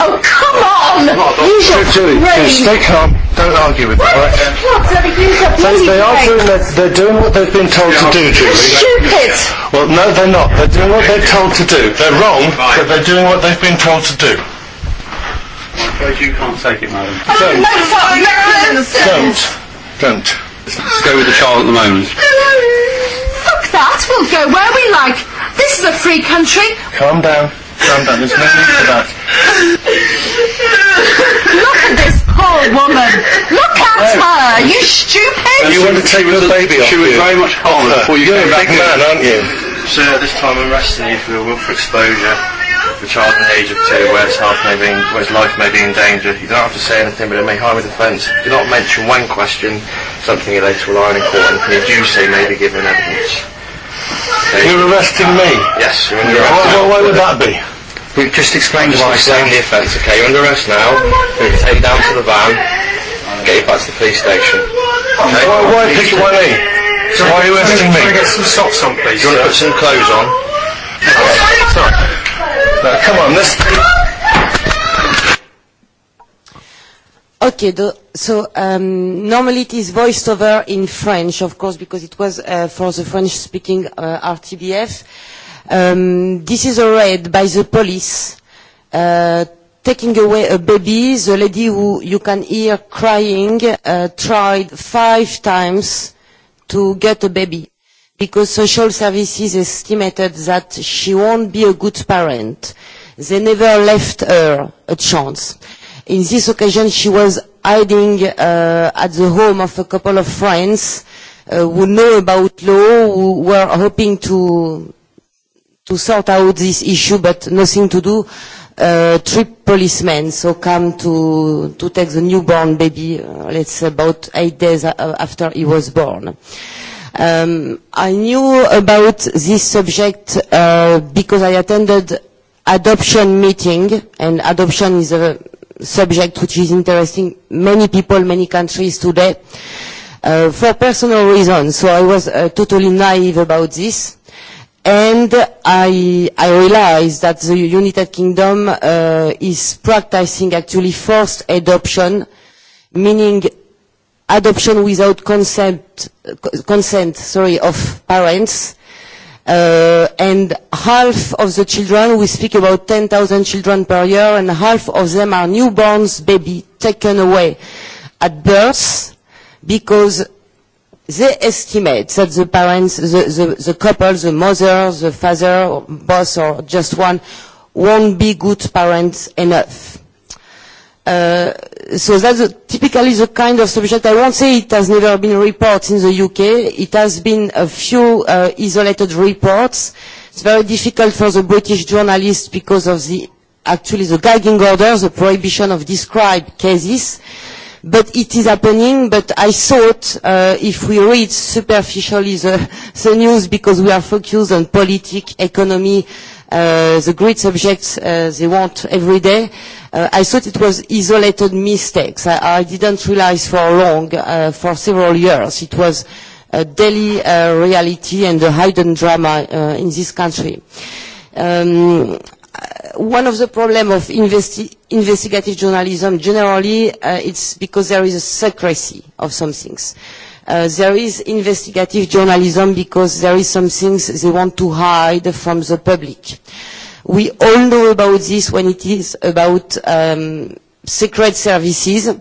Oh, come on! stay calm. Don't argue with them, right? they, are they're, they're doing what they've been told to do, Julie. Stupid! Well, no, they're not. They're doing what they're told to do. They're wrong, but they're doing what they've been told to do. I'm afraid you can't take it, madam. Don't. Don't. Don't. Let's go with the child at the moment. Fuck that. We'll go where we like. This is a free country. Calm down. Look at this poor woman. Look at her. You stupid. You want to take the baby off She was very much harmed before you came back You're man, aren't you? So at this time I'm arresting you for willful exposure the child in the age of two where his, health may be in, where his life may be in danger. You don't have to say anything, but it may harm his offence. Do not mention one question, something you later will iron in court, and you do say may be given evidence. You're arresting me. Yes, you're under arrest. Why, why would that be? We've just explained why. Explain the offence, okay? You're under arrest now. We're going take you down to the van, get you back to the police station. Okay? Why, why pick you me? So why are you arresting me? Can I get some socks on, please? you want to put some clothes on? Sorry. No, come on, let's... Okay, the So normally it is voiced over in French, of course, because it was for the French-speaking RTBF. This is a raid by the police, taking away a baby. The lady who you can hear crying tried five times to get a baby, because social services estimated that she won't be a good parent. They never left her a chance. In this occasion, she was hiding at the home of a couple of friends who know about law, who were hoping to to sort out this issue, but nothing to do. Three policemen so come to to take the newborn baby. Let's say about eight days after he was born. I knew about this subject because I attended adoption meeting, and adoption is a subject which is interesting many people, many countries today for personal reasons. So I was totally naive about this. And I I realized that the United Kingdom is practicing actually forced adoption, meaning adoption without consent sorry, of parents and half of the children, we speak about 10,000 children per year, and half of them are newborns, baby, taken away at birth because they estimate that the parents, the, the, the couple, the mother, the father, boss or just one, won't be good parents enough So that's typically the kind of subject. I won't say it has never been reported in the UK. It has been a few isolated reports. It's very difficult for the British journalists because of the actually the gagging order, the prohibition of described cases. But it is happening. But I thought if we read superficially the news because we are focused on politics, economy the great subjects they want every day. I thought it was isolated mistakes. I didn't realize for long, for several years, it was a daily reality and a hidden drama in this country. One of the problems of investigative journalism generally, it's because there is a secrecy of some things. There is investigative journalism because there is some things they want to hide from the public. We all know about this when it is about secret services.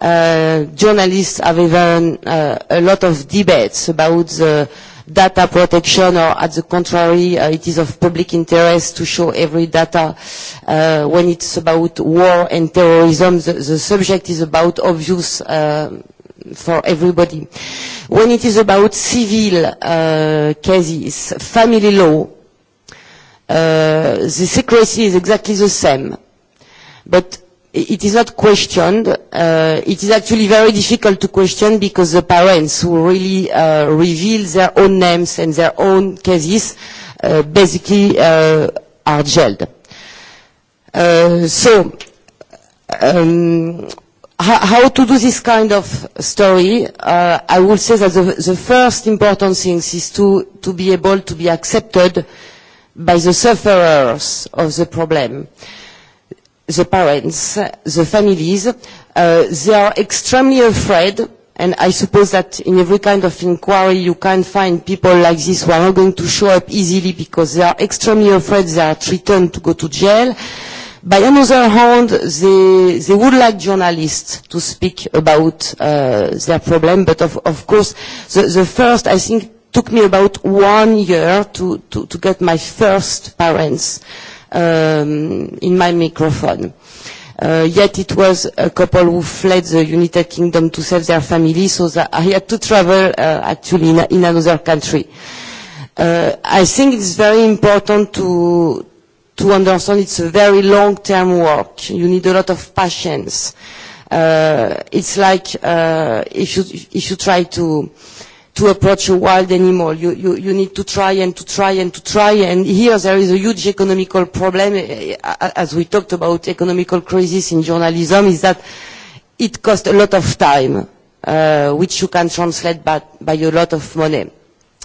Journalists have even a lot of debates about the data protection or at the contrary it is of public interest to show every data when it's about war and terrorism. The subject is about obvious for everybody. When it is about civil cases, family law, the secrecy is exactly the same. But it is not questioned. It is actually very difficult to question because the parents who really reveal their own names and their own cases basically are jailed. So How to do this kind of story? I would say that the first important thing is to be able to be accepted by the sufferers of the problem, the parents, the families. They are extremely afraid, and I suppose that in every kind of inquiry you can find people like this who are not going to show up easily because they are extremely afraid they are threatened to go to jail By another hand, they, they would like journalists to speak about their problem, but of, of course, the, the first, I think, took me about one year to, to, to get my first parents in my microphone. yet it was a couple who fled the United Kingdom to save their family, so that I had to travel actually in, in another country. I think it's very important to to understand it's a very long-term work. You need a lot of patience. It's like if you if you try to to approach a wild animal, you you you need to try and to try and to try. And here there is a huge economical problem, as we talked about economical crisis in journalism, is that it costs a lot of time, which you can translate by a lot of money.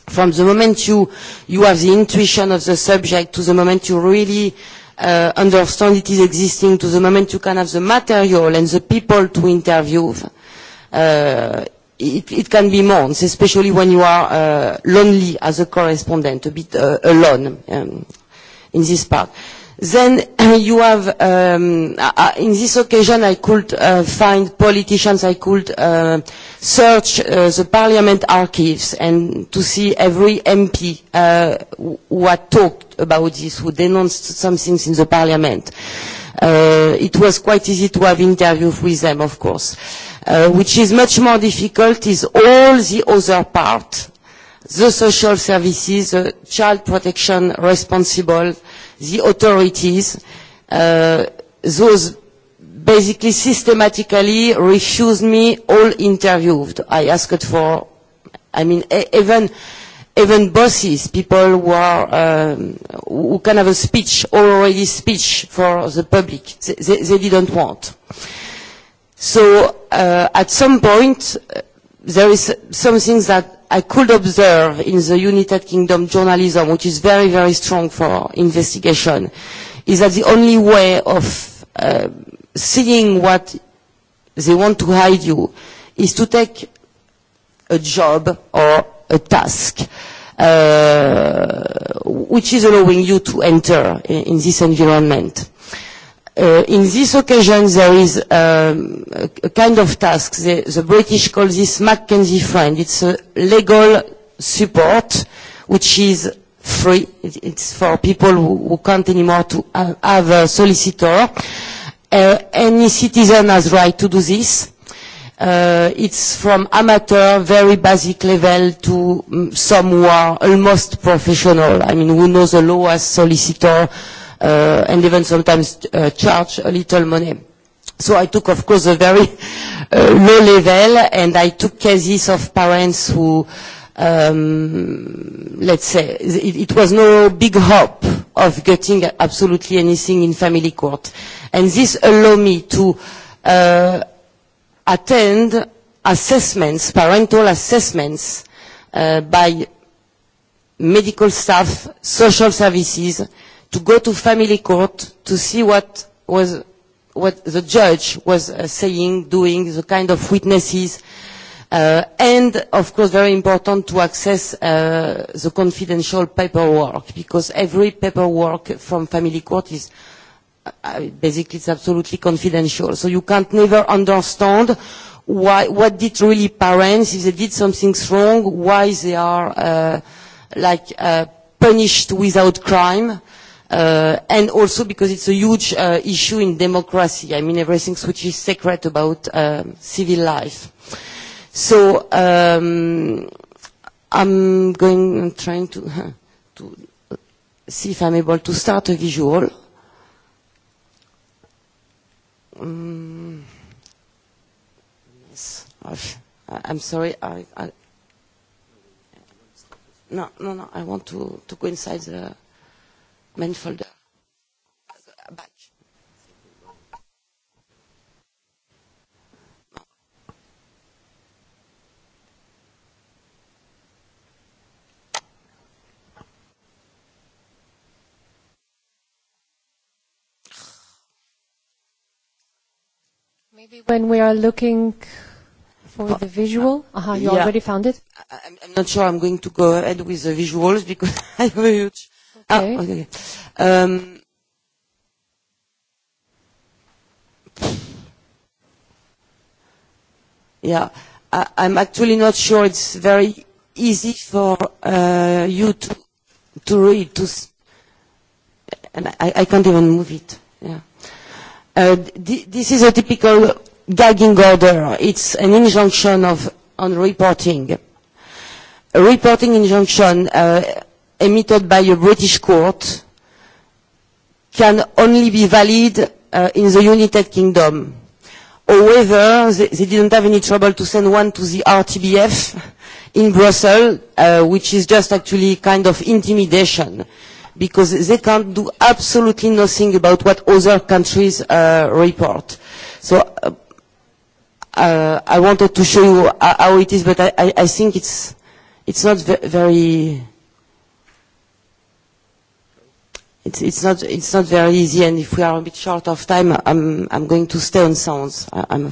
From the moment you you have the intuition of the subject to the moment you really understand it is existing, to the moment you can have the material and the people to interview, it can be months, especially when you are lonely as a correspondent, a bit alone in this part. Then you have, in this occasion I could find politicians, I could search the parliament archives and to see every MP who had talked about this, who denounced some things in the parliament. It was quite easy to have interviews with them, of course. Which is much more difficult is all the other part, the social services, the child protection responsible, the authorities, those basically systematically refused me all interviewed. I asked for, I mean, even even bosses, people who are who can have a speech, already speech for the public, they, they didn't want. So at some point, there is something that I could observe in the United Kingdom journalism, which is very, very strong for investigation, is that the only way of seeing what they want to hide you is to take a job or a task which is allowing you to enter in this environment. In this occasion there is a kind of task, the British call this Mackenzie Friend. It's a legal support which is free. It's for people who can't anymore to have a solicitor Any citizen has right to do this. It's from amateur, very basic level to some who are almost professional. I mean, who knows the law as solicitor and even sometimes charge a little money. So I took, of course, a very low level and I took cases of parents who let's say, it was no big hope of getting absolutely anything in family court. And this allowed me to attend assessments, parental assessments by medical staff, social services, to go to family court to see what was what the judge was saying, doing, the kind of witnesses and of course very important to access the confidential paperwork because every paperwork from family court is basically absolutely confidential so you can't never understand why what did really parents if they did something wrong why they are like punished without crime and also because it's a huge issue in democracy i mean everything which is secret about civil life So um, I'm going, I'm trying to, to see if I'm able to start a visual. Um, yes, I'm sorry. I, I, no, no, no. I want to, to go inside the main folder. Maybe when we are looking for the visual, you already found it? I'm not sure I'm going to go ahead with the visuals because I have a huge. Okay. Um, yeah, I, I'm actually not sure it's very easy for uh, you to to read to, and I, I can't even move it. Yeah. This is a typical gagging order. It's an injunction on reporting. A reporting injunction emitted by a British court can only be valid in the United Kingdom. However, they didn't have any trouble to send one to the RTBF in Brussels, which is just actually kind of intimidation because they can't do absolutely nothing about what other countries report. So I wanted to show you how it is, but I I think it's it's not very it's it's not it's not very easy and if we are a bit short of time I'm I'm going to stay on sounds. I'm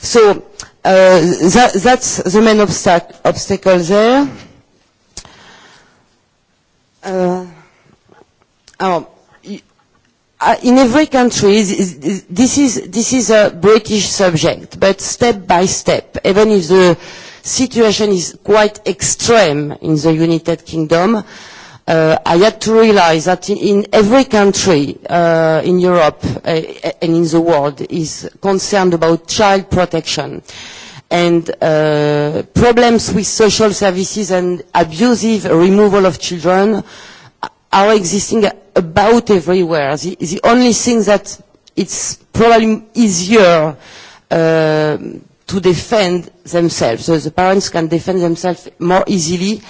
so that's the main obstacle there in every country, this is this is a British subject, but step by step, even if the situation is quite extreme in the United Kingdom, I had to realize that in every country in Europe and in the world is concerned about child protection and problems with social services and abusive removal of children are existing about everywhere. The only thing that it's probably easier to defend themselves, so the parents can defend themselves more easily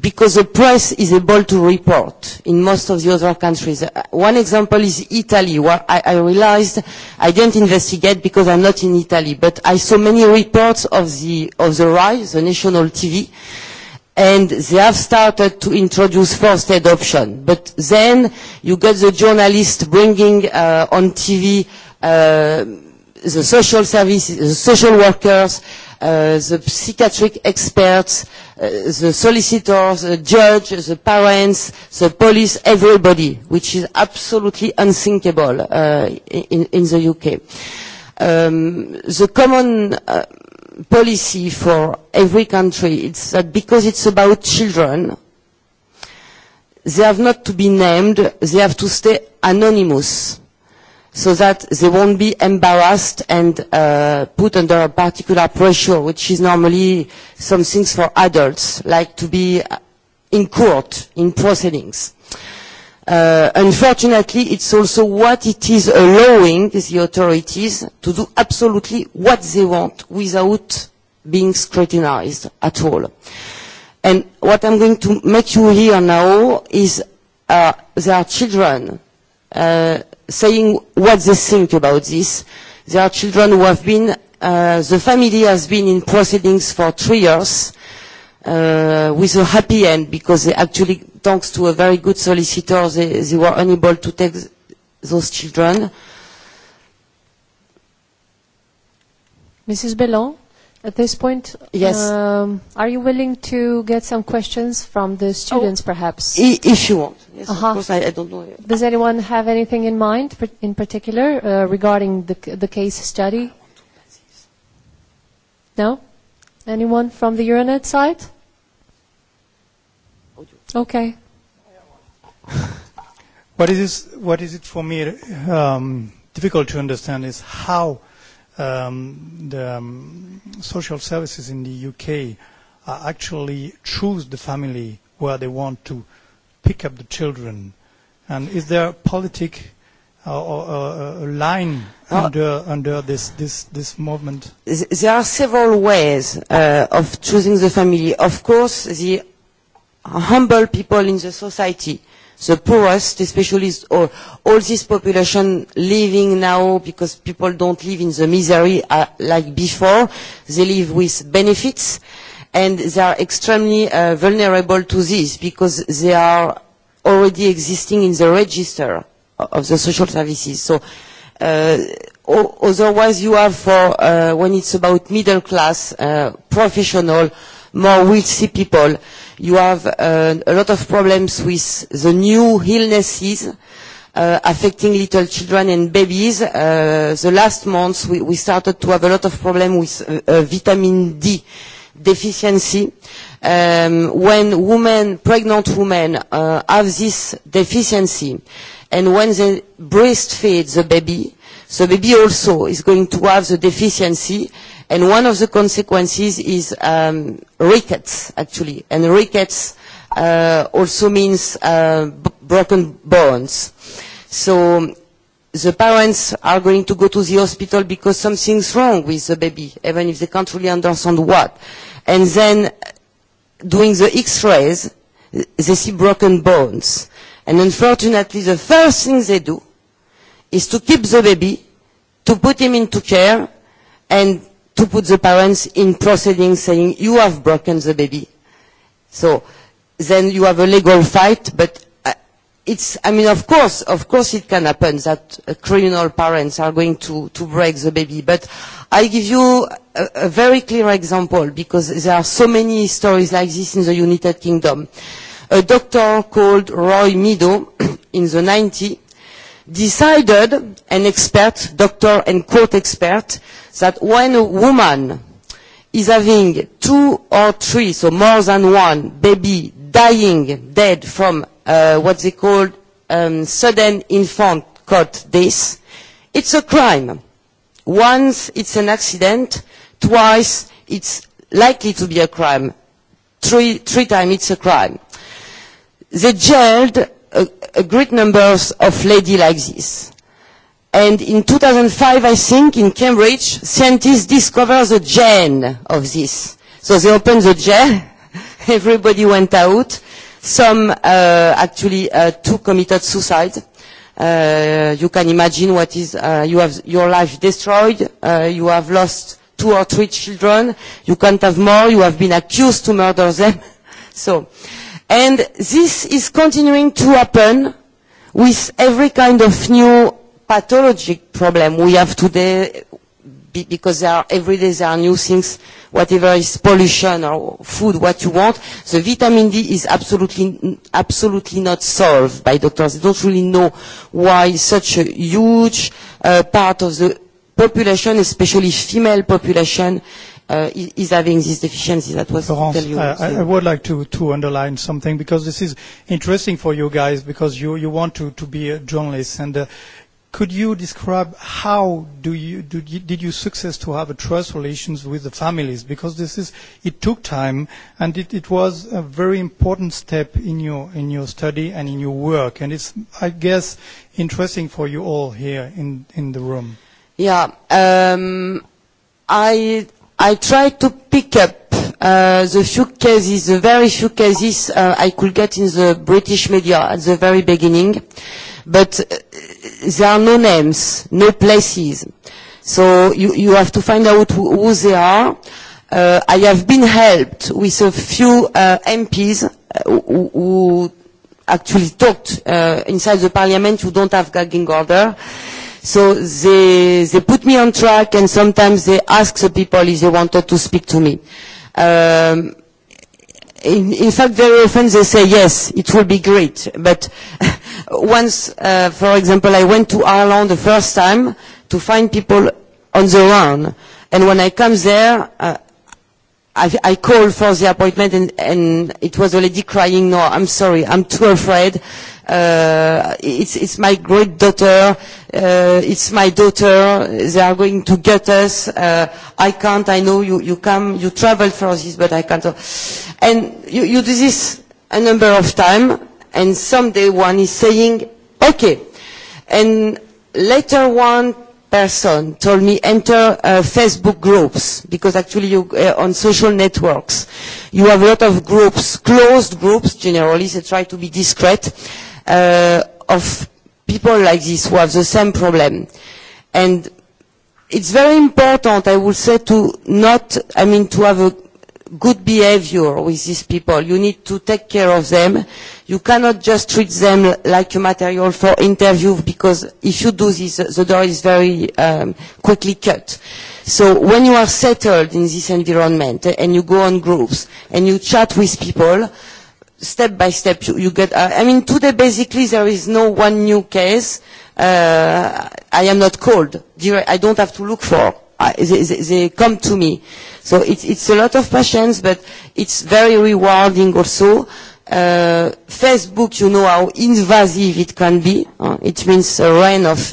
because the press is able to report in most of the other countries. One example is Italy, where I realized I didn't investigate because I'm not in Italy, but I saw many reports of the of the national TV, and they have started to introduce forced adoption. But then you get the journalists bringing on TV the social services, the social workers, the psychiatric experts, the solicitors, the judge, the parents, the police, everybody, which is absolutely unthinkable in the UK. The common policy for every country is that because it's about children, they have not to be named, they have to stay anonymous so that they won't be embarrassed and put under a particular pressure, which is normally some things for adults, like to be in court, in proceedings. Unfortunately, it's also what it is allowing the authorities to do absolutely what they want without being scrutinized at all. And what I'm going to make you hear now is there are children saying what they think about this. There are children who have been, the family has been in proceedings for three years with a happy end because they actually, thanks to a very good solicitor, they were unable to take those children. Mrs. Bellon? At this point, yes. Are you willing to get some questions from the students, perhaps? If you want. of course. I don't know. Does anyone have anything in mind, in particular, regarding the the case study? No. Anyone from the Euronet side? Okay. What is what is it for me difficult to understand is how the social services in the UK actually choose the family where they want to pick up the children. And is there a politic line under under this this this movement? There are several ways of choosing the family. Of course, the humble people in the society the poorest, especially all this population living now because people don't live in the misery like before. They live with benefits and they are extremely vulnerable to this because they are already existing in the register of the social services. So otherwise you have for when it's about middle class, professional, more wealthy people you have a lot of problems with the new illnesses affecting little children and babies. The last months we started to have a lot of problems with vitamin D deficiency. When women, pregnant women, have this deficiency and when they breastfeed the baby, So baby also is going to have the deficiency, and one of the consequences is rickets, actually. And rickets also means broken bones. So the parents are going to go to the hospital because something's wrong with the baby, even if they can't really understand what. And then doing the X-rays, they see broken bones. And unfortunately, the first thing they do, is to keep the baby, to put him into care, and to put the parents in proceedings saying, you have broken the baby. So then you have a legal fight, but it's, I mean, of course, of course it can happen that criminal parents are going to, to break the baby. But I give you a, a very clear example because there are so many stories like this in the United Kingdom. A doctor called Roy Meadow in the 90s decided, an expert, doctor and court expert, that when a woman is having two or three, so more than one, baby dying dead from what they call sudden infant cot death, it's a crime. Once it's an accident, twice it's likely to be a crime, three times it's a crime. They jailed a great number of ladies like this. And in 2005, I think, in Cambridge, scientists discovered the gene of this. So they opened the gene, everybody went out. Some actually two committed suicide. You can imagine what is, you have your life destroyed, you have lost two or three children, you can't have more, you have been accused to murder them. So And this is continuing to happen with every kind of new pathologic problem we have today because every day there are new things, whatever is pollution or food, what you want. The vitamin D is absolutely, absolutely not solved by doctors. They don't really know why such a huge part of the population, especially female population, is having these deficiencies. That was I would like to to underline something because this is interesting for you guys because you you want to to be a journalist and could you describe how do you did you success to have a trust relations with the families because this is it took time and it it was a very important step in your in your study and in your work and it's i guess interesting for you all here in in the room yeah um i I tried to pick up the few cases, the very few cases I could get in the British media at the very beginning, but there are no names, no places. So you, you have to find out who, they are. I have been helped with a few MPs who, actually talked inside the parliament who don't have gagging order So they they put me on track and sometimes they ask the people if they wanted to speak to me. Um In fact, very often they say yes, it will be great. But once, for example, I went to Ireland the first time to find people on the run, and when I come there I called for the appointment and it was already crying, no, I'm sorry, I'm too afraid. It's my great daughter, it's my daughter, they are going to get us. I can't, I know you come, you travel for this, but I can't. And you do this a number of times and someday one is saying, okay. And later one person told me enter Facebook groups because actually you on social networks you have a lot of groups closed groups generally they try to be discreet of people like this who have the same problem and it's very important I would say to not I mean to have a good behavior with these people. You need to take care of them. You cannot just treat them like a material for interview because if you do this, the door is very quickly cut. So when you are settled in this environment and you go on groups and you chat with people, step by step you get. I mean, today basically there is no one new case. I am not called. I don't have to look for they, come to me. So it's, it's a lot of patience, but it's very rewarding also. Uh, Facebook, you know how invasive it can be. it means a rain of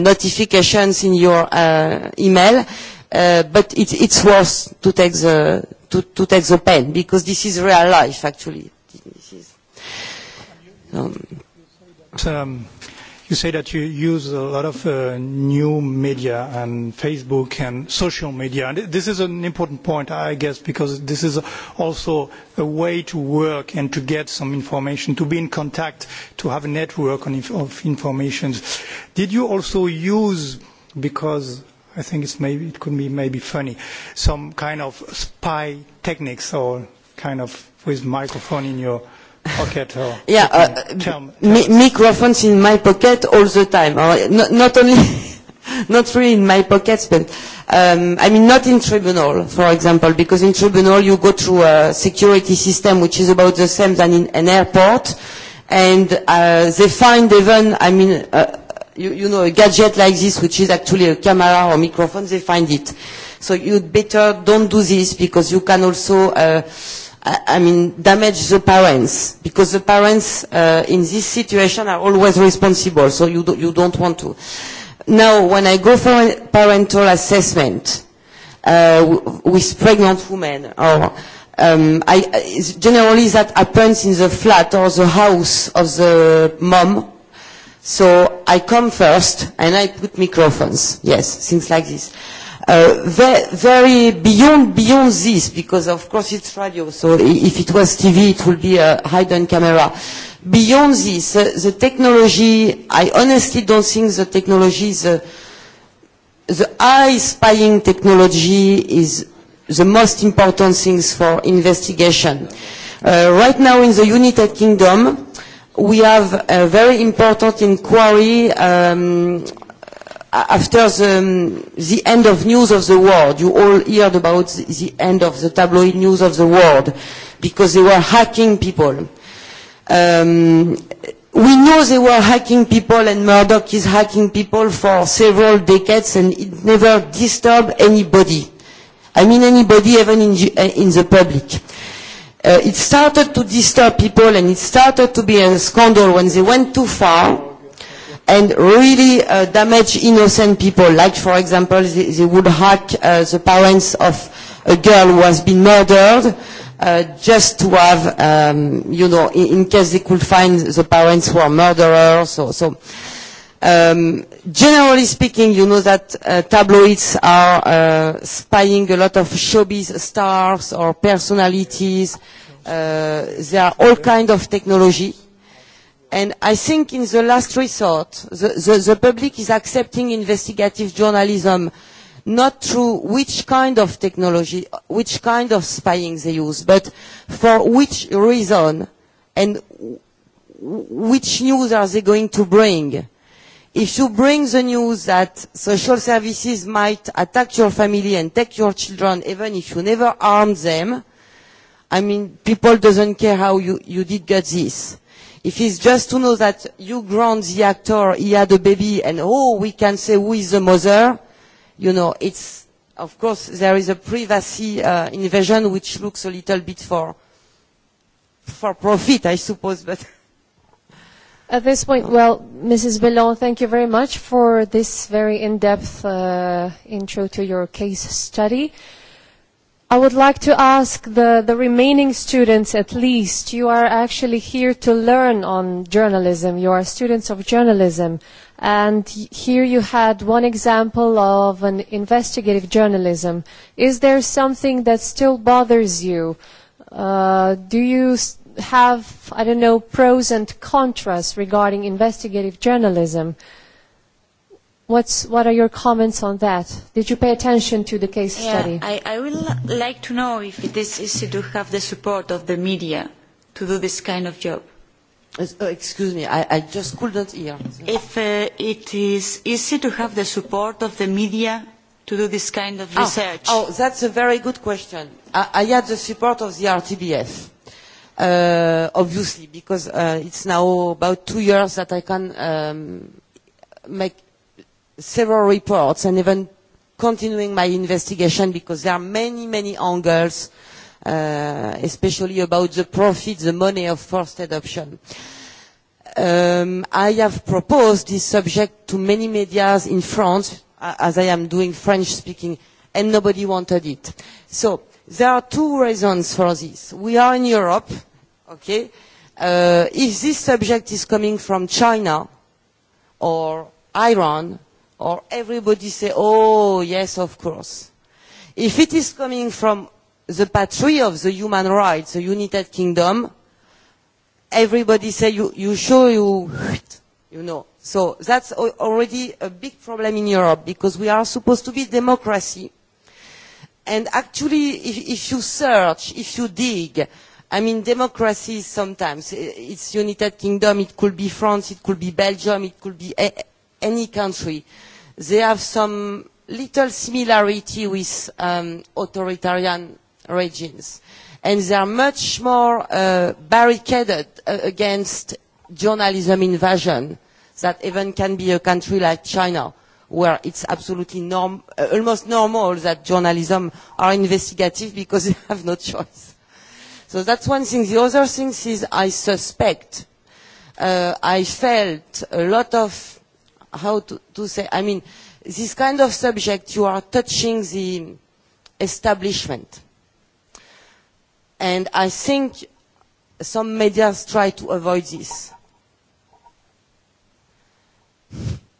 notifications in your uh, email. but it, it's worth to take the to, to take the pen because this is real life actually. This is, um, You say that you use a lot of new media and Facebook and social media. and This is an important point, I guess, because this is also a way to work and to get some information, to be in contact, to have a network of information. Did you also use, because I think it could be maybe funny, some kind of spy techniques or kind of with microphone in your Yeah, microphones in my pocket all the time. Not only, not really in my pockets, but I mean not in tribunal, for example, because in tribunal you go through a security system which is about the same than in an airport, and they find even, I mean, you know, a gadget like this which is actually a camera or microphone, they find it. So you'd better don't do this because you can also I mean, damage the parents, because the parents in this situation are always responsible, so you you don't want to. Now, when I go for a parental assessment with pregnant women, or generally that happens in the flat or the house of the mom, so I come first and I put microphones, yes, things like this very beyond beyond this because of course it's radio so if it was tv it would be a hidden camera beyond this the technology i honestly don't think the technology the the eye spying technology is the most important things for investigation right now in the united kingdom we have a very important inquiry after the end of news of the world, you all heard about the end of the tabloid news of the world, because they were hacking people. We know they were hacking people and Murdoch is hacking people for several decades and it never disturbed anybody. I mean anybody, even in the public. It started to disturb people and it started to be a scandal when they went too far and really damage innocent people. Like, for example, they would hack the parents of a girl who has been murdered just to have, you know, in case they could find the parents who are murderers. So, generally speaking, you know that tabloids are spying a lot of showbiz stars or personalities. There are all kinds of technology And I think in the last resort, the public is accepting investigative journalism, not through which kind of technology, which kind of spying they use, but for which reason and which news are they going to bring. If you bring the news that social services might attack your family and take your children, even if you never harmed them, I mean, people doesn't care how you did get this. If it's just to know that you grant the actor, he had a baby, and oh, we can say who is the mother, you know, it's, of course, there is a privacy invasion which looks a little bit for, for profit, I suppose, but. At this point, well, Mrs. Bellon, thank you very much for this very in-depth intro to your case study. I would like to ask the, the remaining students at least, you are actually here to learn on journalism, you are students of journalism, and here you had one example of an investigative journalism. Is there something that still bothers you? Do you have, I don't know, pros and contras regarding investigative journalism? what are your comments on that? Did you pay attention to the case study? I I would like to know if it is easy to have the support of the media to do this kind of job. Excuse me, I I just couldn't hear. If it is easy to have the support of the media to do this kind of research. Oh, that's a very good question. I had the support of the RTBF obviously, because it's now about two years that I can make several reports and even continuing my investigation because there are many, many angles, especially about the profit, the money of forced adoption. I have proposed this subject to many medias in France, as I am doing French speaking, and nobody wanted it. So there are two reasons for this. We are in Europe, okay? If this subject is coming from China or Iran, or everybody say, oh, yes, of course. If it is coming from the patrie of the human rights, the United Kingdom, everybody say, you, you sure you, you know. So that's already a big problem in Europe because we are supposed to be democracy. And actually, if, if you search, if you dig, I mean, democracy sometimes, it's United Kingdom, it could be France, it could be Belgium, it could be any country They have some little similarity with authoritarian regimes, and they are much more barricaded against journalism invasion that even can be a country like China, where it's absolutely almost normal that journalism are investigative because they have no choice. So that's one thing. The other thing is I suspect I felt a lot of how to say i mean this kind of subject you are touching the establishment and i think some media try to avoid this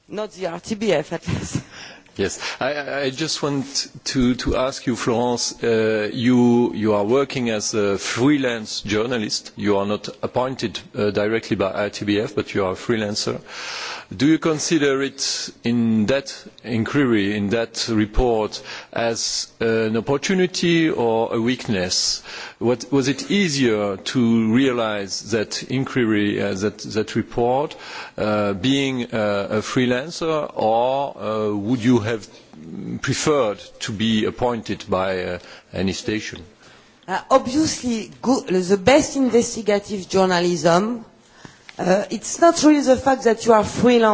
not the rtbf at least yes i just want to to ask you florence you you are working as a freelance journalist you are not appointed directly by rtbf but you are a freelancer Do you consider it in that inquiry, in that report, as an opportunity or a weakness? Was it easier to realise that inquiry, that report, being a freelancer, or would you have preferred to be appointed by any station? Obviously, the best investigative journalism It's not really the fact that you are freelance